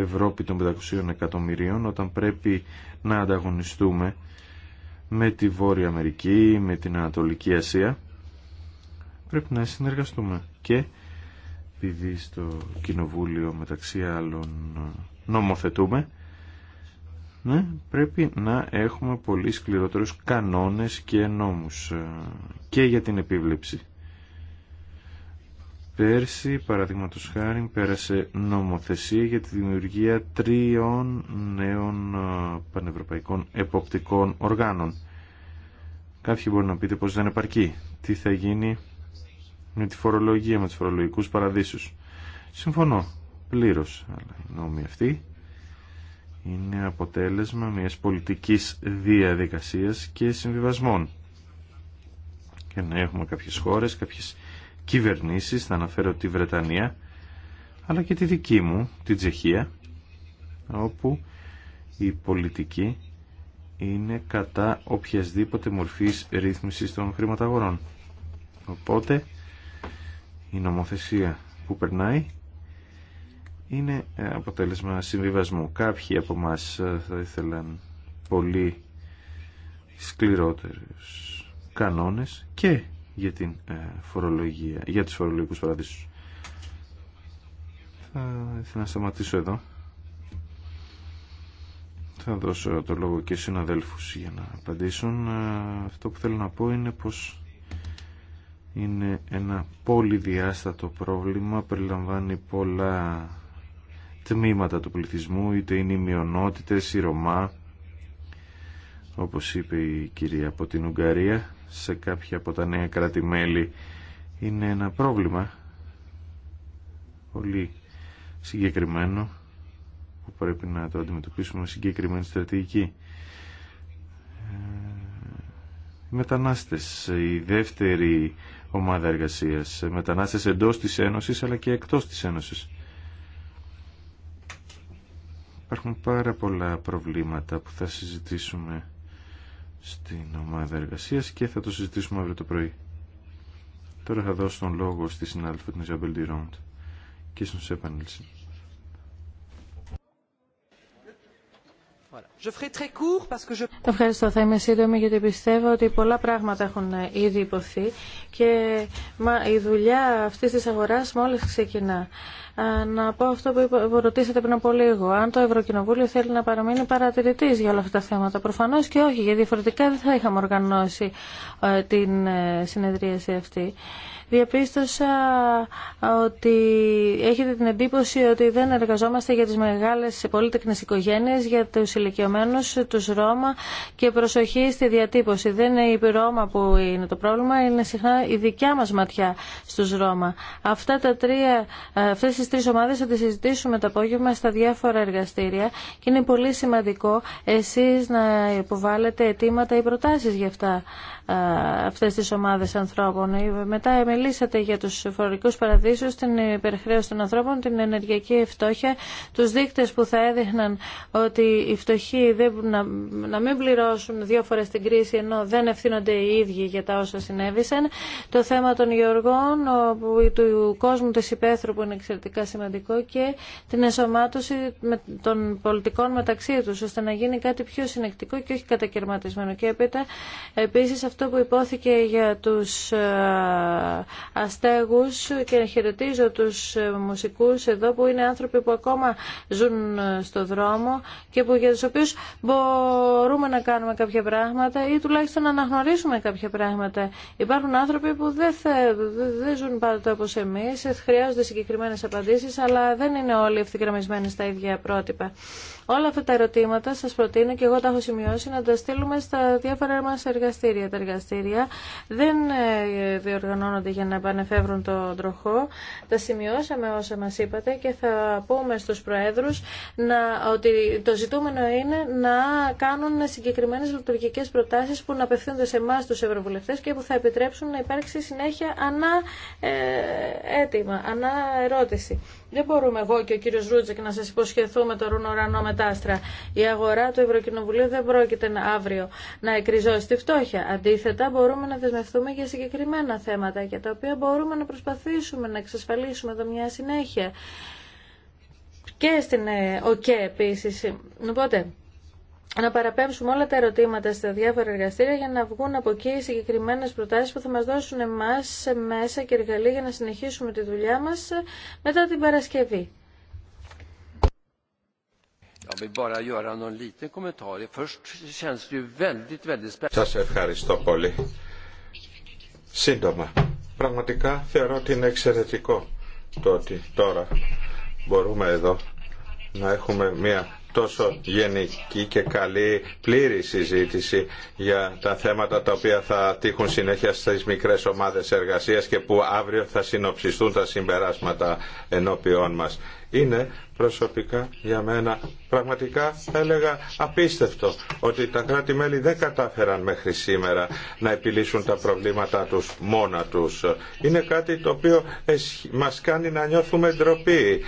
D: Ευρώπη των 500 εκατομμυρίων όταν πρέπει να ανταγωνιστούμε με τη Βόρεια Αμερική, με την Ανατολική Ασία. Πρέπει να συνεργαστούμε και επειδή στο Κοινοβούλιο μεταξύ άλλων νομοθετούμε, ναι, πρέπει να έχουμε πολύ σκληρότερους κανόνες και νόμους ε, και για την επίβλεψη Πέρσι, παραδείγματος χάρη, πέρασε νομοθεσία για τη δημιουργία τριών νέων πανευρωπαϊκών εποπτικών οργάνων. Κάποιοι μπορεί να πείτε πως δεν επαρκεί. Τι θα γίνει με τη φορολογία, με τους φορολογικούς παραδείσους. Συμφωνώ πλήρως, αλλά η νόμη αυτή είναι αποτέλεσμα μιας πολιτικής διαδικασίας και συμβιβασμών. Και να έχουμε κάποιες χώρες, κάποιες κυβερνήσεις, θα αναφέρω τη Βρετανία, αλλά και τη δική μου, τη Τσεχία, όπου η πολιτική είναι κατά οποιασδήποτε μορφής ρύθμισης των χρηματαγορών. Οπότε η νομοθεσία που περνάει είναι αποτέλεσμα συμβιβασμού. Κάποιοι από εμά θα ήθελαν πολύ σκληρότερους κανόνες και για, την ε, φορολογία, για τις φορολογικούς παραδείσους. Θα ήθελα να σταματήσω εδώ. Θα δώσω το λόγο και στους για να απαντήσουν. Ε, αυτό που θέλω να πω είναι πως είναι ένα πολύ διάστατο πρόβλημα, περιλαμβάνει πολλά τμήματα του πληθυσμού, είτε είναι οι μειονότητες, οι Ρωμά, όπως είπε η κυρία από την Ουγγαρία, σε κάποια από τα νέα κράτη-μέλη είναι ένα πρόβλημα πολύ συγκεκριμένο που πρέπει να το αντιμετωπίσουμε με συγκεκριμένη στρατηγική. Ε, οι μετανάστες, η δεύτερη ομάδα εργασίας, ε, μετανάστες εντός της Ένωσης αλλά και εκτός της Ένωσης. Υπάρχουν πάρα πολλά προβλήματα που θα συζητήσουμε στην ομάδα εργασία και θα το συζητήσουμε αύριο το πρωί. Τώρα θα δώσω τον λόγο στη συνάδελφο την Ιζαμπέλ Ντιρόντ και στον
E: Σέπανελσιν.
B: Ευχαριστώ. Θα είμαι σύντομη γιατί πιστεύω ότι πολλά πράγματα έχουν ήδη υποθεί και η δουλειά αυτή τη αγορά μόλι ξεκινά. Να πω αυτό που ρωτήσατε πριν από λίγο. Αν το Ευρωκοινοβούλιο θέλει να παραμείνει παρατηρητή για όλα αυτά τα θέματα. Προφανώ και όχι, γιατί διαφορετικά δεν θα είχαμε οργανώσει ε, την ε, συνεδρίαση αυτή διαπίστωσα ότι έχετε την εντύπωση ότι δεν εργαζόμαστε για τις μεγάλες πολύτεκνες οικογένειες, για τους ηλικιωμένους, τους Ρώμα και προσοχή στη διατύπωση. Δεν είναι η Ρώμα που είναι το πρόβλημα, είναι συχνά η δικιά μας ματιά στους Ρώμα. Αυτά τα τρία, αυτές τις τρεις ομάδες θα τις συζητήσουμε το απόγευμα στα διάφορα εργαστήρια και είναι πολύ σημαντικό εσείς να υποβάλλετε αιτήματα ή προτάσεις για αυτά αυτές τις ομάδες ανθρώπων. Μετά μιλήσατε για τους φορολογικούς παραδείσους, την υπερχρέωση των ανθρώπων, την ενεργειακή φτώχεια, τους δείκτες που θα έδειχναν ότι οι φτωχοί δεν, να, να μην πληρώσουν δύο φορές την κρίση ενώ δεν ευθύνονται οι ίδιοι για τα όσα συνέβησαν. Το θέμα των γεωργών, του κόσμου της υπαίθρου που είναι εξαιρετικά σημαντικό και την ενσωμάτωση των πολιτικών μεταξύ τους ώστε να γίνει κάτι πιο συνεκτικό και όχι κατακαιρματισμένο. Και αυτό που υπόθηκε για τους ε, αστέγους και χαιρετίζω τους ε, μουσικούς εδώ που είναι άνθρωποι που ακόμα ζουν ε, στο δρόμο και που για τους οποίους μπορούμε να κάνουμε κάποια πράγματα ή τουλάχιστον να αναγνωρίσουμε κάποια πράγματα. Υπάρχουν άνθρωποι που δεν, θε, δεν ζουν πάντα όπως εμείς, χρειάζονται συγκεκριμένες απαντήσεις αλλά δεν είναι όλοι ευθυγραμμισμένοι στα ίδια πρότυπα. Όλα αυτά τα ερωτήματα σας προτείνω και εγώ τα έχω σημειώσει να τα στείλουμε στα διάφορα μας εργαστήρια. Τα εργαστήρια δεν ε, διοργανώνονται για να επανεφεύρουν τον τροχό. Τα σημειώσαμε όσα μας είπατε και θα πούμε στους Προέδρους να, ότι το ζητούμενο είναι να κάνουν συγκεκριμένες λειτουργικές προτάσεις που να απευθύνονται σε εμά τους Ευρωβουλευτές και που θα επιτρέψουν να υπάρξει συνέχεια ανά ε, ανά ερώτηση. Δεν μπορούμε εγώ και ο κύριος Ρούτζεκ να σας υποσχεθούμε το ρούνο ουρανό μετάστρα. Η αγορά του Ευρωκοινοβουλίου δεν πρόκειται να αύριο να εκριζώσει τη φτώχεια. Αντίθετα, μπορούμε να δεσμευτούμε για συγκεκριμένα θέματα για τα οποία μπορούμε να προσπαθήσουμε να εξασφαλίσουμε εδώ μια συνέχεια. Και στην ε, ΟΚΕ επίσης. Οπότε, να παραπέμψουμε όλα τα ερωτήματα στα διάφορα εργαστήρια για να βγουν από εκεί οι συγκεκριμένε προτάσει που θα μα δώσουν εμά μέσα και εργαλεία για να συνεχίσουμε τη δουλειά μα μετά την Παρασκευή.
C: Σα ευχαριστώ πολύ. Σύντομα. Πραγματικά θεωρώ ότι είναι εξαιρετικό το ότι τώρα μπορούμε εδώ να έχουμε μια τόσο γενική και καλή πλήρη συζήτηση για τα θέματα τα οποία θα τύχουν συνέχεια στις μικρές ομάδες εργασίας και που αύριο θα συνοψιστούν τα συμπεράσματα ενώπιόν μας είναι προσωπικά για μένα πραγματικά θα έλεγα απίστευτο ότι τα κράτη-μέλη δεν κατάφεραν μέχρι σήμερα να επιλύσουν τα προβλήματά τους μόνα τους. Είναι κάτι το οποίο μας κάνει να νιώθουμε ντροπή.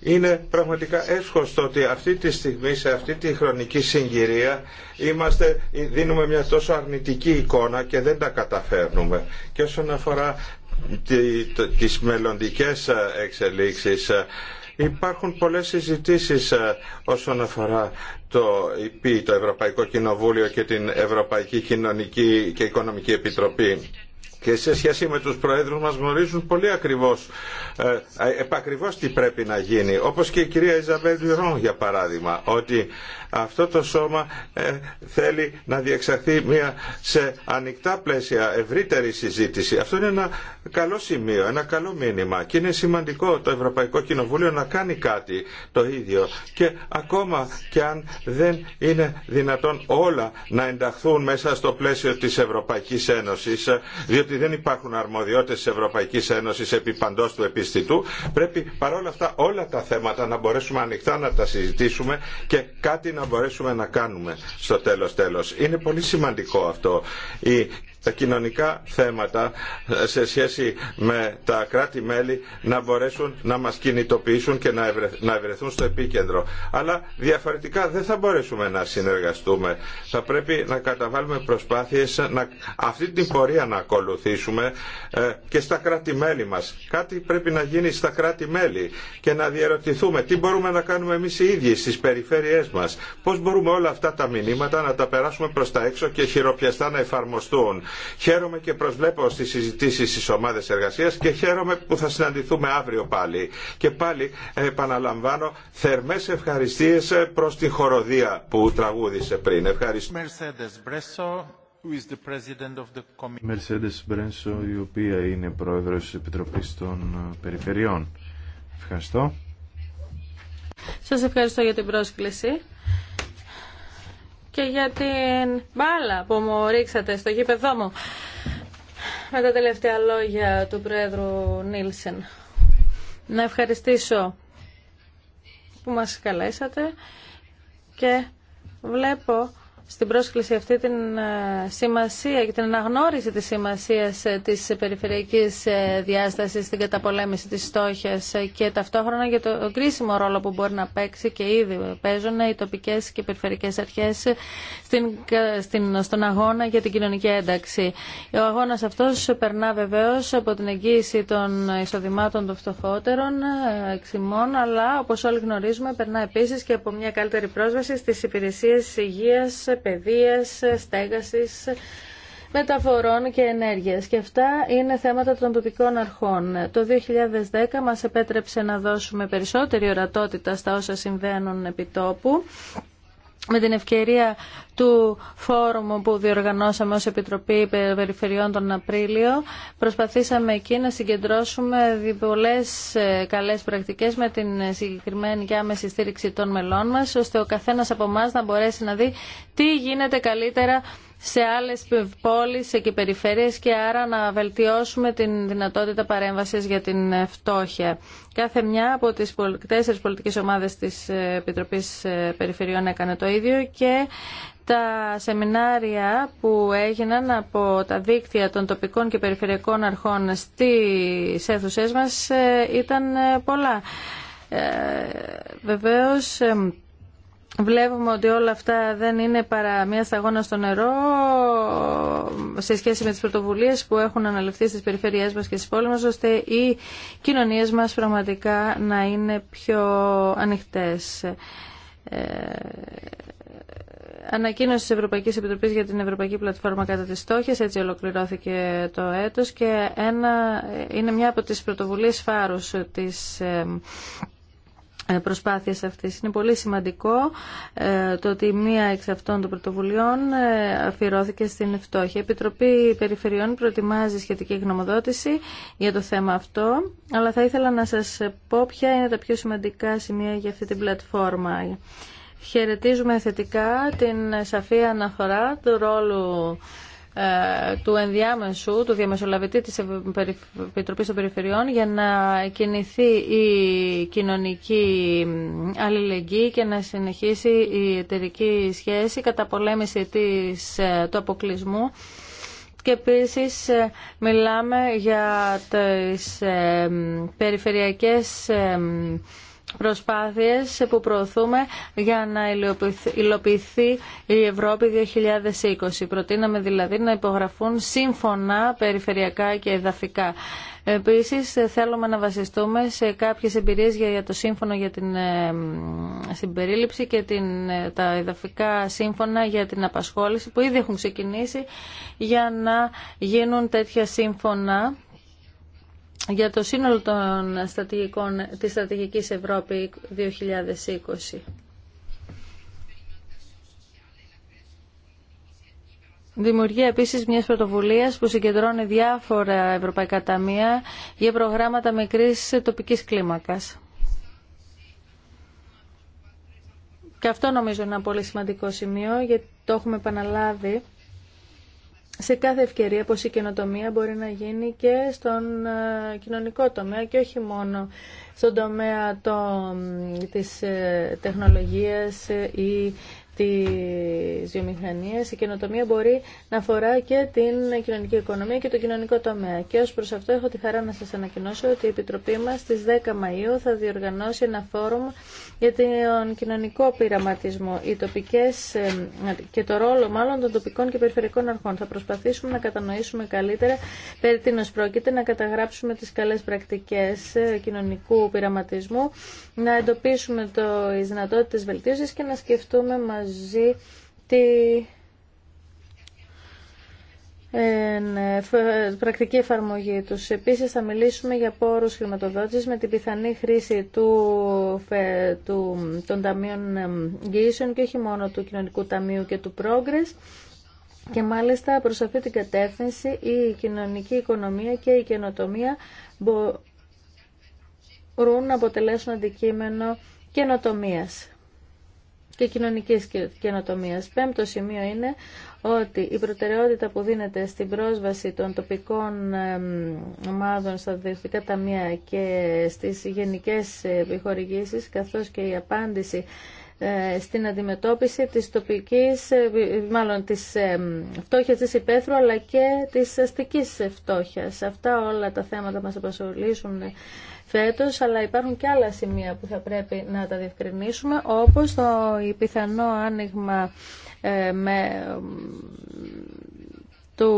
C: Είναι πραγματικά έσχωστο ότι αυτή τη στιγμή σε αυτή τη χρονική συγκυρία είμαστε, ε, δίνουμε μια τόσο αρνητική εικόνα και δεν τα καταφέρνουμε. Και όσον αφορά τις μελλοντικές ε, εξελίξεις. Ε, υπάρχουν πολλές συζητήσεις ε, όσον αφορά το το Ευρωπαϊκό Κοινοβούλιο και την Ευρωπαϊκή Κοινωνική και Οικονομική Επιτροπή και σε σχέση με τους προέδρους μας γνωρίζουν πολύ ακριβώς, επακριβώς τι πρέπει να γίνει. Όπως και η κυρία Ιζαμπέλ για παράδειγμα, ότι αυτό το σώμα ε, θέλει να διεξαχθεί μια σε ανοιχτά πλαίσια ευρύτερη συζήτηση. Αυτό είναι ένα καλό σημείο, ένα καλό μήνυμα και είναι σημαντικό το Ευρωπαϊκό Κοινοβούλιο να κάνει κάτι το ίδιο και ακόμα και αν δεν είναι δυνατόν όλα να ενταχθούν μέσα στο πλαίσιο της Ευρωπαϊκής Ένωσης ε, διότι δεν υπάρχουν αρμοδιότητες της Ευρωπαϊκής Ένωσης επί παντός του επιστητού πρέπει παρόλα αυτά όλα τα θέματα να μπορέσουμε ανοιχτά να τα συζητήσουμε και κάτι να μπορέσουμε να κάνουμε στο τέλος τέλος. Είναι πολύ σημαντικό αυτό. Η τα κοινωνικά θέματα ε, σε σχέση με τα κράτη-μέλη να μπορέσουν να μας κινητοποιήσουν και να ευρεθούν στο επίκεντρο. Αλλά διαφορετικά δεν θα μπορέσουμε να συνεργαστούμε. Θα πρέπει να καταβάλουμε προσπάθειες να αυτή την πορεία να ακολουθήσουμε ε, και στα κράτη-μέλη μας. Κάτι πρέπει να γίνει στα κράτη-μέλη και να διαρωτηθούμε τι μπορούμε να κάνουμε εμείς οι ίδιοι στις περιφέρειές μας. Πώς μπορούμε όλα αυτά τα μηνύματα να τα περάσουμε προς τα έξω και χειροπιαστά να εφαρμοστούν. Χαίρομαι και προσβλέπω στι συζητήσει στις ομάδες εργασίας και χαίρομαι που θα συναντηθούμε αύριο πάλι. Και πάλι επαναλαμβάνω θερμές ευχαριστίες προς την χοροδία που τραγούδησε πριν. Ευχαριστώ.
D: Μερσέντες Μπρένσο, η οποία είναι πρόεδρος της Επιτροπής των ε, Περιφερειών. Ευχαριστώ.
B: Σας ευχαριστώ για την πρόσκληση και για την μπάλα που μου ρίξατε στο γήπεδό μου με τα τελευταία λόγια του Πρόεδρου Νίλσεν. Να ευχαριστήσω που μας καλέσατε και βλέπω στην πρόσκληση αυτή την ε, σημασία και την αναγνώριση της σημασίας ε, της περιφερειακής ε, διάστασης στην καταπολέμηση της στόχιας και ταυτόχρονα για το κρίσιμο ρόλο που μπορεί να παίξει και ήδη παίζουν οι τοπικές και περιφερειακές αρχές στην, στην, στον αγώνα για την κοινωνική ένταξη. Ο αγώνας αυτός περνά βεβαίως από την εγγύηση των εισοδημάτων των φτωχότερων εξημών, αλλά όπως όλοι γνωρίζουμε περνά επίσης και από μια καλύτερη πρόσβαση στις υπηρεσίες υγείας παιδείας, στέγασης, μεταφορών και ενέργειας. Και αυτά είναι θέματα των τοπικών αρχών. Το 2010 μας επέτρεψε να δώσουμε περισσότερη ορατότητα στα όσα συμβαίνουν επί τόπου με την ευκαιρία του φόρουμου που διοργανώσαμε ως Επιτροπή Περιφερειών τον Απρίλιο προσπαθήσαμε εκεί να συγκεντρώσουμε πολλέ ε, καλές πρακτικές με την συγκεκριμένη και άμεση στήριξη των μελών μας ώστε ο καθένας από εμά να μπορέσει να δει τι γίνεται καλύτερα σε άλλες πόλεις και περιφέρειες και άρα να βελτιώσουμε την δυνατότητα παρέμβασης για την ε, φτώχεια. Κάθε μια από τις τέσσερις πολιτικές ομάδες της ε, Επιτροπής ε, Περιφερειών έκανε το ίδιο και τα σεμινάρια που έγιναν από τα δίκτυα των τοπικών και περιφερειακών αρχών στις αίθουσές μας ήταν πολλά. Ε, βεβαίως βλέπουμε ότι όλα αυτά δεν είναι παρά μια σταγόνα στο νερό σε σχέση με τις πρωτοβουλίες που έχουν αναλυφθεί στις περιφερειές μας και στις πόλεις μας, ώστε οι κοινωνίες μας πραγματικά να είναι πιο ανοιχτές. Ε, ανακοίνωση τη Ευρωπαϊκή Επιτροπή για την Ευρωπαϊκή Πλατφόρμα κατά τη στόχη. Έτσι ολοκληρώθηκε το έτο και ένα, είναι μια από τι πρωτοβουλίε φάρου τη ε, ε, προσπάθειες αυτής. Είναι πολύ σημαντικό ε, το ότι μία εξ αυτών των πρωτοβουλειών ε, αφιερώθηκε στην φτώχεια. Η Επιτροπή Περιφερειών προετοιμάζει σχετική γνωμοδότηση για το θέμα αυτό, αλλά θα ήθελα να σας πω ποια είναι τα πιο σημαντικά σημεία για αυτή την πλατφόρμα. Χαιρετίζουμε θετικά την σαφή αναφορά του ρόλου ε, του ενδιάμεσου, του διαμεσολαβητή της Επιτροπής των Περιφερειών για να κινηθεί η κοινωνική αλληλεγγύη και να συνεχίσει η εταιρική σχέση κατά πολέμηση της, ε, του αποκλεισμού και επίσης ε, μιλάμε για τις περιφερειακές προσπάθειες που προωθούμε για να υλοποιηθεί η Ευρώπη 2020. Προτείναμε δηλαδή να υπογραφούν σύμφωνα περιφερειακά και εδαφικά. Επίσης θέλουμε να βασιστούμε σε κάποιες εμπειρίες για το σύμφωνο για την ε, συμπερίληψη και ε, τα εδαφικά σύμφωνα για την απασχόληση που ήδη έχουν ξεκινήσει για να γίνουν τέτοια σύμφωνα για το σύνολο των στρατηγικών της Στρατηγικής Ευρώπη 2020. Δημιουργεί επίσης μια πρωτοβουλίας που συγκεντρώνει διάφορα ευρωπαϊκά ταμεία για προγράμματα μικρή τοπικής κλίμακας. Και αυτό νομίζω είναι ένα πολύ σημαντικό σημείο γιατί το έχουμε επαναλάβει σε κάθε ευκαιρία πως η καινοτομία μπορεί να γίνει και στον ε, κοινωνικό τομέα και όχι μόνο στον τομέα το, της ε, τεχνολογίας ε, ή τις βιομηχανίες, η καινοτομία μπορεί να αφορά και την κοινωνική οικονομία και το κοινωνικό τομέα. Και ως προς αυτό έχω τη χαρά να σας ανακοινώσω ότι η Επιτροπή μας στις 10 Μαΐου θα διοργανώσει ένα φόρουμ για τον κοινωνικό πειραματισμό οι τοπικές, ε, και το ρόλο μάλλον των τοπικών και περιφερειακών αρχών. Θα προσπαθήσουμε να κατανοήσουμε καλύτερα περί τίνος πρόκειται, να καταγράψουμε τις καλές πρακτικές ε, κοινωνικού πειραματισμού, να εντοπίσουμε τι δυνατότητε δυνατότητες και να σκεφτούμε μαζί τη πρακτική εφαρμογή τους. Επίσης θα μιλήσουμε για πόρους χρηματοδότησης με την πιθανή χρήση του, του, των ταμείων εγγύησεων και όχι μόνο του Κοινωνικού Ταμείου και του Progress. Και μάλιστα προς αυτή την κατεύθυνση η κοινωνική οικονομία και η καινοτομία μπορούν να αποτελέσουν αντικείμενο καινοτομίας και κοινωνικής καινοτομίας. Πέμπτο σημείο είναι ότι η προτεραιότητα που δίνεται στην πρόσβαση των τοπικών ομάδων στα διευθυντικά ταμεία και στις γενικές επιχορηγήσεις, καθώς και η απάντηση ε, στην αντιμετώπιση της τοπικής, ε, μάλλον της φτώχειας της υπαίθρου αλλά και της αστικής φτώχειας. Αυτά όλα τα θέματα μας απασχολήσουν φέτος, αλλά υπάρχουν και άλλα σημεία που θα πρέπει να τα διευκρινίσουμε, όπως το πιθανό άνοιγμα ε, με, του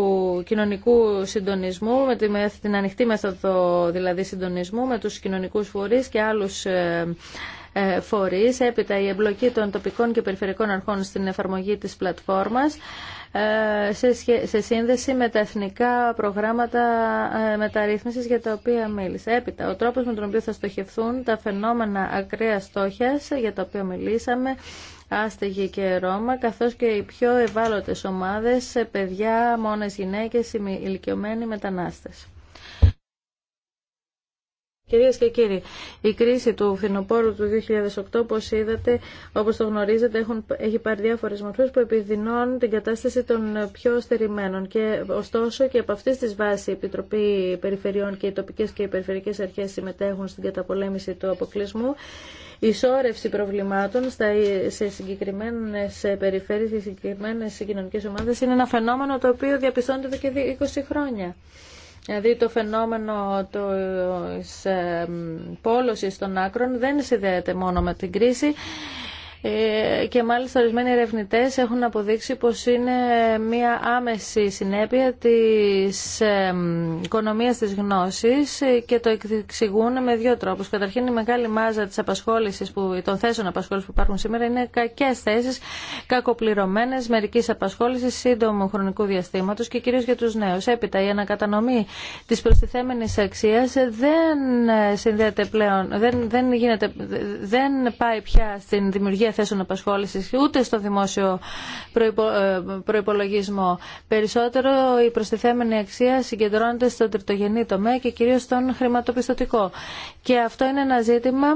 B: κοινωνικού συντονισμού, με την ανοιχτή μέθοδο δηλαδή συντονισμού με τους κοινωνικούς φορείς και άλλους ε, ε, φορείς, έπειτα η εμπλοκή των τοπικών και περιφερειακών αρχών στην εφαρμογή της πλατφόρμας ε, σε σύνδεση με τα εθνικά προγράμματα ε, μεταρρύθμισης για τα οποία μίλησα. Έπειτα, ο τρόπος με τον οποίο θα στοχευθούν τα φαινόμενα ακραία στόχιας για τα οποία μιλήσαμε, άστεγοι και Ρώμα, καθώς και οι πιο ευάλωτες ομάδες, παιδιά, μόνες γυναίκες, ηλικιωμένοι μετανάστες. Κυρίες και κύριοι, η κρίση του φινοπόρου του 2008, όπως είδατε, όπως το γνωρίζετε, έχουν, έχει πάρει διάφορες μορφές που επιδεινώνουν την κατάσταση των πιο στερημένων. Και ωστόσο και από αυτή της βάσης η Επιτροπή Περιφερειών και οι τοπικές και οι περιφερειακές αρχές συμμετέχουν στην καταπολέμηση του αποκλεισμού. Η σώρευση προβλημάτων σε συγκεκριμένε περιφέρειες και συγκεκριμένε κοινωνικέ ομάδε είναι ένα φαινόμενο το οποίο διαπιστώνεται εδώ και 20 χρόνια. Δηλαδή το φαινόμενο της ε, πόλωσης των άκρων δεν συνδέεται μόνο με την κρίση. Ε, και μάλιστα ορισμένοι ερευνητέ έχουν αποδείξει πω είναι μία άμεση συνέπεια της οικονομία τη γνώση και το εξηγούν με δύο τρόπου. Καταρχήν η μεγάλη μάζα της απασχόλησης των θέσεων απασχόληση που υπάρχουν σήμερα είναι κακέ θέσει κακοπληρωμένε μερική απασχόληση σύντομου χρονικού διαστήματο και κυρίω για του νέου. Έπειτα η ανακατανομή της προστιθέμενης αξίας δεν συνδέεται πλέον, δεν, δεν, γίνεται, δεν πάει πια στην δημιουργία θέσεων απασχόληση ούτε στο δημόσιο προϋπο, ε, προϋπολογισμό. Περισσότερο η προστιθέμενη αξία συγκεντρώνεται στον τριτογενή τομέα και κυρίως στον χρηματοπιστωτικό. Και αυτό είναι ένα ζήτημα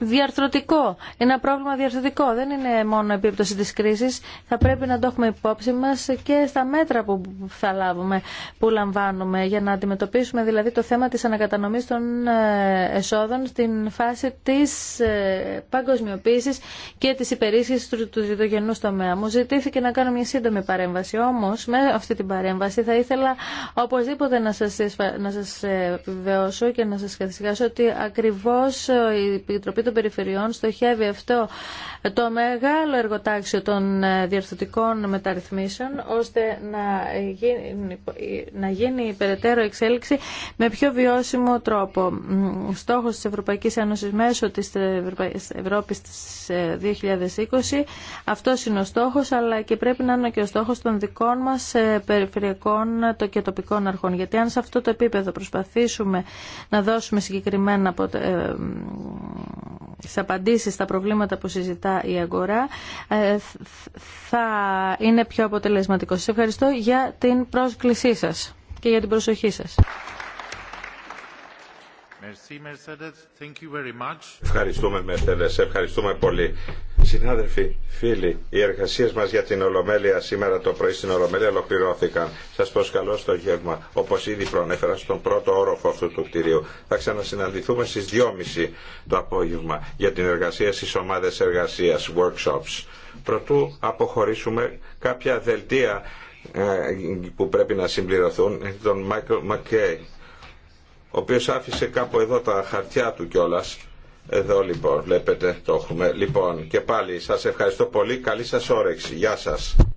B: διαρθρωτικό. Είναι ένα πρόβλημα διαρθρωτικό. Δεν είναι μόνο επίπτωση της κρίσης. Θα πρέπει να το έχουμε υπόψη μας και στα μέτρα που θα λάβουμε, που λαμβάνουμε, για να αντιμετωπίσουμε δηλαδή το θέμα της ανακατανομής των ε, εσόδων στην φάση της ε, παγκοσμιοποίησης και της υπερίσχυσης του διδογενού τομέα. Μου ζητήθηκε να κάνω μια σύντομη παρέμβαση. Όμως, με αυτή την παρέμβαση θα ήθελα οπωσδήποτε να σας, να σας επιβεβαιώσω και να σας καθησυχάσω ότι ακριβώς ε, η Επιτροπή των περιφερειών στοχεύει αυτό το μεγάλο εργοτάξιο των ε, διαρθωτικών μεταρρυθμίσεων ώστε να γίνει, να γίνει περαιτέρω εξέλιξη με πιο βιώσιμο τρόπο. Στόχος της Ευρωπαϊκής Ένωσης μέσω της Ευρώπης της 2020 ε, αυτός είναι ο στόχος αλλά και πρέπει να είναι και ο στόχος των δικών μας ε, περιφερειακών και τοπικών αρχών. Γιατί αν σε αυτό το επίπεδο προσπαθήσουμε να δώσουμε συγκεκριμένα τις απαντήσεις στα προβλήματα που συζητά η αγορά ε, θα είναι πιο αποτελεσματικό. Σας ευχαριστώ για την πρόσκλησή σας και για την προσοχή σας.
C: Ευχαριστούμε Μερσέντες, ευχαριστούμε πολύ. Συνάδελφοι, φίλοι, οι εργασίε μα για την Ολομέλεια σήμερα το πρωί στην Ολομέλεια ολοκληρώθηκαν. Σα προσκαλώ στο γεύμα, όπω ήδη προανέφερα, στον πρώτο όροφο αυτού του κτηρίου. Θα ξανασυναντηθούμε στι 2.30 το απόγευμα για την εργασία στι ομάδε εργασία, workshops. Προτού αποχωρήσουμε κάποια δελτία ε, που πρέπει να συμπληρωθούν, τον Μάικλ Μακέι ο οποίος άφησε κάπου εδώ τα χαρτιά του κιόλας. Εδώ λοιπόν, βλέπετε το έχουμε. Λοιπόν, και πάλι σας ευχαριστώ πολύ. Καλή σας όρεξη. Γεια σας.